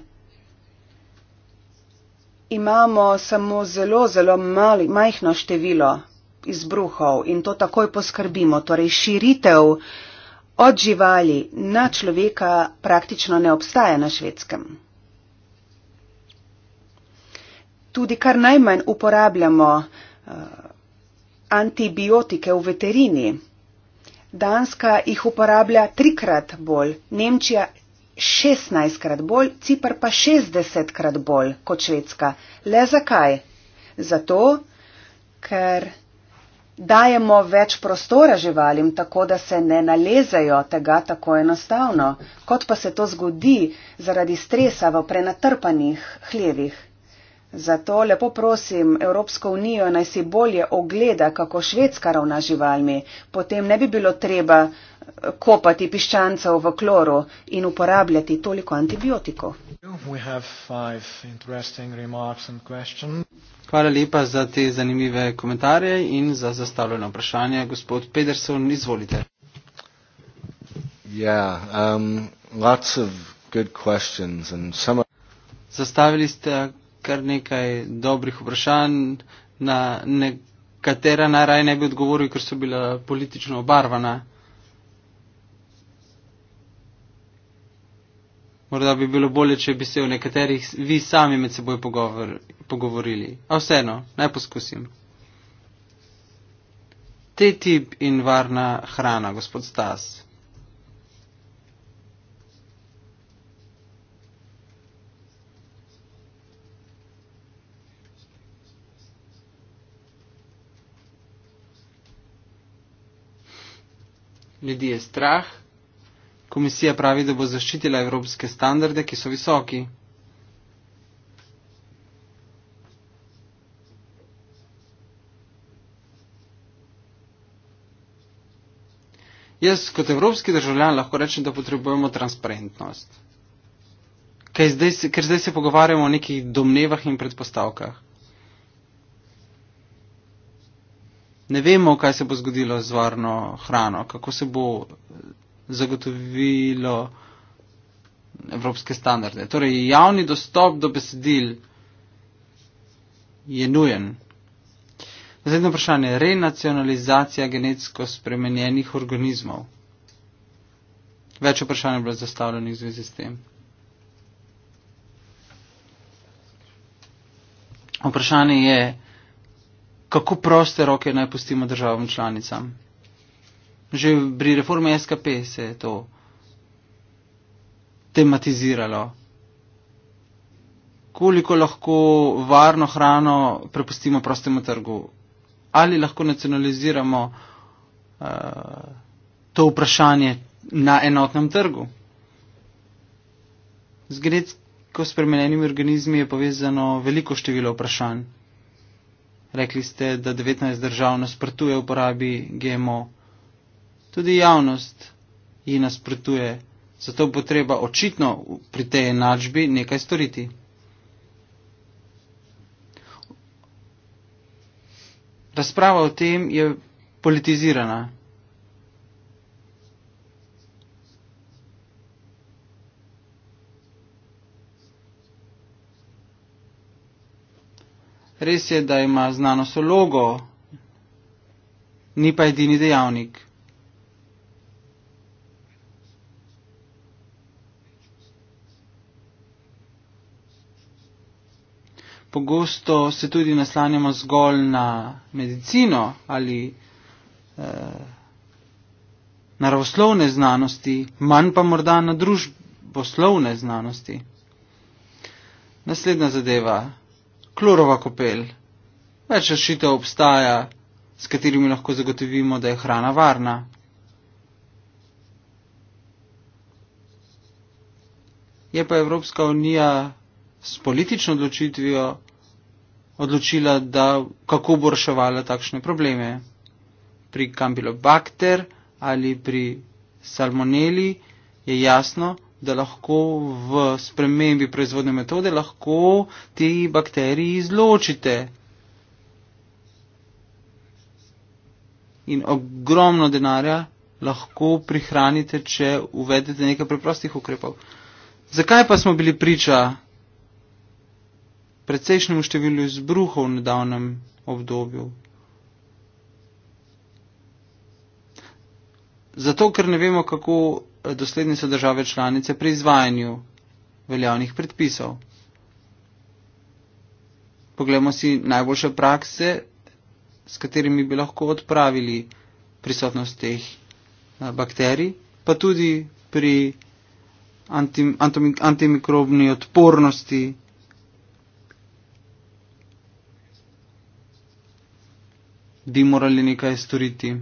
imamo samo zelo, zelo mali, majhno število izbruhov in to takoj poskrbimo. Torej širitev od živali na človeka praktično ne obstaja na švedskem. Tudi kar najmanj uporabljamo uh, antibiotike v veterini. Danska jih uporablja trikrat bolj, Nemčija 16krat bolj, Cipr pa 60krat bolj kot Švedska. Le zakaj? Zato, ker dajemo več prostora živalim, tako da se ne nalezajo tega tako enostavno, kot pa se to zgodi zaradi stresa v prenatrpanih hlevih. Zato lepo prosim Evropsko unijo naj si bolje ogleda, kako švedska ravna živalmi, potem ne bi bilo treba kopati piščancev v kloru in uporabljati toliko antibiotikov. Hvala lepa za te zanimive komentarje in za zastavljeno vprašanje. Gospod Pedersen, izvolite. Um, Zastavili ste kar nekaj dobrih vprašanj, na katera naraj ne bi odgovoril, ker so bila politično obarvana. Morda bi bilo bolje, če bi se v nekaterih vi sami med seboj pogovor, pogovorili. A vseeno, naj poskusim. Te tip in varna hrana, gospod Stas. Ljudje je strah, Komisija pravi, da bo zaščitila evropske standarde, ki so visoki. Jaz kot evropski državljan lahko rečem, da potrebujemo transparentnost. Ker zdaj, ker zdaj se pogovarjamo o nekih domnevah in predpostavkah. Ne vemo, kaj se bo zgodilo z varno hrano, kako se bo zagotovilo evropske standarde. Torej, javni dostop do besedil je nujen. Naslednje vprašanje je renacionalizacija genetsko spremenjenih organizmov. Več vprašanj je bilo zastavljenih v zvezi s tem. Vprašanje je, kako proste roke naj pustimo državam članicam. Že pri reformi SKP se je to tematiziralo. Koliko lahko varno hrano prepustimo prostemu trgu? Ali lahko nacionaliziramo uh, to vprašanje na enotnem trgu? Z genetsko spremenjenimi organizmi je povezano veliko število vprašanj. Rekli ste, da 19 držav nasprotuje uporabi GMO tudi javnost ji nasprotuje, zato bo treba očitno pri tej enačbi nekaj storiti. Razprava o tem je politizirana. Res je, da ima znanost o logo, ni pa edini dejavnik. pogosto se tudi naslanjamo zgolj na medicino ali eh, naravoslovne znanosti, manj pa morda na družboslovne znanosti. Naslednja zadeva, klorova kopel. Več rešitev obstaja, s katerimi lahko zagotovimo, da je hrana varna. Je pa Evropska unija s politično odločitvijo odločila, da kako bo reševala takšne probleme. Pri kambilobakter ali pri salmoneli je jasno, da lahko v spremembi proizvodne metode lahko te bakterije izločite. In ogromno denarja lahko prihranite, če uvedete nekaj preprostih ukrepov. Zakaj pa smo bili priča precejšnjemu številu izbruhov v nedavnem obdobju. Zato, ker ne vemo, kako eh, dosledni so države članice pri izvajanju veljavnih predpisov. Poglejmo si najboljše prakse, s katerimi bi lahko odpravili prisotnost teh eh, bakterij, pa tudi pri anti, anti, antimikrobni odpornosti bi morali nekaj storiti.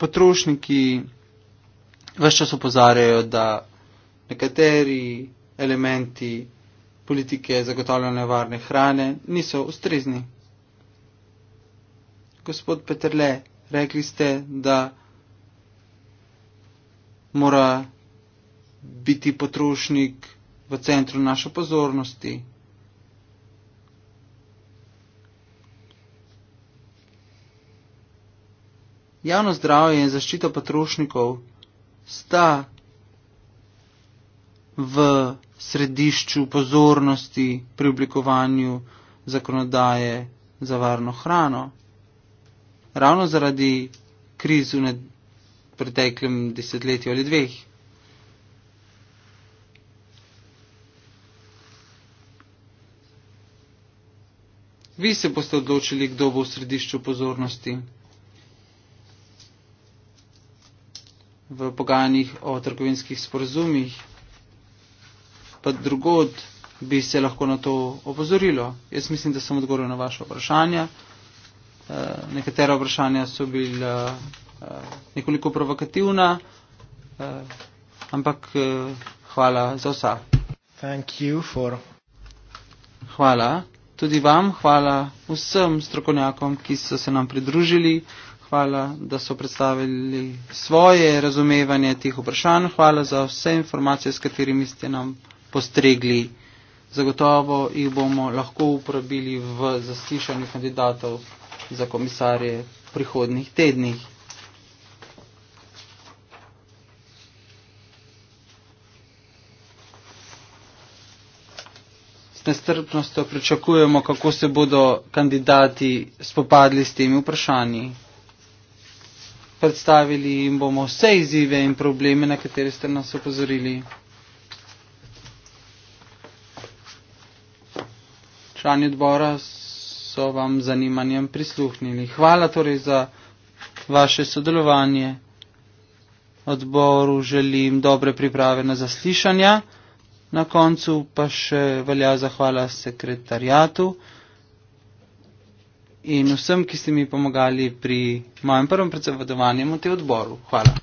Potrošniki vse čas opozarjajo, da nekateri elementi politike zagotavljanja varne hrane niso ustrezni. Gospod Petrle, rekli ste, da mora biti potrošnik v centru naše pozornosti. Javno zdravje in zaščita potrošnikov sta v središču pozornosti pri oblikovanju zakonodaje za varno hrano. Ravno zaradi kriz v preteklem desetletju ali dveh. Vi se boste odločili, kdo bo v središču pozornosti. v pogajanjih o trgovinskih sporazumih, pa drugod bi se lahko na to opozorilo. Jaz mislim, da sem odgovoril na vaše vprašanja. Eh, nekatera vprašanja so bila eh, nekoliko provokativna, eh, ampak hvala za vsa. Thank you for... Hvala tudi vam, hvala vsem strokovnjakom, ki so se nam pridružili hvala, da so predstavili svoje razumevanje tih vprašanj, hvala za vse informacije, s katerimi ste nam postregli. Zagotovo jih bomo lahko uporabili v zaslišanju kandidatov za komisarje v prihodnih tednih. S nestrpnostjo pričakujemo, kako se bodo kandidati spopadli s temi vprašanji predstavili in bomo vse izzive in probleme, na katere ste nas opozorili. Člani odbora so vam zanimanjem prisluhnili. Hvala torej za vaše sodelovanje. Odboru želim dobre priprave na zaslišanja. Na koncu pa še velja zahvala sekretarjatu in vsem, ki ste mi pomagali pri mojem prvem predsedovanju v tem odboru. Hvala.